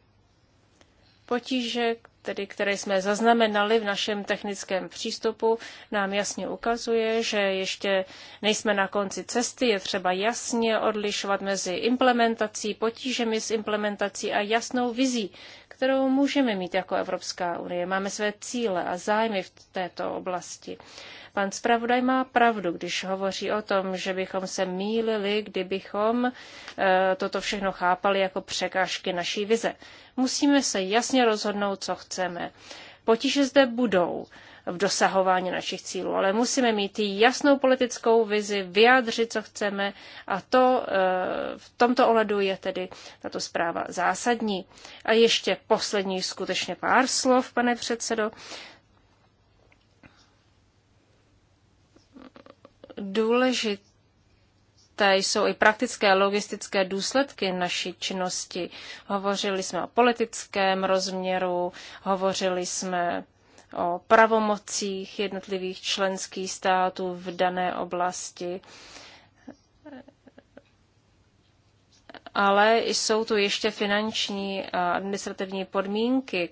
Potíže, tedy, které jsme zaznamenali v našem technickém přístupu, nám jasně ukazuje, že ještě nejsme na konci cesty, je třeba jasně odlišovat mezi implementací, potížemi s implementací a jasnou vizí kterou můžeme mít jako Evropská unie. Máme své cíle a zájmy v této oblasti. Pan zpravodaj má pravdu, když hovoří o tom, že bychom se mýlili, kdybychom e, toto všechno chápali jako překážky naší vize. Musíme se jasně rozhodnout, co chceme. Potíže zde budou v dosahování našich cílů. Ale musíme mít jasnou politickou vizi, vyjádřit, co chceme a to eh, v tomto ohledu je tedy tato zpráva zásadní. A ještě poslední skutečně pár slov, pane předsedo. Důležité Důležité jsou i praktické a logistické důsledky naší činnosti. Hovořili jsme o politickém rozměru, hovořili jsme o pravomocích jednotlivých členských států v dané oblasti ale jsou tu ještě finanční a administrativní podmínky,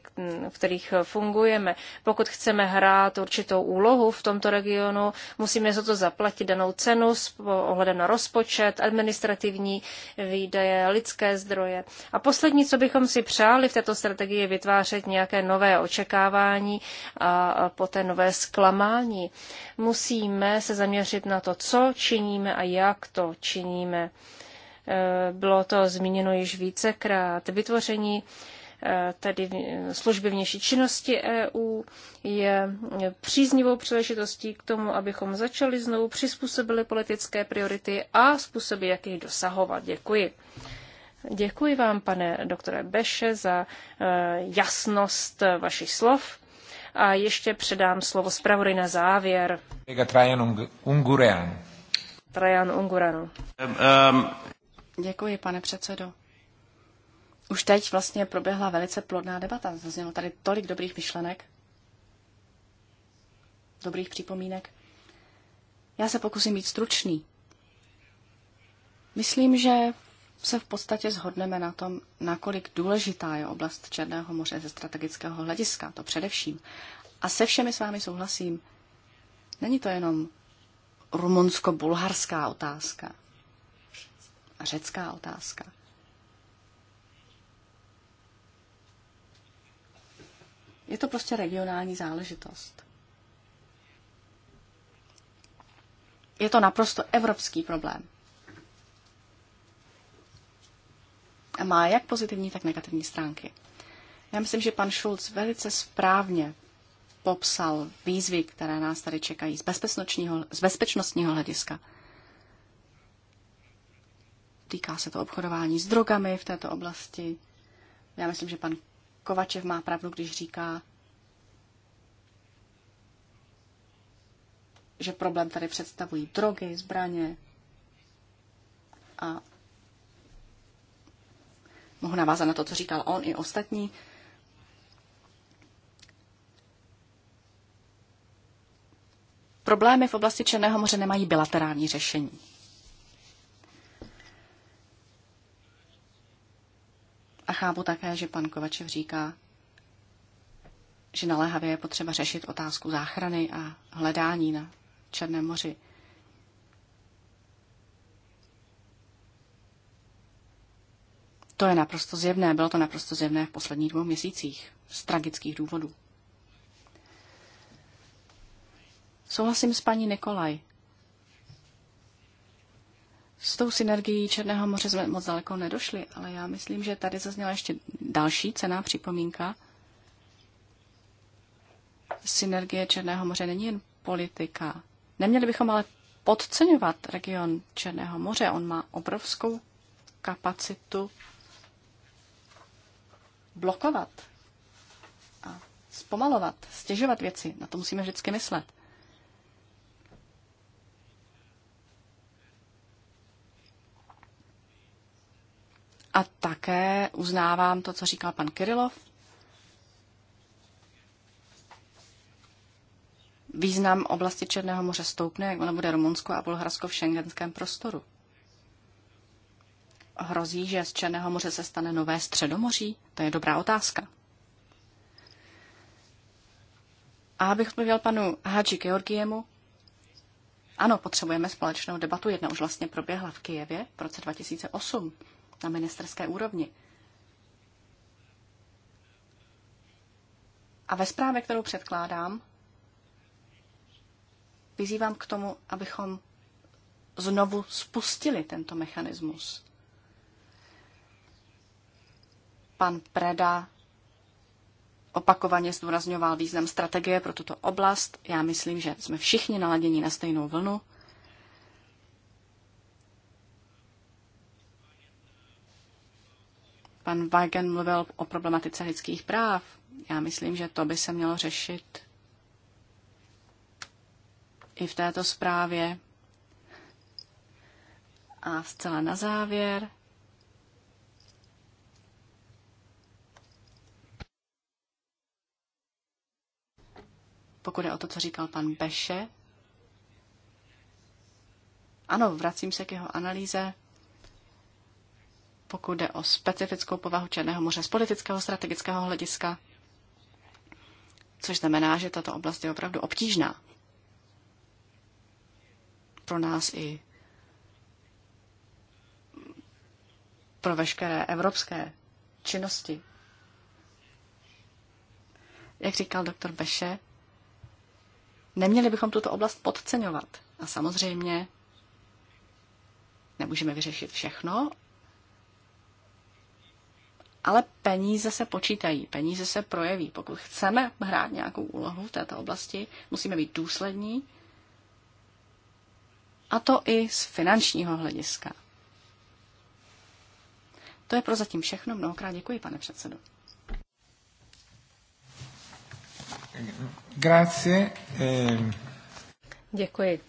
v kterých fungujeme. Pokud chceme hrát určitou úlohu v tomto regionu, musíme za to zaplatit danou cenu s ohledem na rozpočet, administrativní výdaje, lidské zdroje. A poslední, co bychom si přáli v této strategii, je vytvářet nějaké nové očekávání a poté nové zklamání. Musíme se zaměřit na to, co činíme a jak to činíme. Eh, bylo to zmíněno již vícekrát. Vytvoření eh, tedy služby vnější činnosti EU je příznivou příležitostí k tomu, abychom začali znovu přizpůsobili politické priority a způsoby, jak jich dosahovat. Děkuji. Děkuji vám, pane doktore Beše, za eh, jasnost vašich slov. A ještě předám slovo zpravodaj na závěr. Trajan Ungureanu. Trajan Unguranu. Um, um... Děkuji, pane předsedo. Už teď vlastně proběhla velice plodná debata. Zaznělo tady tolik dobrých myšlenek, dobrých připomínek. Já se pokusím být stručný. Myslím, že se v podstatě zhodneme na tom, nakolik důležitá je oblast Černého moře ze strategického hlediska, to především. A se všemi s vámi souhlasím. Není to jenom rumunsko-bulharská otázka řecká otázka. Je to prostě regionální záležitost. Je to naprosto evropský problém. A má jak pozitivní, tak negativní stránky. Já myslím, že pan Schulz velice správně popsal výzvy, které nás tady čekají z bezpečnostního, z bezpečnostního hlediska. Týká se to obchodování s drogami v této oblasti. Já myslím, že pan Kovačev má pravdu, když říká, že problém tady představují drogy, zbraně a mohu navázat na to, co říkal on i ostatní. Problémy v oblasti Černého moře nemají bilaterální řešení. A chápu také, že pan Kovačev říká, že naléhavě je potřeba řešit otázku záchrany a hledání na Černém moři. To je naprosto zjevné, bylo to naprosto zjevné v posledních dvou měsících z tragických důvodů. Souhlasím s paní Nikolaj. S tou synergií Černého moře jsme moc daleko nedošli, ale já myslím, že tady zazněla ještě další cená připomínka. Synergie Černého moře není jen politika. Neměli bychom ale podceňovat region Černého moře. On má obrovskou kapacitu blokovat a zpomalovat, stěžovat věci. Na to musíme vždycky myslet. A také uznávám to, co říkal pan Kirilov. Význam oblasti Černého moře stoupne, jak ono bude Rumunsko a Bulharsko v šengenském prostoru. Hrozí, že z Černého moře se stane nové středomoří? To je dobrá otázka. A abych odpověděl panu Hadži Georgiemu, ano, potřebujeme společnou debatu. Jedna už vlastně proběhla v Kijevě v roce 2008 na ministerské úrovni. A ve zprávě, kterou předkládám, vyzývám k tomu, abychom znovu spustili tento mechanismus. Pan Preda opakovaně zdůrazňoval význam strategie pro tuto oblast. Já myslím, že jsme všichni naladěni na stejnou vlnu. Pan Wagen mluvil o problematice lidských práv. Já myslím, že to by se mělo řešit i v této zprávě. A zcela na závěr. Pokud je o to, co říkal pan Beše, ano, vracím se k jeho analýze pokud jde o specifickou povahu Černého moře z politického strategického hlediska, což znamená, že tato oblast je opravdu obtížná. Pro nás i pro veškeré evropské činnosti. Jak říkal doktor Beše, neměli bychom tuto oblast podceňovat. A samozřejmě nemůžeme vyřešit všechno, ale peníze se počítají, peníze se projeví. Pokud chceme hrát nějakou úlohu v této oblasti, musíme být důslední. A to i z finančního hlediska. To je prozatím všechno. Mnohokrát děkuji, pane předsedo. Grazie. Ehm. Děkuji.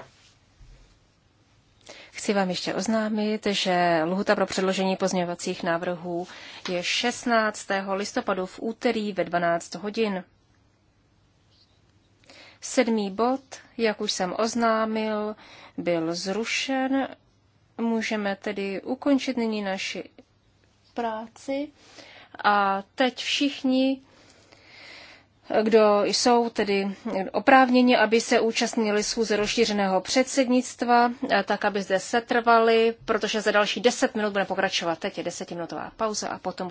Chci vám ještě oznámit, že lhuta pro předložení pozměňovacích návrhů je 16. listopadu v úterý ve 12 hodin. Sedmý bod, jak už jsem oznámil, byl zrušen. Můžeme tedy ukončit nyní naši práci. A teď všichni kdo jsou tedy oprávněni, aby se účastnili schůze rozšířeného předsednictva, eh, tak aby zde setrvali, protože za další 10 minut bude pokračovat. Teď je desetiminutová pauza a potom bude